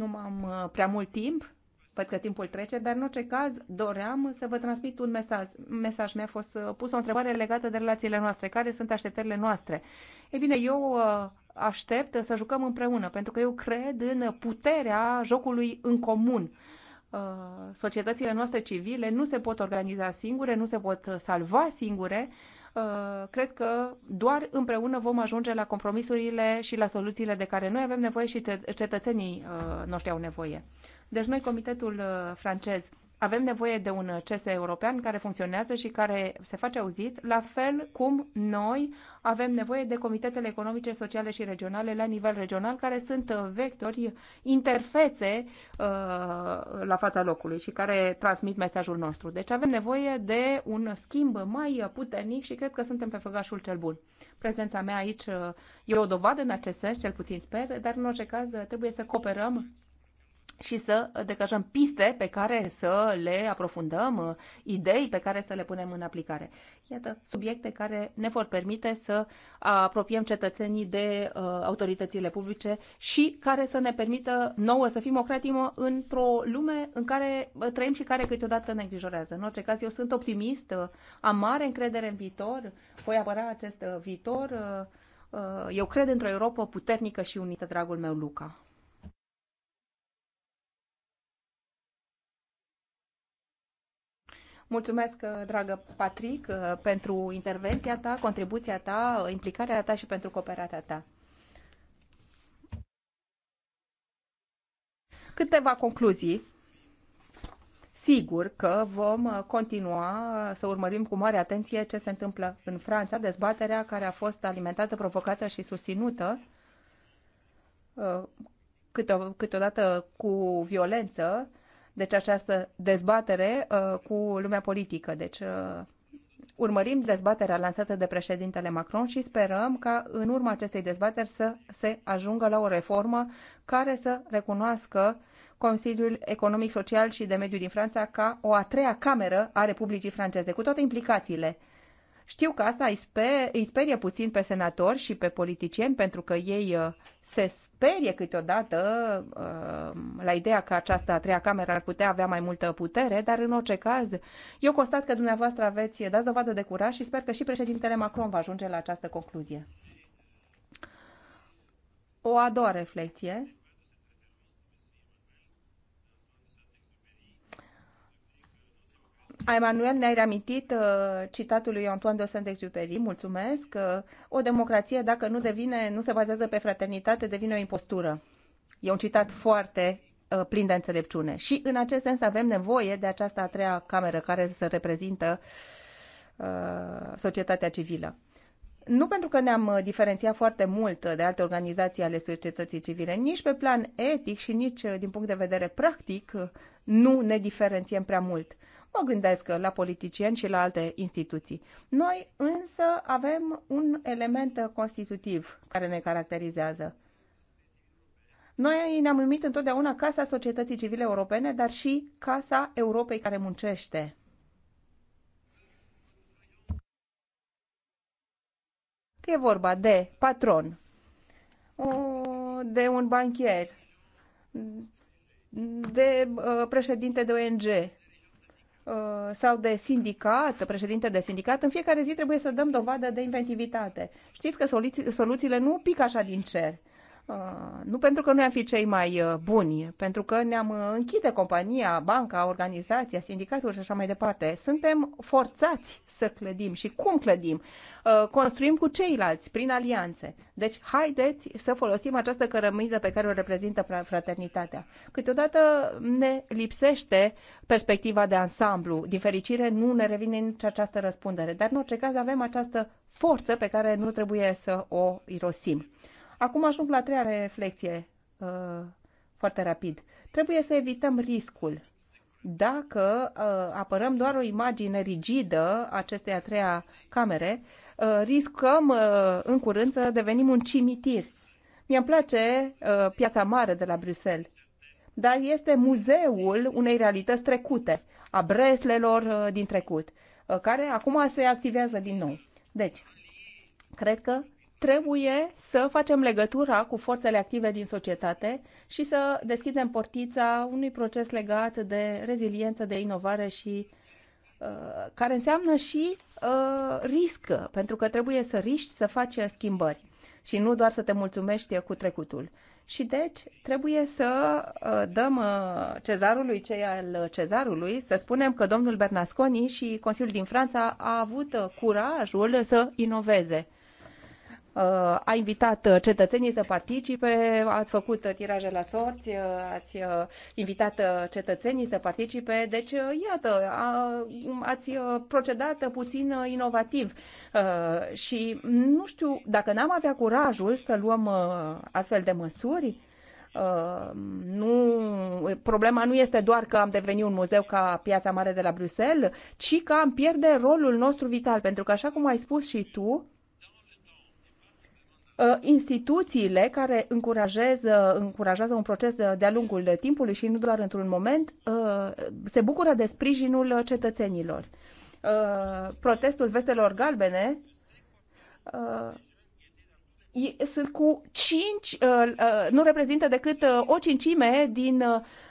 Nu am uh, prea mult timp, văd că timpul trece, dar în orice caz doream să vă transmit un mesaj. mesaj. Mi-a fost uh, pus o întrebare legată de relațiile noastre. Care sunt așteptările noastre? Ei bine, eu uh, aștept să jucăm împreună, pentru că eu cred în puterea jocului în comun. Societățile noastre civile nu se pot organiza singure, nu se pot salva singure, Uh, cred că doar împreună vom ajunge la compromisurile și la soluțiile de care noi avem nevoie și cetățenii uh, noștri au nevoie. Deci noi, Comitetul uh, francez, avem nevoie de un CS european care funcționează și care se face auzit, la fel cum noi avem nevoie de comitetele economice, sociale și regionale la nivel regional, care sunt vectori, interfețe uh, la fața locului și care transmit mesajul nostru. Deci avem nevoie de un schimb mai puternic și cred că suntem pe făgașul cel bun. Prezența mea aici uh, e o dovadă în acest sens, cel puțin sper, dar în orice caz uh, trebuie să cooperăm și să decajăm piste pe care să le aprofundăm, uh, idei pe care să le punem în aplicare. Iată, subiecte care ne vor permite să apropiem cetățenii de uh, autoritățile publice și care să ne permită nouă să fim o creatimă într-o lume în care trăim și care câteodată ne îngrijorează. În orice caz, eu sunt optimist, uh, am mare încredere în viitor, voi apăra acest uh, viitor. Uh, uh, eu cred într-o Europa puternică și unită, dragul meu Luca. Mulțumesc, uh, dragă Patrick, uh, pentru intervenția ta, contribuția ta, implicarea ta și pentru cooperarea ta. Câteva concluzii. Sigur că vom uh, continua să urmărim cu mare atenție ce se întâmplă în Franța, dezbaterea care a fost alimentată, provocată și susținută câteodată cu violență deci această dezbatere uh, cu lumea politică. Deci uh, urmărim dezbaterea lansată de președintele Macron și sperăm ca în urma acestei dezbateri să se ajungă la o reformă care să recunoască Consiliul Economic, Social și de Mediu din Franța ca o a treia cameră a Republicii Franceze, cu toate implicațiile știu că asta îi, spe, îi sperie puțin pe senatori și pe politicieni pentru că ei uh, se sperie câteodată uh, la ideea că această a treia cameră ar putea avea mai multă putere, dar în orice caz eu constat că dumneavoastră aveți, dați dovadă de curaj și sper că și președintele Macron va ajunge la această concluzie. O a doua reflexie Emanuel ne-ai reamintit uh, citatul lui Antoine de Saint-Exupéry, mulțumesc, uh, o democrație dacă nu devine, nu se bazează pe fraternitate, devine o impostură. E un citat foarte uh, plin de înțelepciune. Și în acest sens avem nevoie de această a treia cameră care să reprezintă uh, societatea civilă. Nu pentru că ne-am uh, diferențiat foarte mult de alte organizații ale societății civile, nici pe plan etic și nici uh, din punct de vedere practic uh, nu ne diferențiem prea mult mă gândesc la politicieni și la alte instituții. Noi însă avem un element constitutiv care ne caracterizează. Noi ne-am numit întotdeauna Casa Societății Civile Europene, dar și Casa Europei care muncește. Că e vorba de patron, de un banchier, de uh, președinte de ONG, Uh, sau de sindicat, președinte de sindicat, în fiecare zi trebuie să dăm dovadă de inventivitate. Știți că soluțiile nu pic așa din cer. Uh, nu pentru că noi am fi cei mai uh, buni, pentru că ne-am uh, închide compania, banca, organizația, sindicatul și așa mai departe. Suntem forțați să clădim și cum clădim? Construim cu ceilalți, prin alianțe. Deci haideți să folosim această cărămidă pe care o reprezintă fraternitatea. Câteodată ne lipsește perspectiva de ansamblu. Din fericire, nu ne revine nici această răspundere, dar în orice caz avem această forță pe care nu trebuie să o irosim. Acum ajung la a treia reflexie uh, foarte rapid. Trebuie să evităm riscul. Dacă uh, apărăm doar o imagine rigidă acestei a treia camere, uh, riscăm în curând să devenim un cimitir. Mi-am place piața mare de la Bruxelles, dar este muzeul unei realități trecute, a breslelor din trecut, care acum se activează din nou. Deci, cred că trebuie să facem legătura cu forțele active din societate și să deschidem portița unui proces legat de reziliență, de inovare și uh, care înseamnă și uh, riscă, pentru că trebuie să riști să faci schimbări și nu doar să te mulțumești cu trecutul. Și deci trebuie să uh, dăm uh, cezarului cei al cezarului, să spunem că domnul Bernasconi și Consiliul din Franța a avut curajul să inoveze Uh, a invitat uh, cetățenii să participe, ați făcut uh, tiraje la sorți, ați invitat cetățenii să participe, deci iată, a, um, ați procedat puțin inovativ și nu știu, dacă n-am avea curajul să luăm astfel de măsuri, Uh, nu, problema nu este doar că am devenit un muzeu ca Piața Mare de la Bruxelles, ci că am pierde rolul nostru vital, pentru că, așa cum ai spus și tu, Uh, instituțiile care încurajează, uh, încurajează un proces uh, de-a lungul timpului și nu doar într-un moment, se bucură de sprijinul cetățenilor. Protestul vestelor galbene sunt cu cinci, nu reprezintă decât o cincime din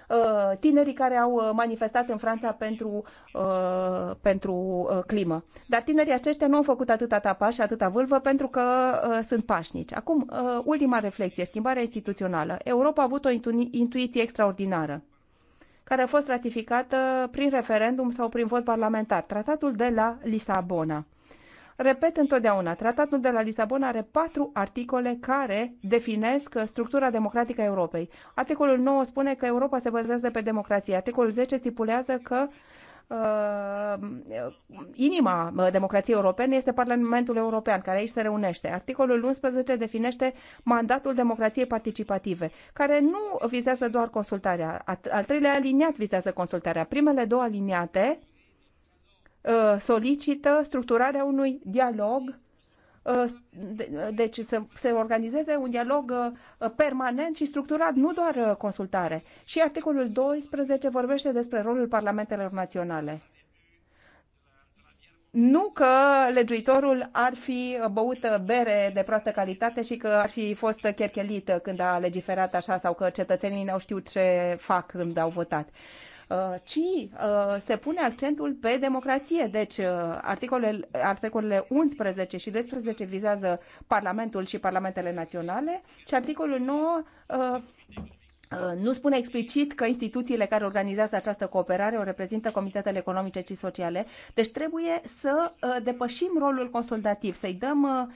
Uh, tinerii care au uh, manifestat în Franța pentru, uh, pentru climă. Dar tinerii aceștia nu au făcut atâta tapa și atâta vâlvă pentru că sunt pașnici. Acum, ultima reflexie, schimbarea instituțională. Europa a avut o intu- intuiție extraordinară care a fost ratificată prin referendum sau prin vot parlamentar, tratatul de la Lisabona Repet întotdeauna, tratatul de la Lisabona are patru articole care definesc structura democratică a Europei. Articolul 9 spune că Europa se bazează pe democrație. Articolul 10 stipulează că uh, inima uh, democrației europene este Parlamentul European, care aici se reunește. Articolul 11 definește mandatul democrației participative, care nu vizează doar consultarea. Al treilea aliniat vizează consultarea. Primele două aliniate Uh, solicită structurarea unui dialog uh, deci să se organizeze un dialog uh, permanent și structurat, nu doar consultare. Și articolul 12 vorbește despre rolul parlamentelor naționale. Nu că legiuitorul ar fi băut bere de proastă calitate și că ar fi fost cherchelită când a legiferat așa sau că cetățenii n-au știut ce fac când au votat. Uh, ci uh, se pune accentul pe democrație. Deci uh, articolele, articolele 11 și 12 vizează Parlamentul și Parlamentele Naționale și articolul 9 nu spune explicit că instituțiile care organizează această cooperare o reprezintă comitetele economice și sociale, deci trebuie să depășim rolul consultativ, să-i dăm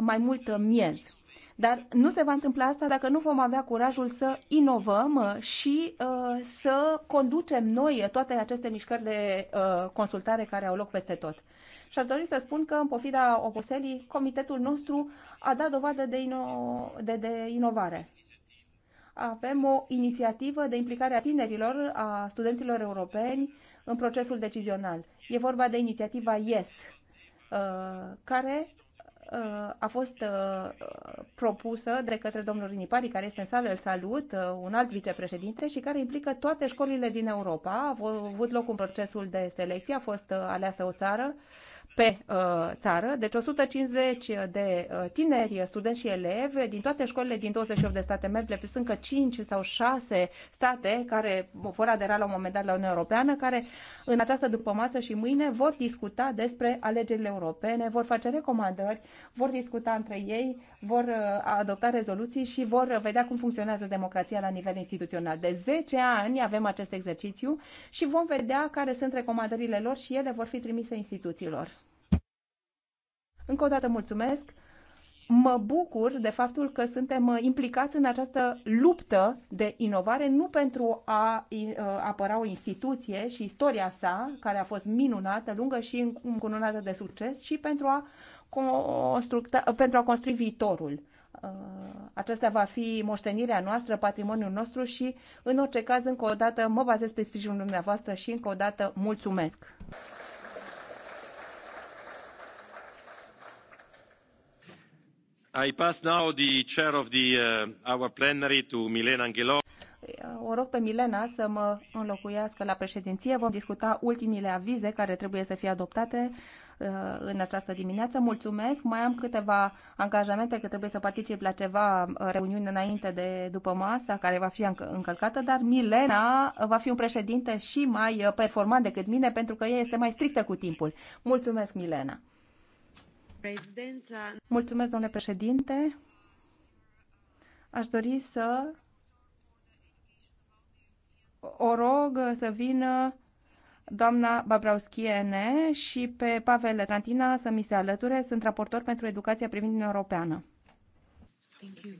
mai mult miez. Dar nu se va întâmpla asta dacă nu vom avea curajul să inovăm și uh, să conducem noi toate aceste mișcări de uh, consultare care au loc peste tot. Și ar dori să spun că, în pofida oboselii, comitetul nostru a dat dovadă de, ino- de, de inovare. Avem o inițiativă de implicare a tinerilor, a studenților europeni, în procesul decizional. E vorba de inițiativa YES, uh, care Uh, a fost uh, uh, propusă de către domnul Rinipari, care este în sală, îl salut, un alt vicepreședinte și care implică toate școlile din Europa. A avut loc un procesul de selecție, a fost aleasă o țară pe uh, țară, deci 150 de uh, tineri, studenți și elevi din toate școlile din 28 de state membre, plus încă 5 sau 6 state care vor adera la un moment dat la Uniunea Europeană, care în această dupămasă și mâine vor discuta despre alegerile europene, vor face recomandări, vor discuta între ei, vor uh, adopta rezoluții și vor vedea cum funcționează democrația la nivel instituțional. De 10 ani avem acest exercițiu și vom vedea care sunt recomandările lor și ele vor fi trimise instituțiilor. Încă o dată mulțumesc. Mă bucur de faptul că suntem uh, implicați în această luptă de inovare, nu pentru a uh, apăra o instituție și istoria sa, care a fost minunată, lungă și încununată de succes, ci pentru a, pentru a construi viitorul uh, aceasta va fi moștenirea noastră, patrimoniul nostru și, în orice caz, încă o dată mă bazez pe sprijinul dumneavoastră și încă o dată mulțumesc. I pass now the chair of the, uh, our plenary to Milena Angelov. O rog pe Milena să mă înlocuiască la președinție. Vom discuta ultimile avize care trebuie să fie adoptate uh, în această dimineață. Mulțumesc. Mai am câteva angajamente că trebuie să particip la ceva uh, reuniune înainte de după masa care va fi încălcată, dar Milena va fi un președinte și mai uh, performant decât mine pentru că ea este mai strictă cu timpul. Mulțumesc, Milena. Mulțumesc, domnule președinte. Aș dori să o rog să vină doamna Babrauschiene și pe Pavel Trantina să mi se alăture. Sunt raportor pentru educația privind Uniunea Europeană. Thank you.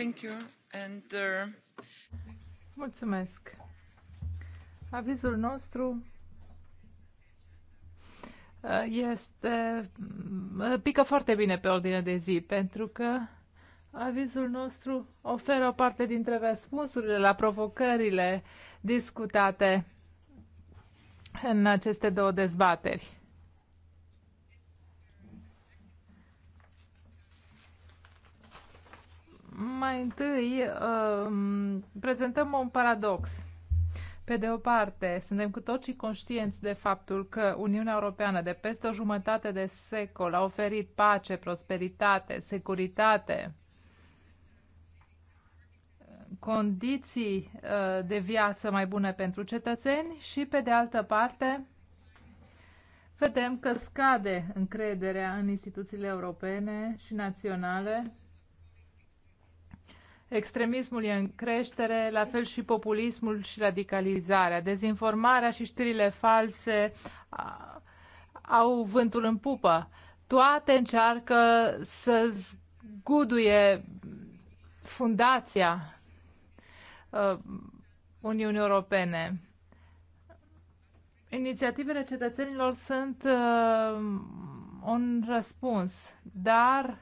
Uh, Mulțumesc. Avizul nostru uh, este uh, pică foarte bine pe ordine de zi pentru că avizul nostru oferă o parte dintre răspunsurile la provocările discutate în aceste două dezbateri. mai întâi uh, prezentăm un paradox. Pe de o parte, suntem cu toții conștienți de faptul că Uniunea Europeană de peste o jumătate de secol a oferit pace, prosperitate, securitate, condiții uh, de viață mai bune pentru cetățeni și, pe de altă parte, vedem că scade încrederea în instituțiile europene și naționale Extremismul e în creștere, la fel și populismul și radicalizarea. Dezinformarea și știrile false au vântul în pupă. Toate încearcă să zguduie fundația Uniunii Europene. Inițiativele cetățenilor sunt uh, un răspuns, dar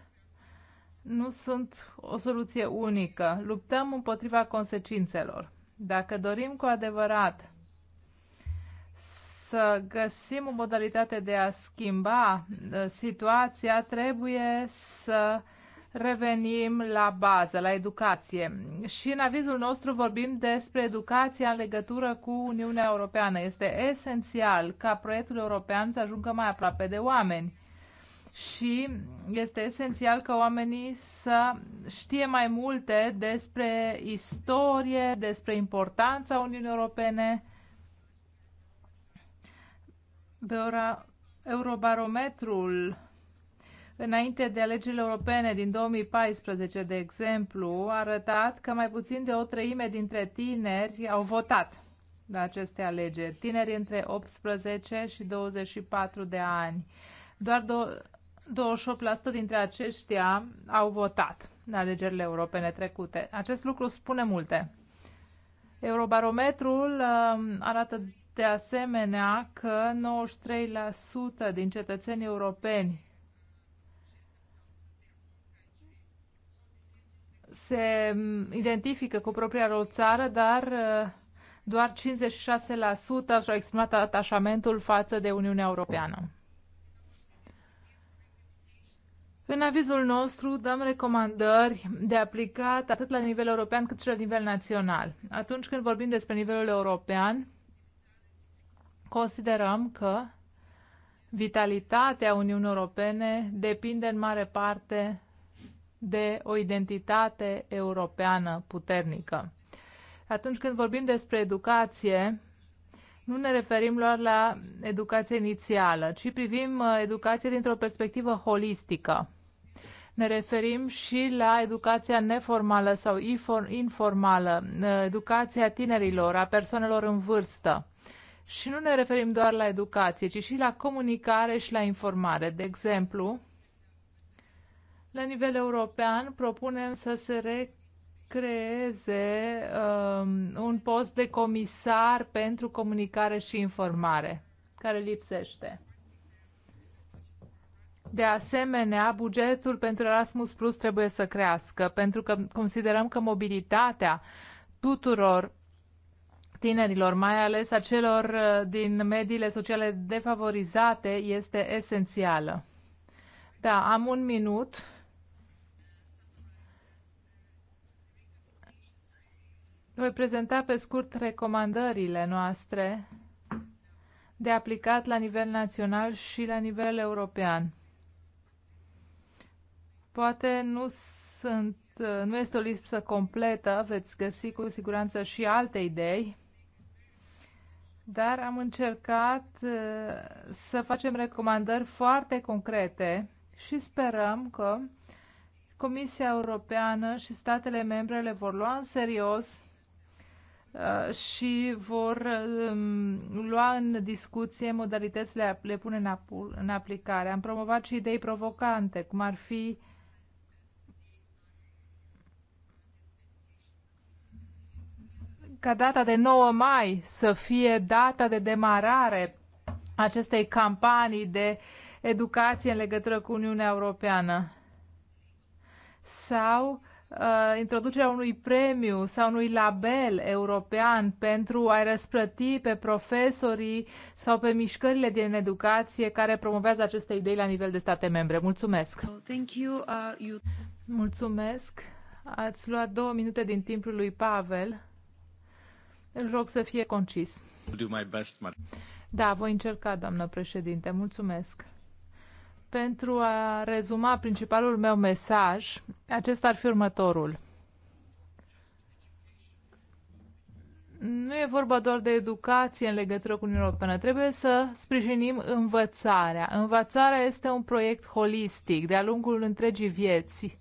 nu sunt o soluție unică. Luptăm împotriva consecințelor. Dacă dorim cu adevărat să găsim o modalitate de a schimba uh, situația, trebuie să revenim la bază, la educație. Și în avizul nostru vorbim despre educația în legătură cu Uniunea Europeană. Este esențial ca proiectul european să ajungă mai aproape de oameni și este esențial ca oamenii să știe mai multe despre istorie, despre importanța Uniunii Europene. Pe ora Eurobarometrul înainte de alegerile europene din 2014, de exemplu, a arătat că mai puțin de o treime dintre tineri au votat la aceste alegeri. Tineri între 18 și 24 de ani. Doar do- 28% dintre aceștia au votat în alegerile europene trecute. Acest lucru spune multe. Eurobarometrul um, arată de asemenea că 93% din cetățenii europeni se um, identifică cu propria lor țară, dar uh, doar 56% și-au exprimat atașamentul față de Uniunea Europeană. În avizul nostru dăm recomandări de aplicat atât la nivel european cât și la nivel național. Atunci când vorbim despre nivelul european, considerăm că vitalitatea Uniunii Europene depinde în mare parte de o identitate europeană puternică. Atunci când vorbim despre educație, nu ne referim doar la educație inițială, ci privim uh, educația dintr-o perspectivă holistică. Ne referim și la educația neformală sau informală, educația tinerilor, a persoanelor în vârstă. Și nu ne referim doar la educație, ci și la comunicare și la informare. De exemplu, la nivel european propunem să se recreeze um, un post de comisar pentru comunicare și informare, care lipsește. De asemenea, bugetul pentru Erasmus Plus trebuie să crească, pentru că considerăm că mobilitatea tuturor tinerilor, mai ales a celor uh, din mediile sociale defavorizate, este esențială. Da, am un minut. Voi prezenta pe scurt recomandările noastre de aplicat la nivel național și la nivel european. Poate nu sunt, nu este o lipsă completă, veți găsi cu siguranță și alte idei, dar am încercat uh, să facem recomandări foarte concrete și sperăm că Comisia Europeană și statele membre le vor lua în serios uh, și vor um, lua în discuție modalitățile le pune în aplicare. Am promovat și idei provocante, cum ar fi ca data de 9 mai să fie data de demarare acestei campanii de educație în legătură cu Uniunea Europeană. Sau uh, introducerea unui premiu sau unui label european pentru a-i răsplăti pe profesorii sau pe mișcările din educație care promovează aceste idei la nivel de state membre. Mulțumesc! Oh, thank you, uh, you... Mulțumesc! Ați luat două minute din timpul lui Pavel. Îl rog să fie concis. Da, voi încerca, doamnă președinte. Mulțumesc. Pentru a rezuma principalul meu mesaj, acesta ar fi următorul. Nu e vorba doar de educație în legătură cu Uniunea Europeană. Trebuie să sprijinim învățarea. Învățarea este un proiect holistic de-a lungul întregii vieți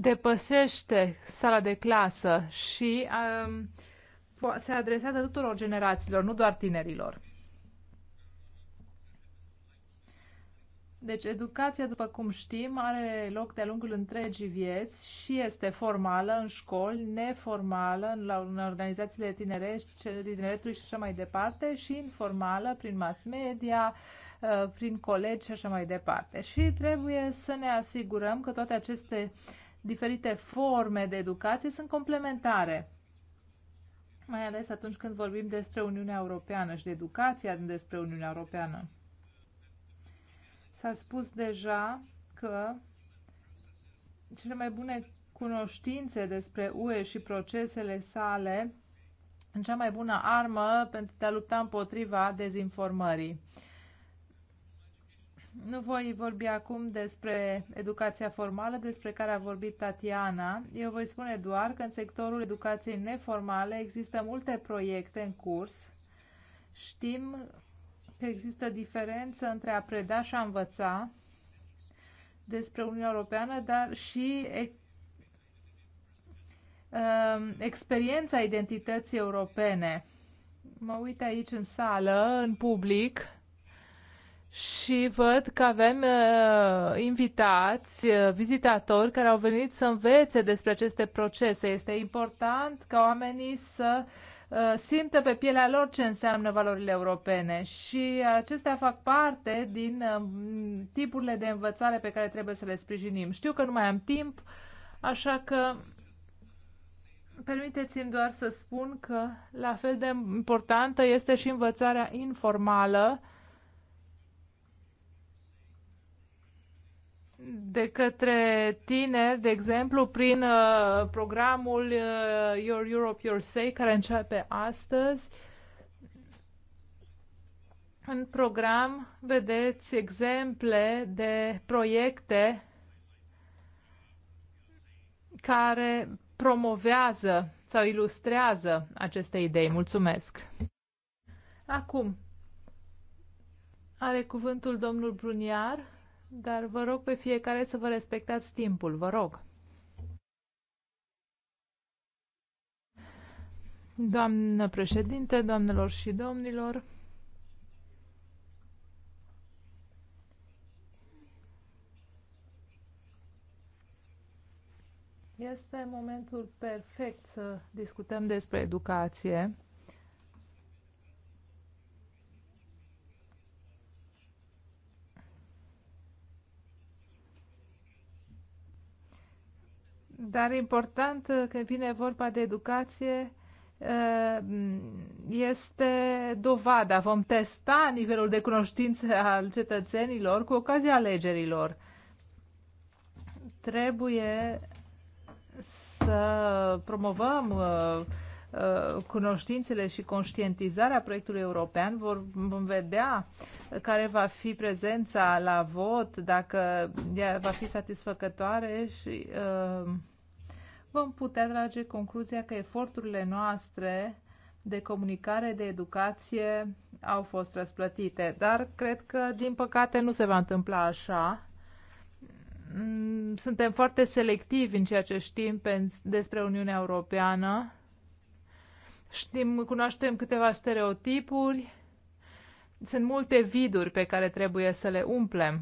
depășește sala de clasă și um, se adresează tuturor generațiilor, nu doar tinerilor. Deci educația, după cum știm, are loc de-a lungul întregii vieți și este formală în școli, neformală în, la, în organizațiile tinerești, tineretului și așa mai departe și informală prin mass media, uh, prin colegi și așa mai departe. Și trebuie să ne asigurăm că toate aceste uh, diferite forme de educație sunt complementare. Mai ales atunci când vorbim despre Uniunea Europeană și de educația despre Uniunea Europeană. S-a spus deja că cele mai bune cunoștințe despre UE și procesele sale în cea mai bună armă pentru a lupta împotriva dezinformării. Nu voi vorbi acum despre educația formală despre care a vorbit Tatiana. Eu voi spune doar că în sectorul educației neformale există multe proiecte în curs. Știm că există diferență între a preda și a învăța despre Uniunea Europeană, dar și um, experiența identității europene. Mă uit aici în sală, în public și văd că avem uh, invitați, uh, vizitatori care au venit să învețe despre aceste procese. Este important ca oamenii să uh, simtă pe pielea lor ce înseamnă valorile europene și acestea fac parte din uh, tipurile de învățare pe care trebuie să le sprijinim. Știu că nu mai am timp, așa că permiteți-mi doar să spun că la fel de importantă este și învățarea informală de către tineri, de exemplu, prin uh, programul uh, Your Europe, Your Say, care începe astăzi. În program vedeți exemple de proiecte care promovează sau ilustrează aceste idei. Mulțumesc! Acum, are cuvântul domnul Bruniar dar vă rog pe fiecare să vă respectați timpul, vă rog. Doamnă președinte, doamnelor și domnilor, este momentul perfect să discutăm despre educație. Dar important uh, când vine vorba de educație uh, este dovada. Vom testa nivelul de cunoștințe al cetățenilor cu ocazia alegerilor. Trebuie să promovăm uh, Uh, cunoștințele și conștientizarea proiectului european, vor, vom vedea care va fi prezența la vot, dacă ea va fi satisfăcătoare și uh, vom putea trage concluzia că eforturile noastre de comunicare, de educație au fost răsplătite. Dar cred că, din păcate, nu se va întâmpla așa. Mm, suntem foarte selectivi în ceea ce știm despre Uniunea Europeană Știm, cunoaștem câteva stereotipuri. Sunt multe viduri pe care trebuie să le umplem.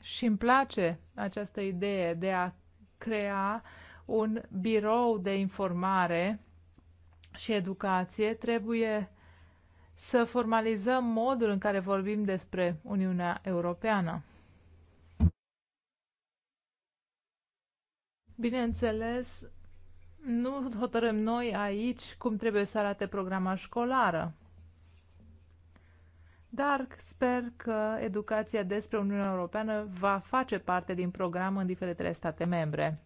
Și îmi place această idee de a crea un birou de informare și educație. Trebuie să formalizăm modul în care vorbim despre Uniunea Europeană. Bineînțeles, nu hotărâm noi aici cum trebuie să arate programa școlară. Dar sper că educația despre Uniunea Europeană va face parte din program în diferitele state membre.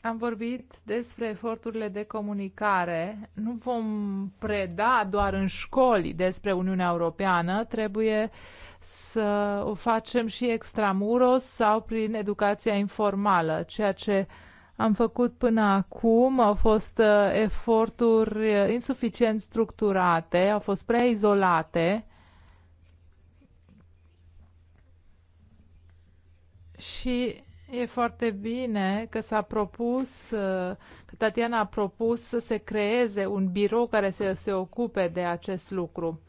Am vorbit despre eforturile de comunicare. Nu vom preda doar în școli despre Uniunea Europeană, trebuie să o facem și extramuros sau prin educația informală. Ceea ce am făcut până acum au fost uh, eforturi uh, insuficient structurate, au fost prea izolate și E foarte bine că s-a propus, uh, că Tatiana a propus să se creeze un birou care să se ocupe de acest lucru.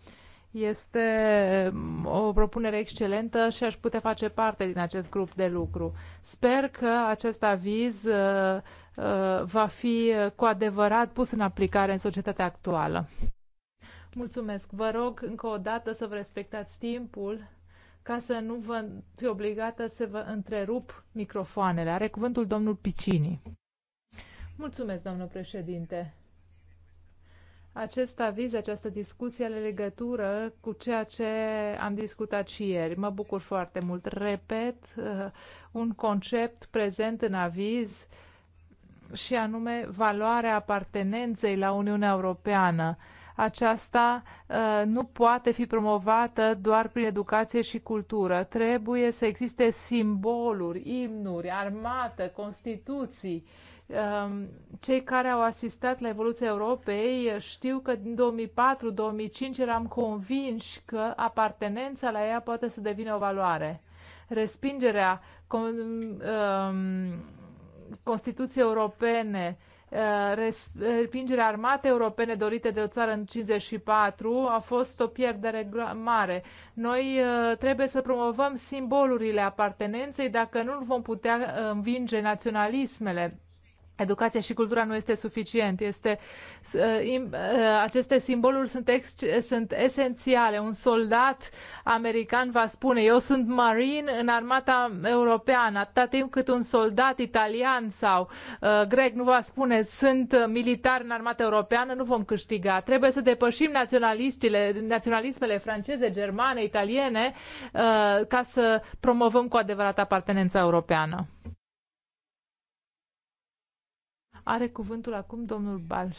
Este mm, o propunere excelentă și aș putea face parte din acest grup de lucru. Sper că acest aviz uh, uh, va fi cu adevărat pus în aplicare în societatea actuală. Mulțumesc. Vă rog încă o dată să vă respectați timpul ca să nu vă fi obligată să vă întrerup microfoanele. Are cuvântul domnul Picini. Mulțumesc, domnul președinte acest aviz, această discuție are legătură cu ceea ce am discutat și ieri. Mă bucur foarte mult. Repet, uh, un concept prezent în aviz și anume valoarea apartenenței la Uniunea Europeană. Aceasta uh, nu poate fi promovată doar prin educație și cultură. Trebuie să existe simboluri, imnuri, armată, constituții Um, cei care au asistat la evoluția Europei știu că în 2004-2005 eram convinși că apartenența la ea poate să devină o valoare. Respingerea um, Constituției Europene, uh, respingerea armatei europene dorite de o țară în 54 a fost o pierdere mare. Noi uh, trebuie să promovăm simbolurile apartenenței dacă nu vom putea uh, învinge naționalismele Educația și cultura nu este suficient. Este, uh, uh, aceste simboluri sunt, ex, sunt esențiale. Un soldat american va spune, eu sunt marin în armata europeană, atâta timp cât un soldat italian sau uh, grec nu va spune, sunt militar în armata europeană, nu vom câștiga. Trebuie să depășim naționalistile, naționalismele franceze, germane, italiene, uh, ca să promovăm cu adevărat apartenența europeană. Are cuvântul acum domnul Balș.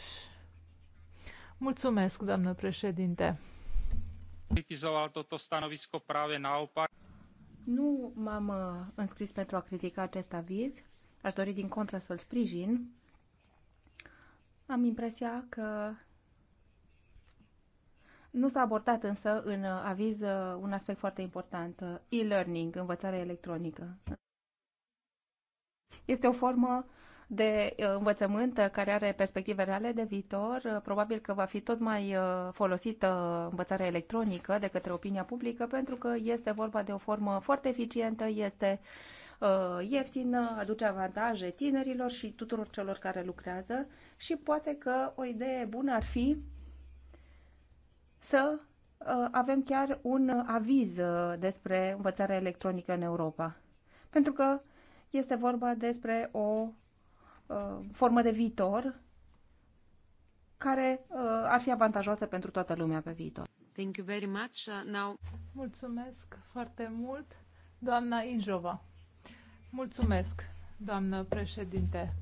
Mulțumesc, doamnă președinte. Critizoval toto stanovisko právě naopak. Nu m-am uh, înscris pentru a critica acest aviz. Aș dori din contră să-l sprijin. Am impresia că nu s-a abordat însă în uh, aviz uh, un aspect foarte important, e-learning, învățarea electronică. Este o formă de uh, învățământ care are perspective reale de viitor. Uh, probabil că va fi tot mai uh, folosită învățarea electronică de către opinia publică, pentru că este vorba de o formă foarte eficientă, este ieftină, aduce avantaje tinerilor și tuturor celor care lucrează și poate că o idee bună ar fi să avem chiar un aviz despre învățarea electronică în Europa. Pentru că este vorba despre o Uh, formă de viitor care uh, ar fi avantajoasă pentru toată lumea pe viitor. Thank you very much. Uh, now... Mulțumesc foarte mult, doamna Injova. Mulțumesc, doamnă președinte.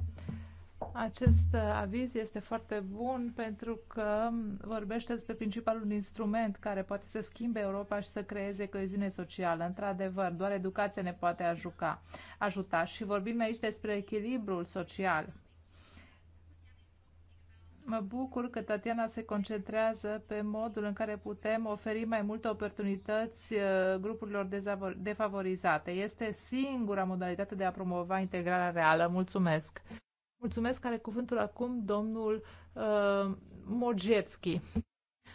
Acest uh, aviz este foarte bun pentru că vorbește despre principalul instrument care poate să schimbe Europa și să creeze coeziune socială. Într-adevăr, doar educația ne poate ajuca, ajuta și vorbim aici despre echilibrul social. Mă bucur că Tatiana se concentrează pe modul în care putem oferi mai multe oportunități uh, grupurilor defavorizate. Este singura modalitate de a promova integrarea reală. Mulțumesc! Mulțumesc, care cuvântul acum domnul uh, Mogevski.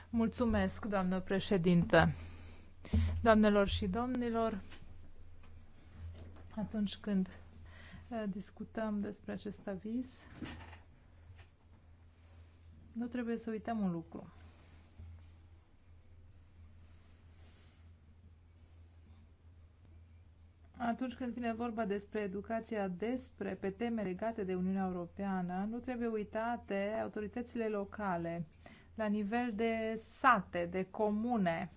Mulțumesc, doamnă președintă. Doamnelor și domnilor, atunci când uh, discutăm despre acest aviz, nu trebuie să uităm un lucru. Atunci când vine vorba despre educația despre, pe teme legate de Uniunea Europeană, nu trebuie uitate autoritățile locale, la nivel de sate, de comune.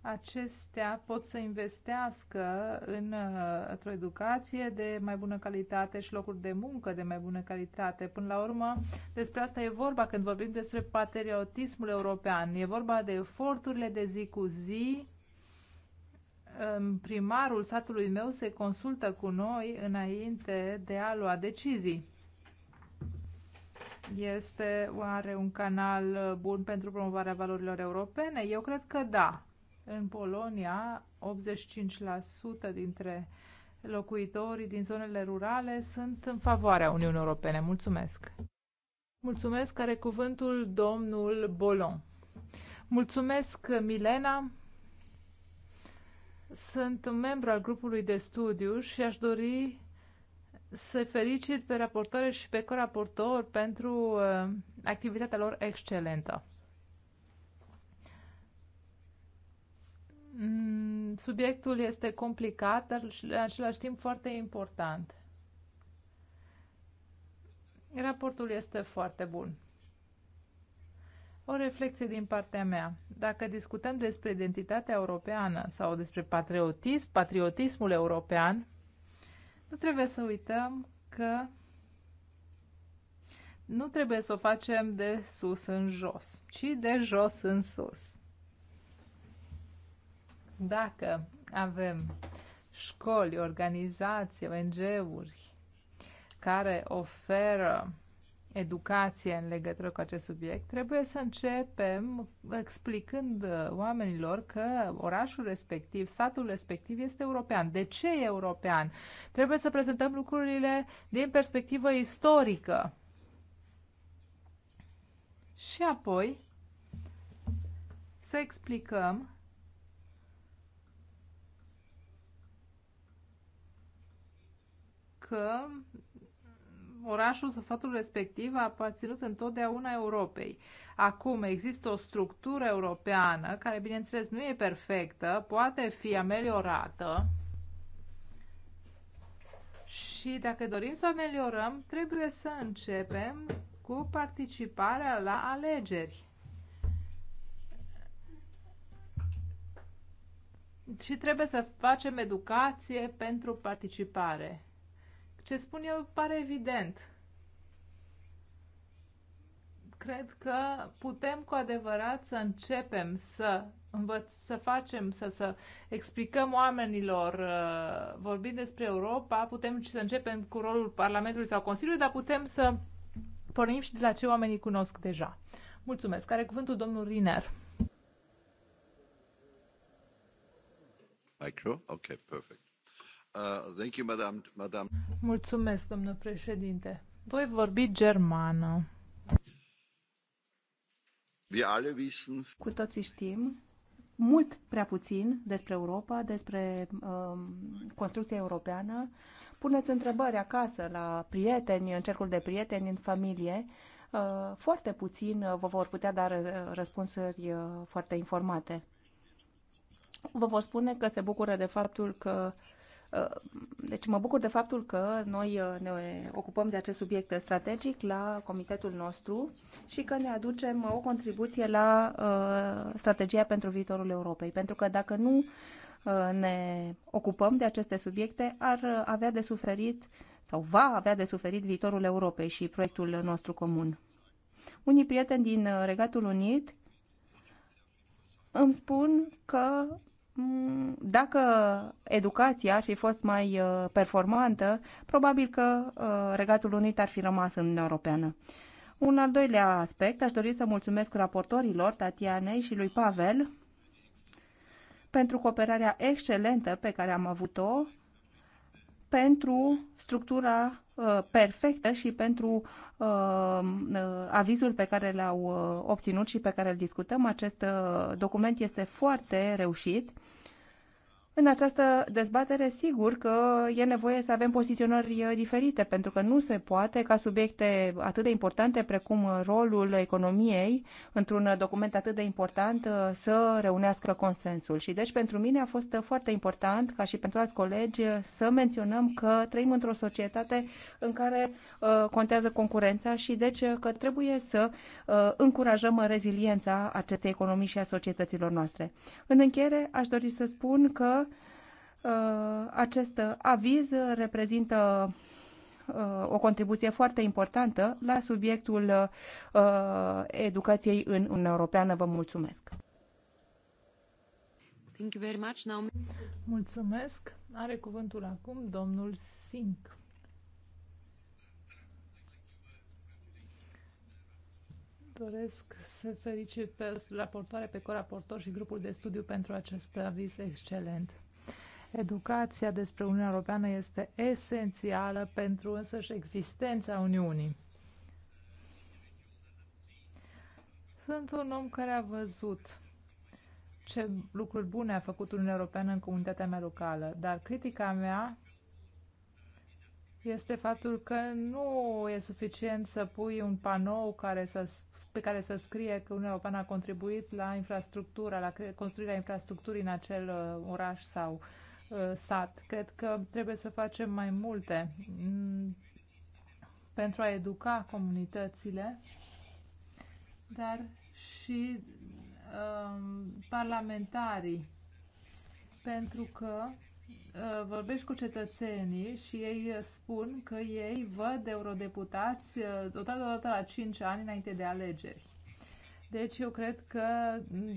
Acestea pot să investească în, uh, într-o educație de mai bună calitate și locuri de muncă de mai bună calitate. Până la urmă, despre asta e vorba când vorbim despre patriotismul european. E vorba de eforturile de zi cu zi, primarul satului meu se consultă cu noi înainte de a lua decizii. Este oare un canal bun pentru promovarea valorilor europene? Eu cred că da. În Polonia, 85% dintre locuitorii din zonele rurale sunt în favoarea Uniunii Europene. Mulțumesc! Mulțumesc, are cuvântul domnul Bolon. Mulțumesc, Milena! Sunt un membru al grupului de studiu și aș dori să felicit pe raportoare și pe coraportor pentru uh, activitatea lor excelentă. Mm, subiectul este complicat, dar în același timp foarte important. Raportul este foarte bun. O reflexie din partea mea. Dacă discutăm despre identitatea europeană sau despre patriotism, patriotismul european, nu trebuie să uităm că nu trebuie să o facem de sus în jos, ci de jos în sus. Dacă avem școli, organizații, ONG-uri care oferă educație în legătură cu acest subiect, trebuie să începem explicând oamenilor că orașul respectiv, satul respectiv este european. De ce e european? Trebuie să prezentăm lucrurile din perspectivă istorică. Și apoi să explicăm că orașul sau satul respectiv a aparținut întotdeauna Europei. Acum există o structură europeană care, bineînțeles, nu e perfectă, poate fi ameliorată și dacă dorim să ameliorăm, trebuie să începem cu participarea la alegeri. Și trebuie să facem educație pentru participare. Ce spun eu pare evident. Cred că putem cu adevărat să începem să învăț, să facem, să, să explicăm oamenilor, uh, vorbind despre Europa, putem să începem cu rolul Parlamentului sau Consiliului, dar putem să pornim și de la ce oamenii cunosc deja. Mulțumesc. Care cuvântul domnul Riner? Micro? Ok, perfect. Uh, Mulțumesc, domnule președinte. Voi vorbi germană. Wir alle wissen... Cu toții știm mult prea puțin despre Europa, despre um, construcția europeană. Puneți întrebări acasă, la prieteni, în cercul de prieteni, în familie. Uh, foarte puțin vă vor putea da răspunsuri uh, foarte informate. Vă vor spune că se bucură de faptul că uh, Uh, deci mă bucur de faptul că noi uh, ne ocupăm de acest subiect strategic la comitetul nostru și că ne aducem o contribuție la uh, strategia pentru viitorul Europei. Pentru că dacă nu ne ocupăm de aceste subiecte, ar avea de suferit sau va avea de suferit viitorul Europei și proiectul nostru comun. Unii prieteni din Regatul Unit îmi spun că Mm, dacă educația ar fi fost mai uh, performantă, probabil că uh, Regatul Unit ar fi rămas în Uniunea Europeană. Un al doilea aspect, aș dori să mulțumesc raportorilor Tatianei și lui Pavel pentru cooperarea excelentă pe care am avut-o, pentru structura uh, perfectă și pentru Uh, uh, avizul pe care l-au uh, obținut și pe care îl discutăm. Acest document este foarte reușit în această dezbatere, sigur că e nevoie să avem poziționări uh, diferite, pentru că nu se poate ca subiecte atât de importante precum uh, rolul economiei într-un uh, document atât de important să reunească consensul. Și deci pentru mine a fost foarte important, ca și pentru alți colegi, să menționăm că trăim într-o societate în care contează concurența și deci că trebuie să încurajăm reziliența acestei economii și a societăților noastre. În încheiere, aș dori să spun că Uh, acest aviz reprezintă uh, o contribuție foarte importantă la subiectul uh, educației în Uniunea Europeană. Vă mulțumesc! Thank you very much. Mulțumesc! Are cuvântul acum domnul Sink. doresc să felicit pe raportoare, pe coraportor și grupul de studiu pentru acest aviz excelent. Educația despre Uniunea Europeană este esențială pentru însăși existența Uniunii. Sunt un om care a văzut ce lucruri bune a făcut Uniunea Europeană în comunitatea mea locală, dar critica mea este faptul că nu e suficient să pui un panou care să, pe care să scrie că Uniunea Europeană a contribuit la infrastructura, la construirea infrastructurii în acel uh, oraș sau uh, Uh, sat. Cred că trebuie să facem mai multe mm, pentru a educa comunitățile, dar și um, parlamentarii, pentru că uh, vorbești cu cetățenii și ei uh, spun că ei văd eurodeputați odată, odată la 5 ani înainte de alegeri. Deci eu cred că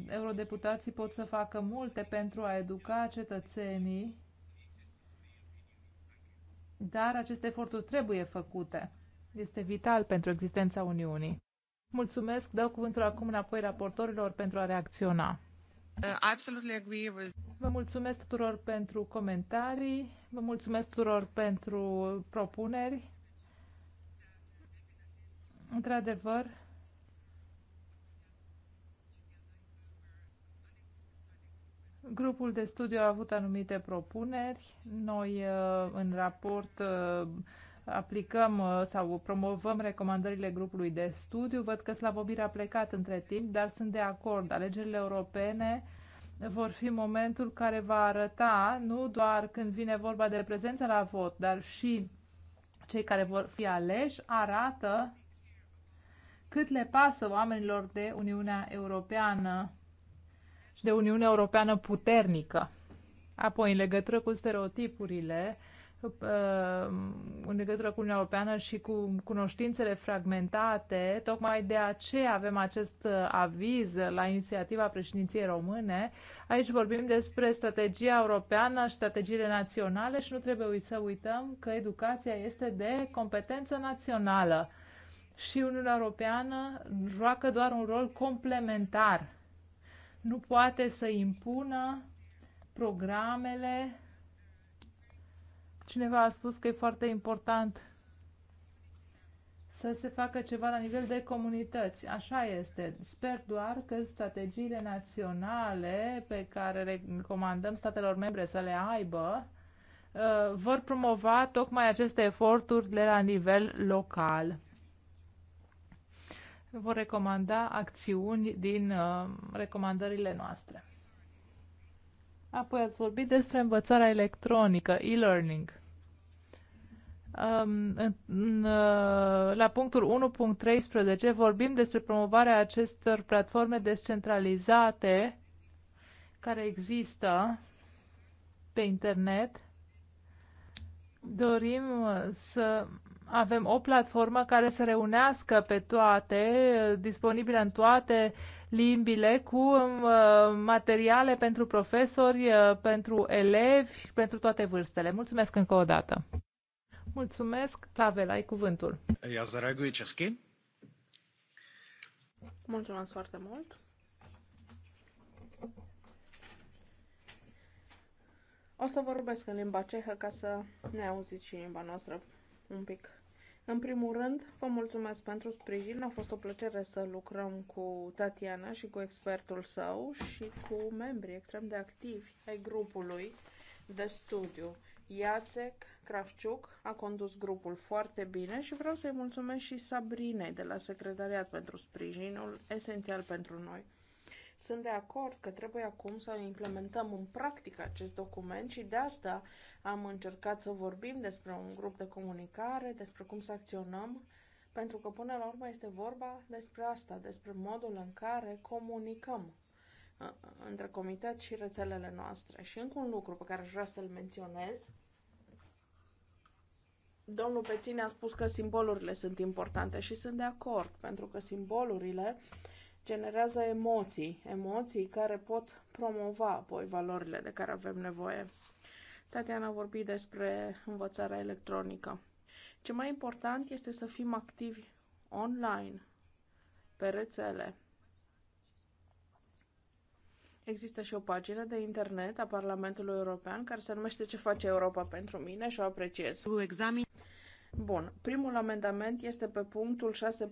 eurodeputații pot să facă multe pentru a educa cetățenii, dar aceste eforturi trebuie făcute. Este vital pentru existența Uniunii. Mulțumesc, dau cuvântul acum înapoi raportorilor pentru a reacționa. Uh, vă mulțumesc tuturor pentru comentarii, vă mulțumesc tuturor pentru propuneri. Într-adevăr, Grupul de studiu a avut anumite propuneri. Noi uh, în raport uh, aplicăm uh, sau promovăm recomandările grupului de studiu. Văd că Slavobir a plecat între timp, dar sunt de acord. Alegerile europene vor fi momentul care va arăta nu doar când vine vorba de prezența la vot, dar și cei care vor fi aleși arată cât le pasă oamenilor de Uniunea Europeană și de Uniunea Europeană puternică. Apoi, în legătură cu stereotipurile, uh, în legătură cu Uniunea Europeană și cu cunoștințele fragmentate. Tocmai de aceea avem acest uh, aviz la inițiativa președinției române. Aici vorbim despre strategia europeană și strategiile naționale și nu trebuie să uităm că educația este de competență națională și Uniunea Europeană joacă doar un rol complementar nu poate să impună programele. Cineva a spus că e foarte important să se facă ceva la nivel de comunități. Așa este. Sper doar că strategiile naționale pe care recomandăm statelor membre să le aibă uh, vor promova tocmai aceste eforturi de la nivel local vor recomanda acțiuni din uh, recomandările noastre. Apoi ați vorbit despre învățarea electronică, e-learning. Um, în, în, uh, la punctul 1.13 vorbim despre promovarea acestor platforme descentralizate care există pe internet. Dorim să avem o platformă care să reunească pe toate, disponibilă în toate limbile, cu um, uh, materiale pentru profesori, uh, pentru elevi, pentru toate vârstele. Mulțumesc încă o dată. Mulțumesc. Pavel, ai cuvântul. Ia zareagui ceschi. Mulțumesc foarte mult. O să vorbesc în limba cehă ca să ne auziți și limba noastră un pic. În primul rând, vă mulțumesc pentru sprijin. A fost o plăcere să lucrăm cu Tatiana și cu expertul său și cu membrii extrem de activi ai grupului de studiu. Iacek Kravciuk a condus grupul foarte bine și vreau să-i mulțumesc și Sabrinei de la secretariat pentru sprijinul esențial pentru noi. Sunt de acord că trebuie acum să implementăm în practică acest document și de asta am încercat să vorbim despre un grup de comunicare, despre cum să acționăm, pentru că până la urmă este vorba despre asta, despre modul în care comunicăm uh, între comitet și rețelele noastre. Și încă un lucru pe care aș vrea să-l menționez. Domnul Peține a spus că simbolurile sunt importante și sunt de acord, pentru că simbolurile uh, generează emoții, emoții care pot promova apoi valorile de care avem nevoie. Tatiana a vorbit despre învățarea electronică. Ce mai important este să fim activi online, pe rețele. Există și o pagină de internet a Parlamentului European care se numește Ce face Europa pentru mine și o apreciez. Examin Bun, primul amendament este pe punctul 6.1,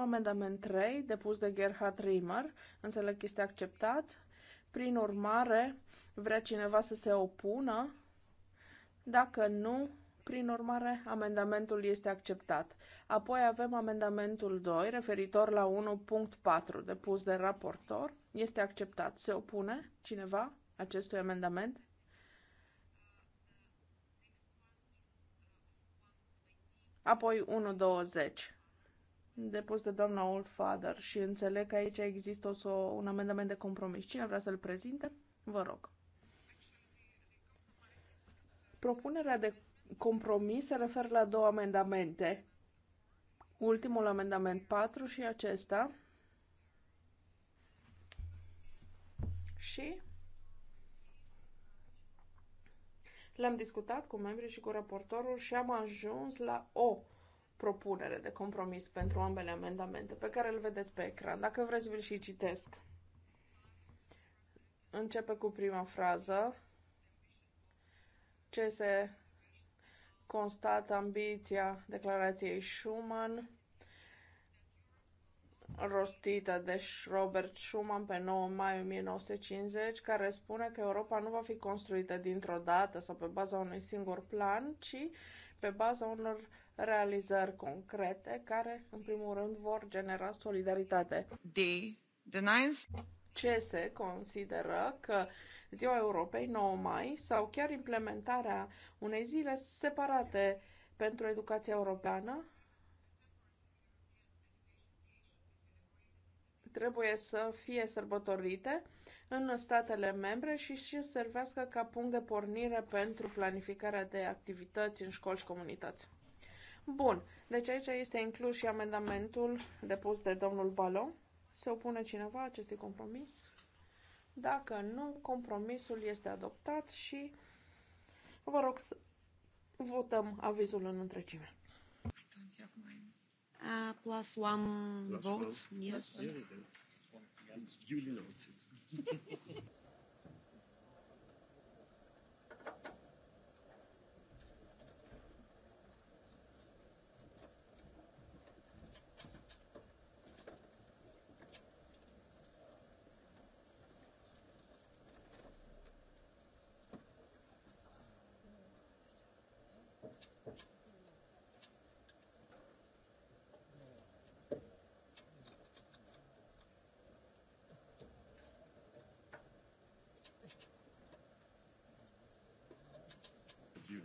amendament 3, depus de Gerhard Riemer. Înțeleg că este acceptat. Prin urmare, vrea cineva să se opună? Dacă nu, prin urmare, amendamentul este acceptat. Apoi avem amendamentul 2, referitor la 1.4, depus de raportor. Este acceptat. Se opune cineva acestui amendament? Apoi 1.20 depus de doamna Oldfather și înțeleg că aici există o, un amendament de compromis. Cine vrea să-l prezinte? Vă rog. Propunerea de compromis se referă la două amendamente. Ultimul amendament 4 și acesta. Și Le-am discutat cu membrii și cu raportorul și am ajuns la o propunere de compromis pentru ambele amendamente pe care îl vedeți pe ecran. Dacă vreți, vi-l și citesc. Începe cu prima frază. Ce se constată ambiția declarației Schuman rostită de Robert Schuman pe 9 mai 1950, care spune că Europa nu va fi construită dintr-o dată sau pe baza unui singur plan, ci pe baza unor realizări concrete care, în primul rând, vor genera solidaritate. D. The ninth... Ce se consideră că Ziua Europei 9 mai sau chiar implementarea unei zile separate pentru educația europeană trebuie să fie sărbătorite în statele membre și să servească ca punct de pornire pentru planificarea de activități în școli și comunități. Bun, deci aici este inclus și amendamentul depus de domnul Balon. Se opune cineva acestui compromis? Dacă nu, compromisul este adoptat și vă rog să votăm avizul în întregime. Uh, plus one plus vote, one. yes. Duly noted. (laughs)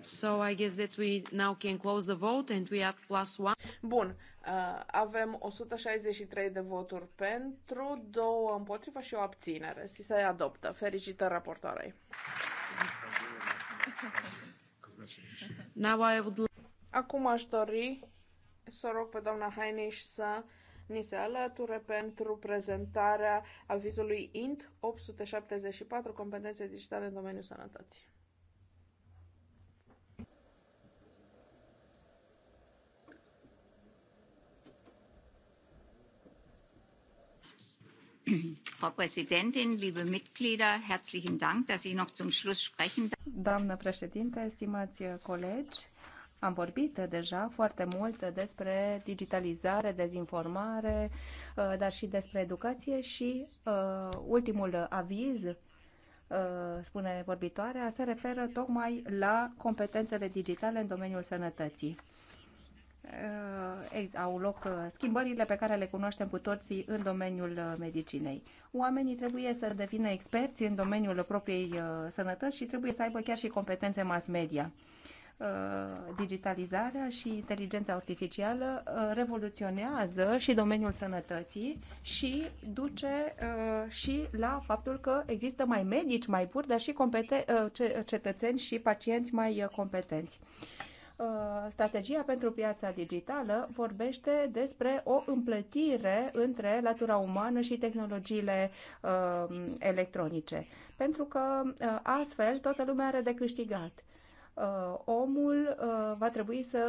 So I guess that we now can close the vote and we have plus one. Bun, uh, avem 163 de voturi pentru, două împotriva și o abținere. Si se adoptă. Fericită raportoarei. Now I would... Acum aș dori să rog pe doamna Heinisch să ni se alăture pentru prezentarea avizului INT 874 competențe digitale în domeniul sănătății. (clears throat) Frau Präsidentin, liebe Mitglieder, herzlichen Dank, dass Sie noch zum Schluss sprechen. Doamnă președintă, stimați colegi, am vorbit deja foarte mult despre digitalizare, dezinformare, uh, dar și despre educație și uh, ultimul aviz uh, spune vorbitoarea, se referă tocmai la competențele digitale în domeniul sănătății. Eh, au loc eh, schimbările pe care le cunoaștem cu toții în domeniul eh, medicinei. Oamenii trebuie să devină experți în domeniul propriei sănătăți și trebuie să aibă chiar și competențe mass media. Digitalizarea și inteligența artificială revoluționează și domeniul sănătății și duce și la faptul că există mai medici mai buni, dar și cetățeni și pacienți mai competenți. Uh, strategia pentru piața digitală vorbește despre o împletire între latura umană și tehnologiile uh, electronice, pentru că uh, astfel toată lumea are de câștigat omul va trebui să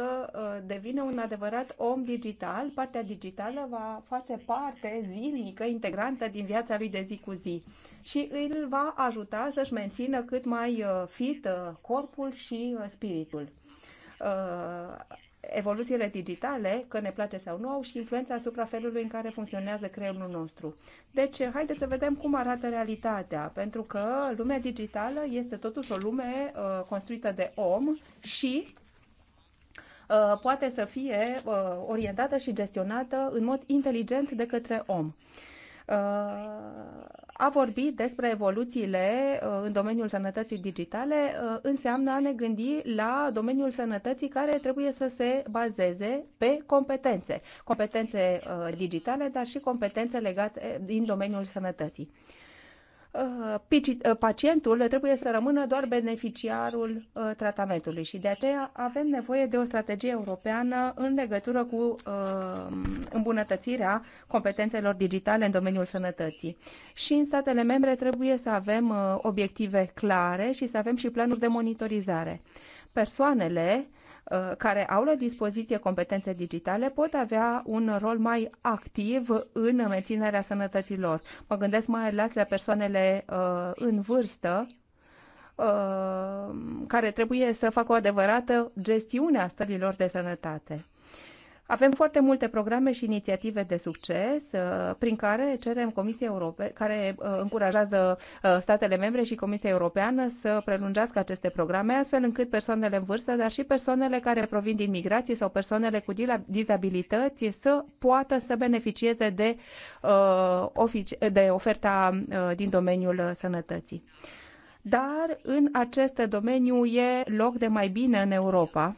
devină un adevărat om digital. Partea digitală va face parte zilnică, integrantă din viața lui de zi cu zi și îl va ajuta să-și mențină cât mai fit corpul și spiritul. Uh, evoluțiile digitale, că ne place sau nu, au și influența asupra felului în care funcționează creierul nostru. Deci, haideți să vedem cum arată realitatea, pentru că lumea digitală este totuși o lume uh, construită de om și uh, poate să fie uh, orientată și gestionată în mod inteligent de către om. A vorbi despre evoluțiile uh, în domeniul sănătății digitale uh, înseamnă a ne gândi la domeniul sănătății care trebuie să se bazeze pe competențe. Competențe uh, digitale, dar și competențe legate eh, din domeniul sănătății. Uh, uh, pacientul trebuie să rămână doar beneficiarul uh, tratamentului și de aceea avem nevoie de o strategie europeană în legătură cu îmbunătățirea competențelor digitale în domeniul sănătății. Și în statele membre trebuie să avem obiective clare și să avem și planuri de monitorizare. Persoanele uh, Uh, care au la dispoziție competențe digitale pot avea un rol mai activ în menținerea sănătății lor. Mă gândesc mai ales la persoanele uh, în vârstă uh, care trebuie să facă o adevărată gestiune a stărilor de sănătate. Avem foarte multe programe și inițiative de succes uh, prin care cerem Comisiei Europene, care uh, încurajează uh, statele membre și Comisia Europeană să prelungească aceste programe, astfel încât persoanele în vârstă, dar și persoanele care provin din migrație sau persoanele cu dizabilități să poată să beneficieze de, de oferta din domeniul sănătății. Dar în acest domeniu e loc de mai bine în Europa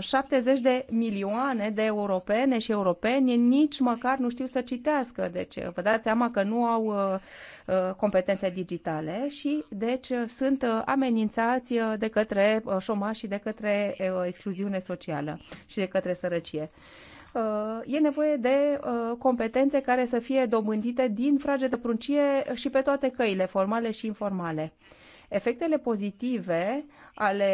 70 uh, de milioane de europene și europeni nici măcar nu știu să citească. Deci uh, vă dați seama că nu au uh, competențe digitale și deci sunt amenințați de către șomaș și de către excluziune socială și de către sărăcie e nevoie de competențe care să fie dobândite din frage de pruncie și pe toate căile, formale și informale. Efectele pozitive ale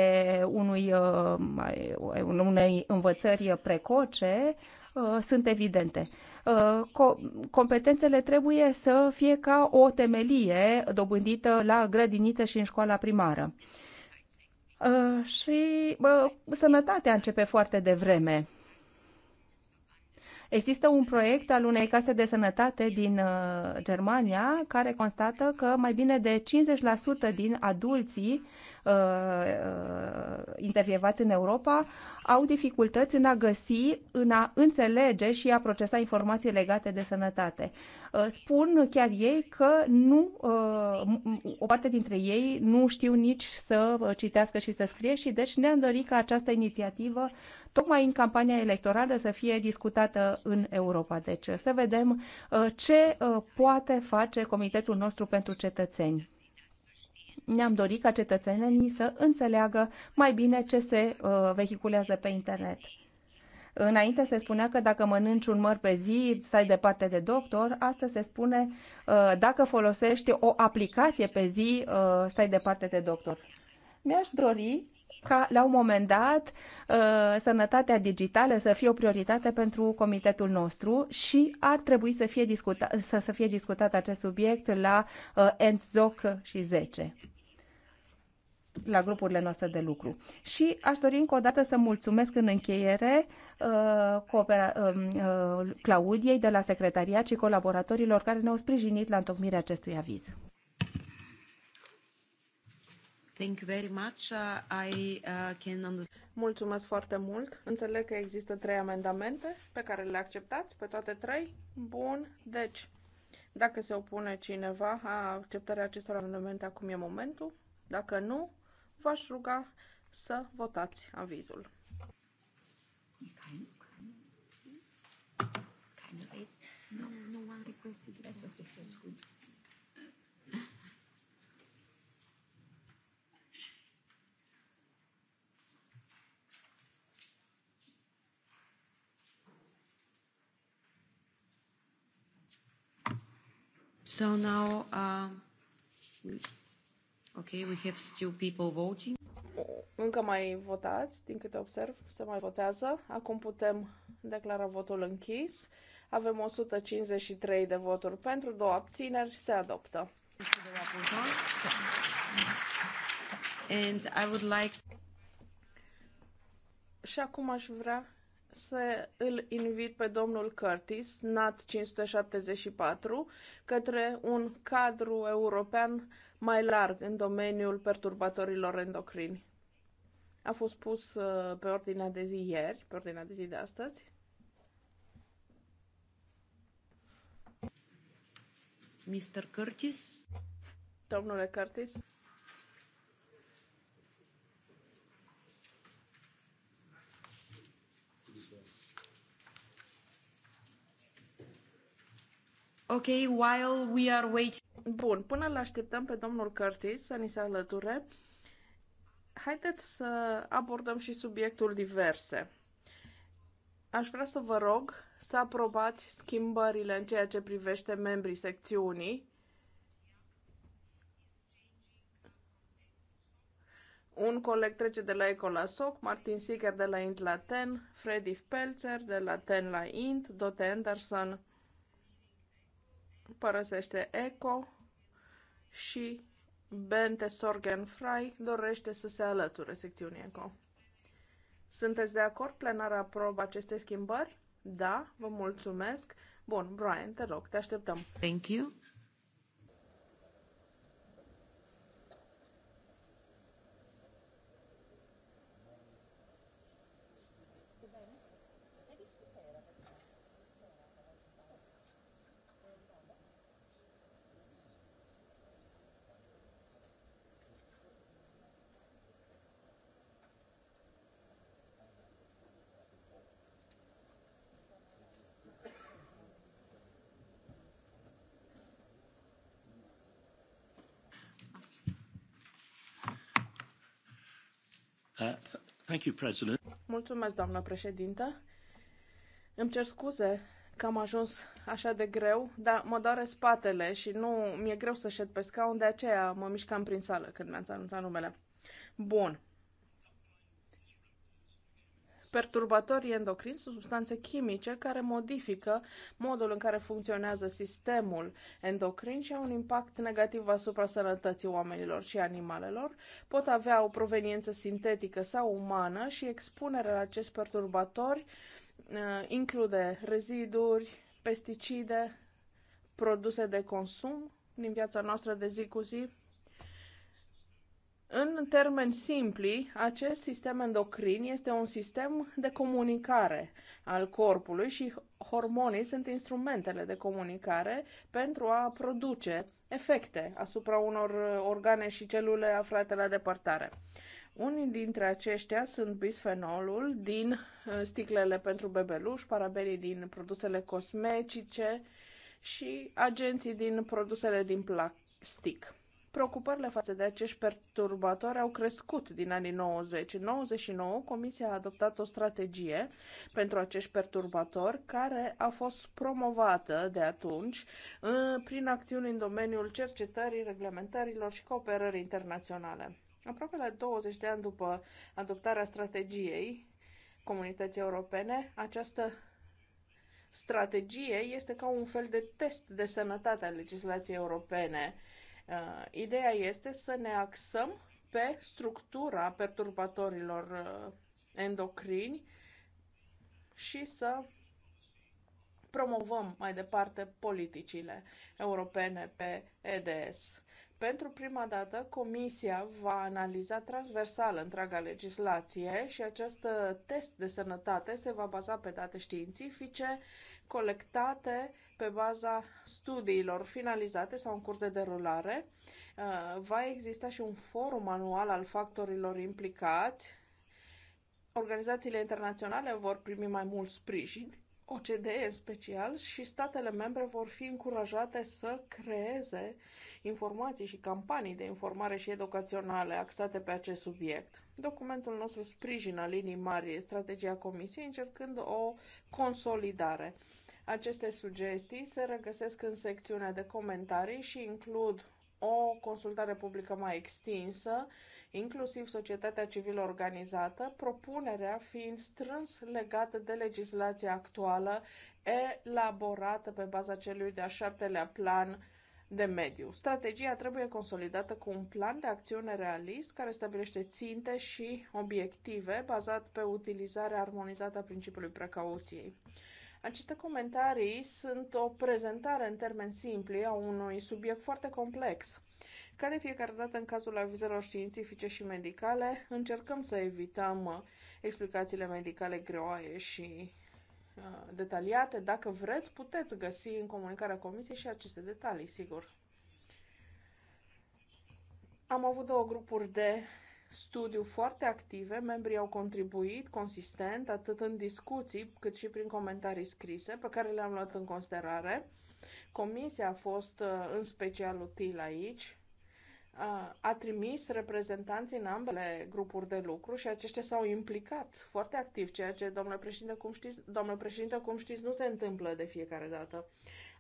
unui, uh, unei învățări precoce uh, sunt evidente uh, competențele trebuie să fie ca o temelie dobândită la grădiniță și în școala primară. Și uh, sănătatea începe foarte devreme. Există un proiect al unei case de sănătate din uh, Germania care constată că mai bine de 50% din adulții uh, uh, intervievați în Europa au dificultăți în a găsi, în a înțelege și a procesa informații legate de sănătate. Uh, spun chiar ei că nu, uh, o parte dintre ei nu știu nici să uh, citească și să scrie și deci ne-am dorit ca această inițiativă tocmai în campania electorală să fie discutată în Europa. Deci să vedem ce poate face Comitetul nostru pentru cetățeni ne-am dorit ca cetățenii să înțeleagă mai bine ce se uh, vehiculează pe internet. Înainte se spunea că dacă mănânci un măr pe zi, stai departe de doctor. Astăzi se spune uh, dacă folosești o aplicație pe zi, uh, stai departe de doctor. Mi-aș dori ca la un moment dat uh, sănătatea digitală să fie o prioritate pentru comitetul nostru și ar trebui să fie discutat, să, să fie discutat acest subiect la ENZOC și 10 la grupurile noastre de lucru. Și aș dori încă o dată să mulțumesc în încheiere uh, um, uh, Claudiei de la secretariat și colaboratorilor care ne-au sprijinit la întocmirea acestui aviz. Thank you very much. Uh, I uh, can Mulțumesc foarte mult. Înțeleg că există trei amendamente pe care le acceptați, pe toate trei. Bun, deci dacă se opune cineva a acceptarea acestor amendamente, acum e momentul. Dacă nu, v-aș ruga să votați avizul. So now um, Ok, we have still people voting. Încă mai votați, din câte observ, se mai votează. Acum putem declara votul închis. Avem 153 de voturi pentru, două abțineri, se adoptă. And I would like... Și acum aș vrea să îl invit pe domnul Curtis, NAT 574, către un cadru european mai larg în domeniul perturbatorilor endocrini. A fost pus uh, pe ordinea de zi ieri, pe ordinea de zi de astăzi. Mr. Curtis? Domnule Curtis? Okay, while we are waiting. Bun, până îl așteptăm pe domnul Curtis să ni se alăture, haideți să abordăm și subiectul diverse. Aș vrea să vă rog să aprobați schimbările în ceea ce privește membrii secțiunii. Un coleg trece de la ECO la SOC, Martin Sicker de la INT la TEN, Freddy Pelzer de la TEN la INT, Dote Anderson părăsește ECO și Bente Sorgen Frey dorește să se alăture secțiunii ECO. Sunteți de acord? Plenarea aprobă aceste schimbări? Da, vă mulțumesc. Bun, Brian, te rog, te așteptăm. Thank you. Mulțumesc, doamnă președintă. Îmi cer scuze că am ajuns așa de greu, dar mă doare spatele și nu mi-e greu să șed pe scaun, de aceea mă mișcam prin sală când mi-ați anunțat numele. Bun, perturbatorii endocrini sunt substanțe chimice care modifică modul în care funcționează sistemul endocrin și au un impact negativ asupra sănătății oamenilor și animalelor, pot avea o proveniență sintetică sau umană și expunerea la acești perturbatori uh, include reziduri, pesticide, produse de consum din viața noastră de zi cu zi, în termeni simpli, acest sistem endocrin este un sistem de comunicare al corpului și hormonii sunt instrumentele de comunicare pentru a produce efecte asupra unor uh, organe și celule aflate la depărtare. Unii dintre aceștia sunt bisfenolul din uh, sticlele pentru bebeluși, parabenii din produsele cosmetice și agenții din produsele din plastic. Preocupările față de acești perturbatori au crescut din anii 90. În 99, Comisia a adoptat o strategie pentru acești perturbatori care a fost promovată de atunci uh, prin acțiuni în domeniul cercetării, reglementărilor și cooperării internaționale. Aproape la 20 de ani după adoptarea strategiei comunității europene, această strategie este ca un fel de test de sănătate a legislației europene Uh, ideea este să ne axăm pe structura perturbatorilor uh, endocrini și să promovăm mai departe politicile europene pe EDS. Pentru prima dată, Comisia va analiza transversal întreaga legislație și acest uh, test de sănătate se va baza pe date științifice colectate pe baza studiilor finalizate sau în curs de derulare. Uh, va exista și un forum anual al factorilor implicați. Organizațiile internaționale vor primi mai mult sprijin OCDE în special și statele membre vor fi încurajate să creeze informații și campanii de informare și educaționale axate pe acest subiect. Documentul nostru sprijină linii mari strategia Comisiei încercând o consolidare. Aceste sugestii se regăsesc în secțiunea de comentarii și includ o consultare publică mai extinsă inclusiv societatea civilă organizată, propunerea fiind strâns legată de legislația actuală elaborată pe baza celui de-a șaptelea plan de mediu. Strategia trebuie consolidată cu un plan de acțiune realist care stabilește ținte și obiective bazat pe utilizarea armonizată a principiului precauției. Aceste comentarii sunt o prezentare în termeni simpli a unui subiect foarte complex care fiecare dată în cazul avizelor științifice și medicale încercăm să evităm uh, explicațiile medicale greoaie și uh, detaliate. Dacă vreți, puteți găsi în comunicarea comisiei și aceste detalii, sigur. Am avut două grupuri de studiu foarte active, membrii au contribuit consistent atât în discuții cât și prin comentarii scrise pe care le-am luat în considerare. Comisia a fost uh, în special util aici a trimis reprezentanții în ambele grupuri de lucru și aceștia s-au implicat foarte activ, ceea ce, domnule președinte, cum știți, domnule președinte, cum știți, nu se întâmplă de fiecare dată.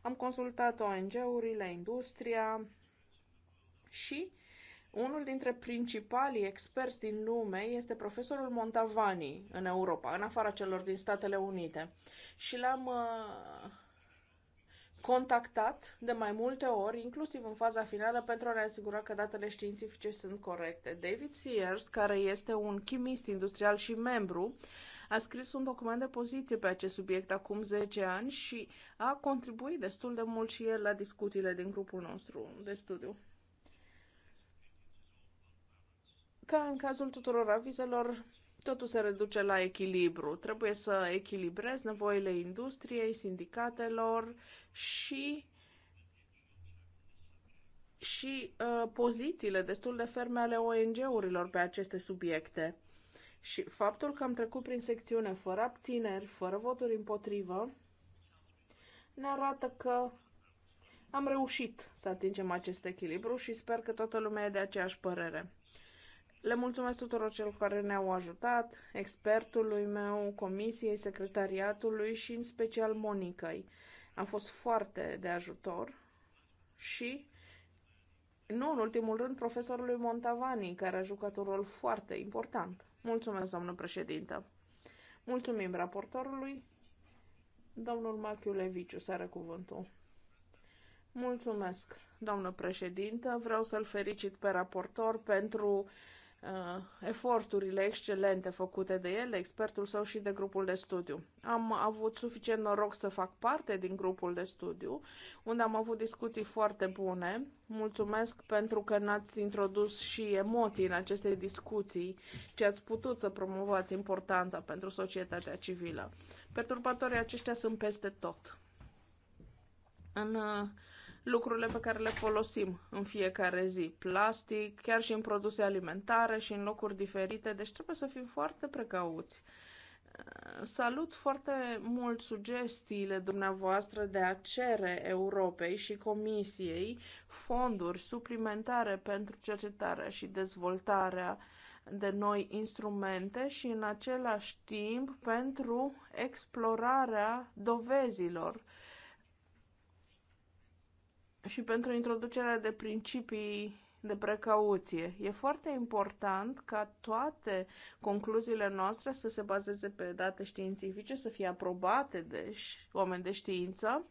Am consultat ONG-urile, industria și unul dintre principalii experți din lume este profesorul Montavani în Europa, în afara celor din Statele Unite. Și l-am uh, contactat de mai multe ori, inclusiv în faza finală, pentru a ne asigura că datele științifice sunt corecte. David Sears, care este un chimist industrial și membru, a scris un document de poziție pe acest subiect acum 10 ani și a contribuit destul de mult și el la discuțiile din grupul nostru de studiu. Ca în cazul tuturor avizelor, Totul se reduce la echilibru. Trebuie să echilibrezi nevoile industriei, sindicatelor și și uh, pozițiile destul de ferme ale ONG-urilor pe aceste subiecte. Și faptul că am trecut prin secțiune fără abțineri, fără voturi împotrivă, ne arată că am reușit să atingem acest echilibru și sper că toată lumea e de aceeași părere. Le mulțumesc tuturor celor care ne-au ajutat, expertului meu, comisiei, secretariatului și în special Monicăi. Am fost foarte de ajutor și, nu în ultimul rând, profesorului Montavani, care a jucat un rol foarte important. Mulțumesc, doamnă președintă. Mulțumim raportorului. Domnul Leviciu, să are cuvântul. Mulțumesc, doamnă președintă. Vreau să-l fericit pe raportor pentru Uh, eforturile excelente făcute de el, expertul său și de grupul de studiu. Am avut suficient noroc să fac parte din grupul de studiu, unde am avut discuții foarte bune. Mulțumesc pentru că n-ați introdus și emoții în aceste discuții, ce ați putut să promovați importanța pentru societatea civilă. Perturbatorii aceștia sunt peste tot. În uh, lucrurile pe care le folosim în fiecare zi. Plastic, chiar și în produse alimentare și în locuri diferite, deci trebuie să fim foarte precauți. Salut foarte mult sugestiile dumneavoastră de a cere Europei și Comisiei fonduri suplimentare pentru cercetarea și dezvoltarea de noi instrumente și în același timp pentru explorarea dovezilor și pentru introducerea de principii de precauție. E foarte important ca toate concluziile noastre să se bazeze pe date științifice, să fie aprobate de oameni de știință,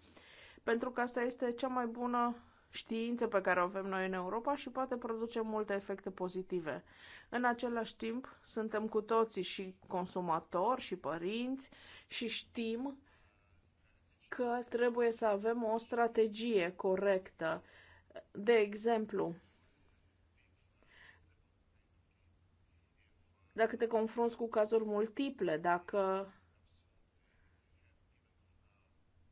pentru că asta este cea mai bună știință pe care o avem noi în Europa și poate produce multe efecte pozitive. În același timp, suntem cu toții și consumatori și părinți și știm că trebuie să avem o strategie corectă. De exemplu, dacă te confrunți cu cazuri multiple, dacă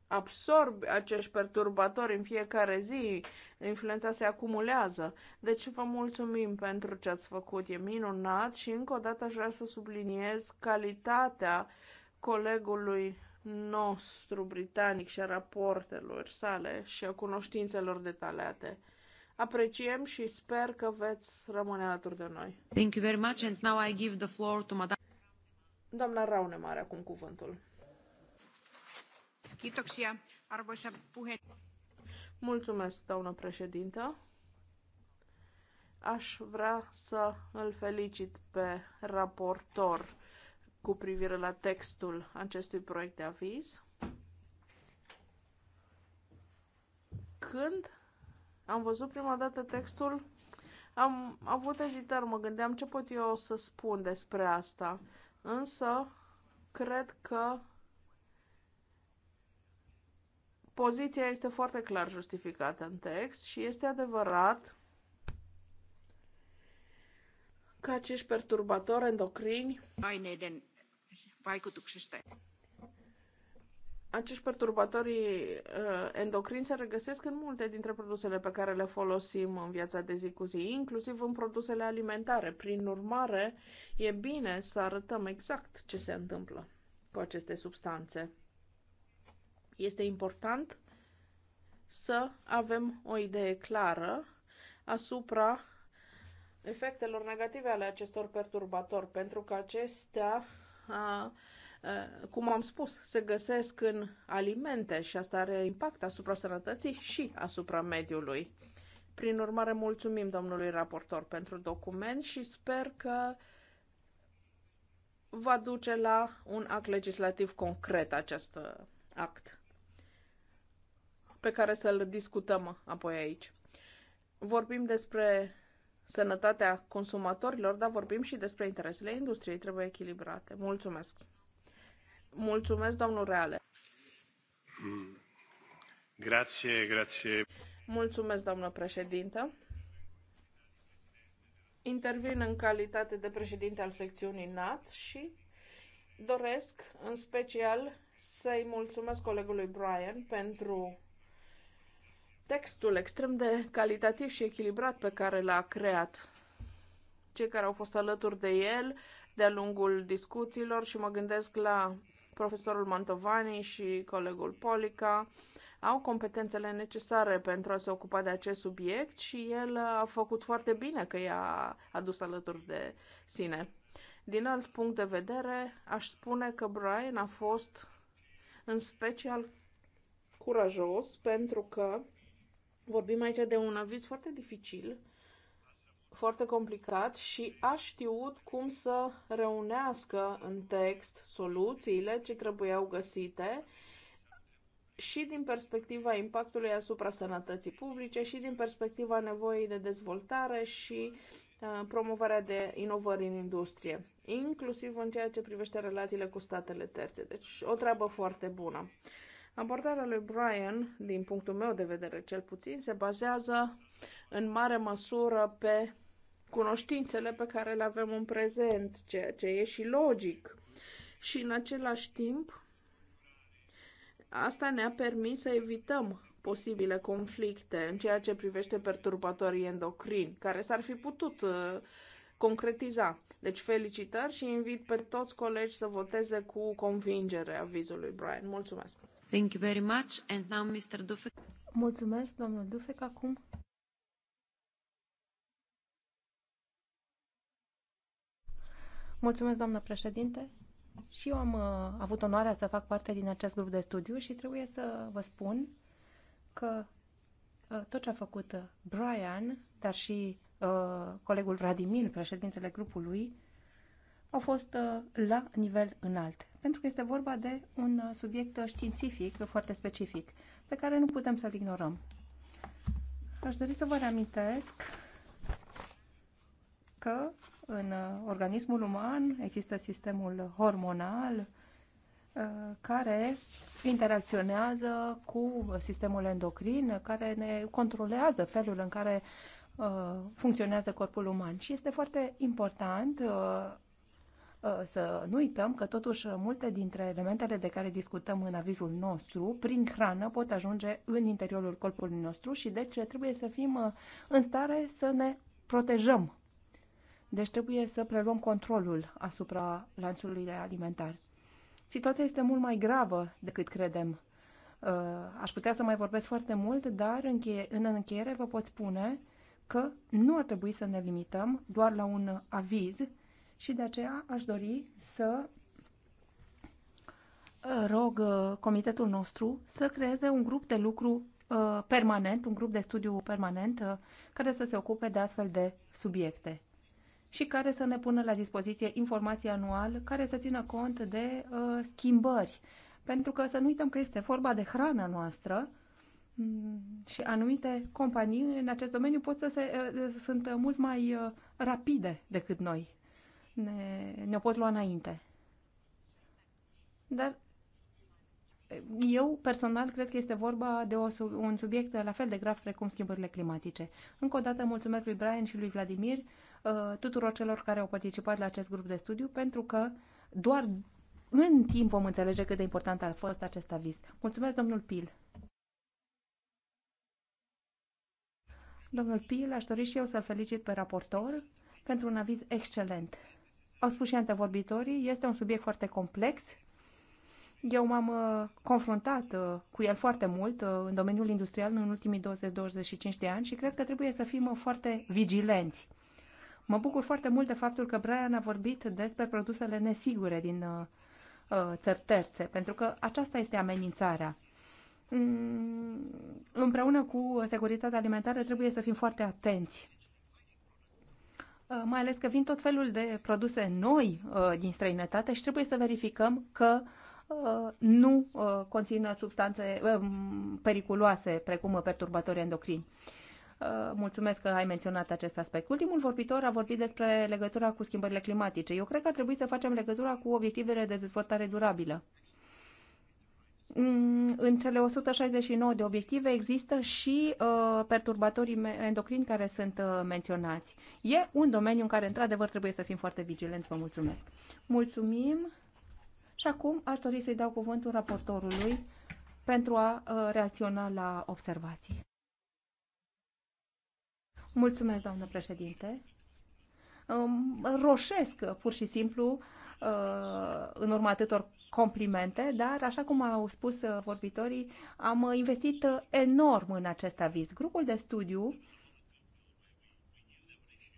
absorbi acești perturbatori în fiecare zi, influența se acumulează. Deci vă mulțumim pentru ce ați făcut, e minunat și încă o dată aș vrea să subliniez calitatea colegului nostru britanic și a raportelor sale și a cunoștințelor detaliate. Apreciem și sper că veți rămâne alături de noi. Thank you very much and now I give the floor to Madame. Doamna Raune mare acum cuvântul. Kitoksia, arvoisa puhe. Mulțumesc, doamnă președintă. Aș vrea să îl felicit pe raportor cu privire la textul acestui proiect de aviz. Când am văzut prima dată textul, am avut ezitări, mă gândeam ce pot eu să spun despre asta, însă cred că poziția este foarte clar justificată în text și este adevărat că acești perturbatori endocrini vaikutuksista. Acești perturbatori uh, endocrini se regăsesc în multe dintre produsele pe care le folosim în viața de zi cu zi, inclusiv în produsele alimentare. Prin urmare, e bine să arătăm exact ce se întâmplă cu aceste substanțe. Este important să avem o idee clară asupra efectelor negative ale acestor perturbatori, pentru că acestea a, cum am spus, se găsesc în alimente și asta are impact asupra sănătății și asupra mediului. Prin urmare, mulțumim domnului raportor pentru document și sper că va duce la un act legislativ concret acest act pe care să-l discutăm apoi aici. Vorbim despre sănătatea consumatorilor, dar vorbim și despre interesele industriei, trebuie echilibrate. Mulțumesc! Mulțumesc, domnul Reale! Mm. Grație, grație. Mulțumesc, doamnă președintă. Intervin în calitate de președinte al secțiunii NAT și doresc, în special, să-i mulțumesc colegului Brian pentru textul extrem de calitativ și echilibrat pe care l-a creat. Cei care au fost alături de el de-a lungul discuțiilor și mă gândesc la profesorul Mantovani și colegul Polica, au competențele necesare pentru a se ocupa de acest subiect și el a făcut foarte bine că i-a adus alături de sine. Din alt punct de vedere, aș spune că Brian a fost în special curajos pentru că Vorbim aici de un aviz foarte dificil, foarte complicat și a știut cum să reunească în text soluțiile ce trebuiau găsite și din perspectiva impactului asupra sănătății publice și din perspectiva nevoii de dezvoltare și uh, promovarea de inovări în industrie, inclusiv în ceea ce privește relațiile cu statele terțe. Deci o treabă foarte bună. Abordarea lui Brian, din punctul meu de vedere cel puțin, se bazează în mare măsură pe cunoștințele pe care le avem în prezent, ceea ce e și logic. Și în același timp, asta ne-a permis să evităm posibile conflicte în ceea ce privește perturbatorii endocrini, care s-ar fi putut uh, concretiza. Deci felicitări și invit pe toți colegi să voteze cu convingere avizul lui Brian. Mulțumesc! Thank you very much. And now Mr. Dufek. Mulțumesc, domnul Dufek, acum. Mulțumesc, doamnă președinte. Și eu am uh, avut onoarea să fac parte din acest grup de studiu și trebuie să vă spun că uh, tot ce a făcut uh, Brian, dar și uh, colegul Radimil, președintele grupului, uh, au fost uh, la nivel înalt, pentru că este vorba de un uh, subiect uh, științific foarte specific, pe care nu putem să-l ignorăm. Aș dori să vă reamintesc că în organismul uman există sistemul hormonal care interacționează cu sistemul endocrin, care ne controlează felul în care funcționează corpul uman. Și este foarte important Uh, să nu uităm că totuși multe dintre elementele de care discutăm în avizul nostru, prin hrană, pot ajunge în interiorul corpului nostru și deci trebuie să fim uh, în stare să ne protejăm. Deci trebuie să preluăm controlul asupra lanțului alimentar. Situația este mult mai gravă decât credem. Uh, aș putea să mai vorbesc foarte mult, dar în încheiere vă pot spune că nu ar trebui să ne limităm doar la un aviz și de aceea aș dori să uh, rog uh, comitetul nostru să creeze un grup de lucru uh, permanent, un grup de studiu permanent care să se ocupe de astfel de subiecte și care să ne pună la dispoziție informații anual care să țină cont de schimbări. Pentru că să nu uităm că este vorba de hrana noastră mm, și anumite companii în acest domeniu pot să se, sunt mult mai rapide decât noi ne, ne pot lua înainte. Dar eu personal cred că este vorba de o, un subiect la fel de grav precum schimbările climatice. Încă o dată mulțumesc lui Brian și lui Vladimir, uh, tuturor celor care au participat la acest grup de studiu, pentru că doar în timp vom înțelege cât de important a fost acest aviz. Mulțumesc, domnul Pil. Domnul Pil, aș dori și eu să-l felicit pe raportor pentru un aviz excelent au spus și antevorbitorii, este un subiect foarte complex. Eu m-am uh, confruntat uh, cu el foarte mult uh, în domeniul industrial în ultimii 20-25 de ani și cred că trebuie să fim foarte vigilenți. Mă bucur foarte mult de faptul că Brian a vorbit despre produsele nesigure din țări terțe, pentru că aceasta este amenințarea. Mm, împreună cu securitatea alimentară trebuie să fim foarte atenți Uh, mai ales că vin tot felul de produse noi uh, din străinătate și trebuie să verificăm că uh, nu conțină substanțe periculoase, precum perturbatori endocrini. Mulțumesc că ai menționat acest aspect. Ultimul vorbitor a vorbit despre legătura cu schimbările climatice. Eu cred că ar trebui să facem legătura cu obiectivele de dezvoltare durabilă. Mm, în cele 169 de obiective există și uh, perturbatorii endocrini care sunt uh, menționați. E un domeniu în care, într-adevăr, trebuie să fim foarte vigilenți. Vă mulțumesc! Mulțumim! Și acum aș dori să-i dau cuvântul raportorului pentru a uh, reacționa la observații. Mulțumesc, doamnă președinte! Um, roșesc, pur și simplu, uh, în urma atâtor complimente, dar, așa cum au spus uh, vorbitorii, am uh, investit uh, enorm în acest aviz. Grupul de studiu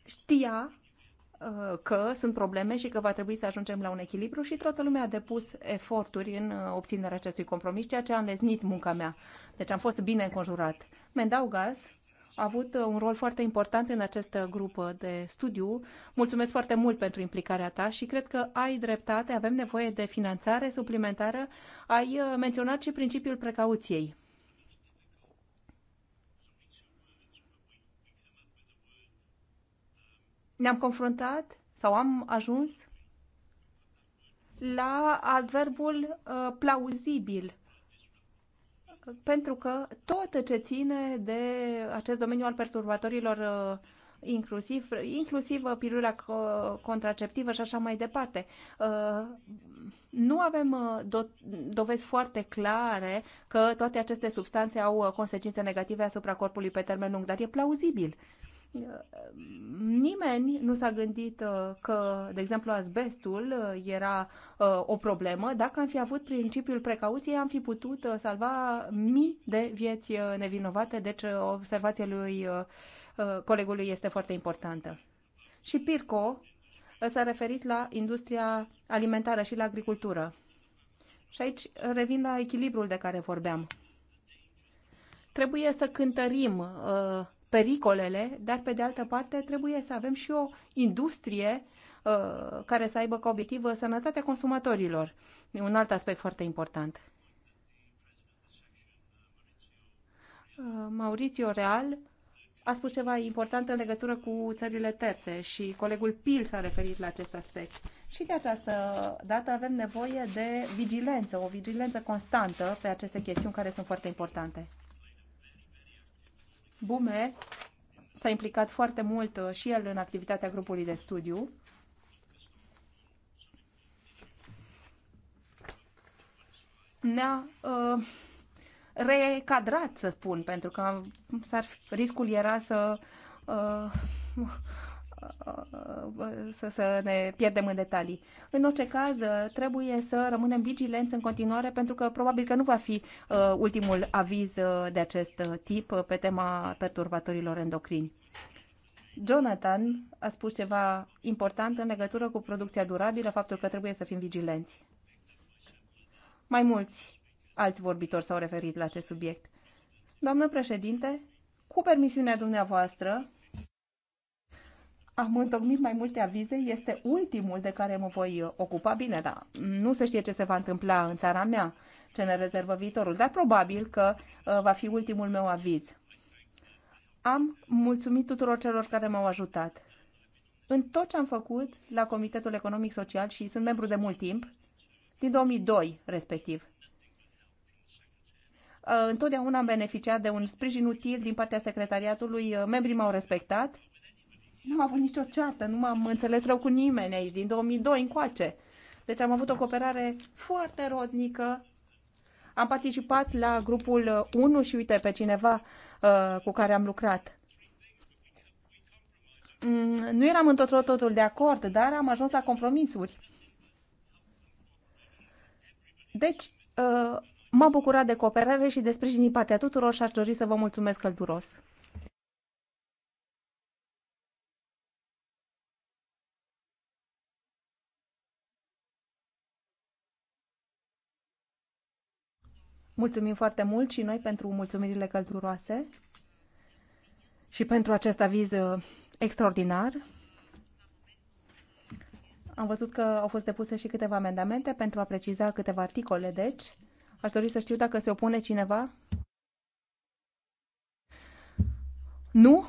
știa că sunt probleme și că va trebui să ajungem la un echilibru și toată lumea a depus eforturi în obținerea acestui compromis, ceea ce a înleznit munca mea. Deci am fost bine înconjurat. Mendaugas a avut uh, un rol foarte important în acest uh, grup uh, de studiu. Mulțumesc foarte mult pentru implicarea ta și cred că ai dreptate, avem nevoie de finanțare suplimentară. Ai menționat și principiul precauției. Ne-am confruntat sau am ajuns la adverbul uh, plauzibil pentru că tot ce ține de acest domeniu al perturbatorilor uh, inclusiv, inclusiv uh, pilula contraceptivă și așa mai departe. Uh, nu avem do- dovezi foarte clare că toate aceste substanțe au consecințe negative asupra corpului pe termen lung, dar e plauzibil nimeni nu s-a gândit uh, că, de exemplu, asbestul uh, era uh, o problemă. Dacă am fi avut principiul precauției, am fi putut salva mii de vieți nevinovate, deci observația lui colegului este foarte importantă. Și Pirco s-a referit la industria alimentară și la agricultură. Și aici revin la echilibrul de care vorbeam. Trebuie să cântărim uh, pericolele, dar pe de altă parte trebuie să avem și o industrie uh, care să aibă ca obiectiv uh, sănătatea consumatorilor. E un alt aspect foarte important. Uh, Maurizio Real a spus ceva important în legătură cu țările terțe și colegul Pil s-a referit la acest aspect. Și de această dată avem nevoie de vigilență, o vigilență constantă pe aceste chestiuni care sunt foarte importante. Bume s-a implicat foarte mult uh, și el în activitatea grupului de studiu. Ne-a uh, recadrat, să spun, pentru că riscul era să uh, să, să ne pierdem în detalii. În orice caz, trebuie să rămânem vigilenți în continuare, pentru că probabil că nu va fi uh, ultimul aviz uh, de acest uh, tip pe tema perturbatorilor endocrini. Jonathan a spus ceva important în legătură cu producția durabilă, faptul că trebuie să fim vigilenți. Mai mulți alți vorbitori s-au referit la acest subiect. Doamnă președinte, cu permisiunea dumneavoastră, am întocmit mai multe avize, este ultimul de care mă voi ocupa. Bine, dar nu se știe ce se va întâmpla în țara mea, ce ne rezervă viitorul, dar probabil că uh, va fi ultimul meu aviz. Am mulțumit tuturor celor care m-au ajutat. În tot ce am făcut la Comitetul Economic Social și sunt membru de mult timp, din 2002 respectiv, uh, întotdeauna am beneficiat de un sprijin util din partea secretariatului, uh, membrii m-au respectat nu am avut nicio ceartă, nu m-am înțeles rău cu nimeni aici, din 2002 încoace. Deci am avut o cooperare foarte rodnică. Am participat la grupul 1 și uite pe cineva uh, cu care am lucrat. Mm, nu eram în totul, totul de acord, dar am ajuns la compromisuri. Deci, uh, m-am bucurat de cooperare și de sprijin din partea tuturor și aș dori să vă mulțumesc călduros. Mulțumim foarte mult și noi pentru mulțumirile călduroase și pentru acest aviz uh, extraordinar. Am văzut că au fost depuse și câteva amendamente pentru a preciza câteva articole, deci aș dori să știu dacă se opune cineva. Nu?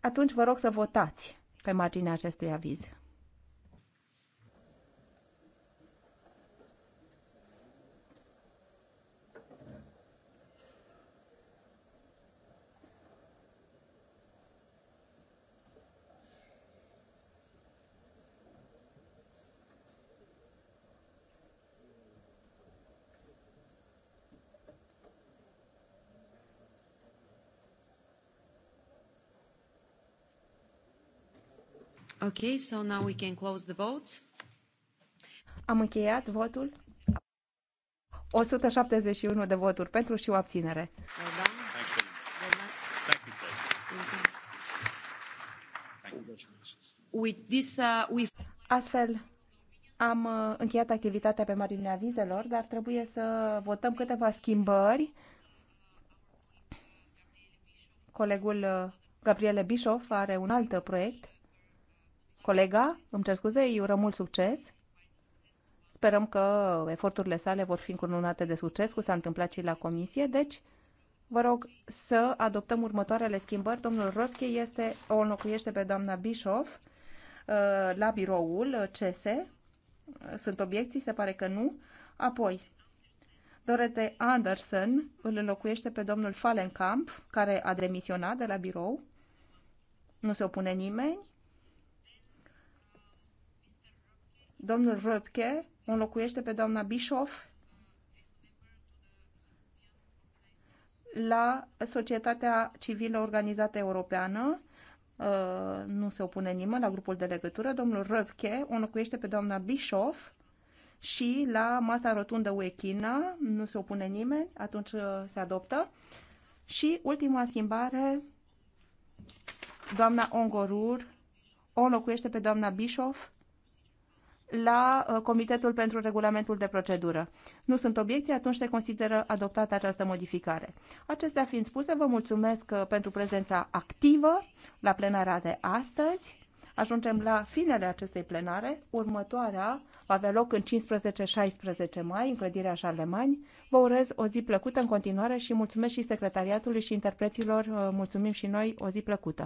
Atunci vă rog să votați pe marginea acestui aviz. so now we can close the votes. Am încheiat votul. 171 de voturi pentru și o abținere. Uh, Astfel, am uh, încheiat activitatea pe marginea vizelor, dar trebuie să votăm câteva schimbări. Colegul uh, Gabriele Bischoff are un alt proiect Colega, îmi cer scuze, îi urăm mult succes. Sperăm că eforturile sale vor fi încununate de succes, cum s-a întâmplat și la comisie. Deci, vă rog să adoptăm următoarele schimbări. Domnul Rotke este, o înlocuiește pe doamna Bischoff uh, la biroul CS. Sunt obiecții? Se pare că nu. Apoi, Dorete Anderson îl înlocuiește pe domnul Fallenkamp, care a demisionat de la birou. Nu se opune nimeni. Domnul Röpke înlocuiește pe doamna Bischoff la Societatea Civilă Organizată Europeană. Uh, nu se opune nimeni la grupul de legătură. Domnul Röpke înlocuiește pe doamna Bischoff și la masa rotundă Uechina. Nu se opune nimeni, atunci uh, se adoptă. Și ultima schimbare, doamna Ongorur o înlocuiește pe doamna Bischoff la uh, Comitetul pentru Regulamentul de Procedură. Nu sunt obiecții, atunci se consideră adoptată această modificare. Acestea fiind spuse, vă mulțumesc uh, pentru prezența activă la plenara de astăzi. Ajungem la finele acestei plenare. Următoarea va avea loc în 15-16 mai, în clădirea Șarlemani. Vă urez o zi plăcută în continuare și mulțumesc și secretariatului și interpreților. Uh, mulțumim și noi o zi plăcută.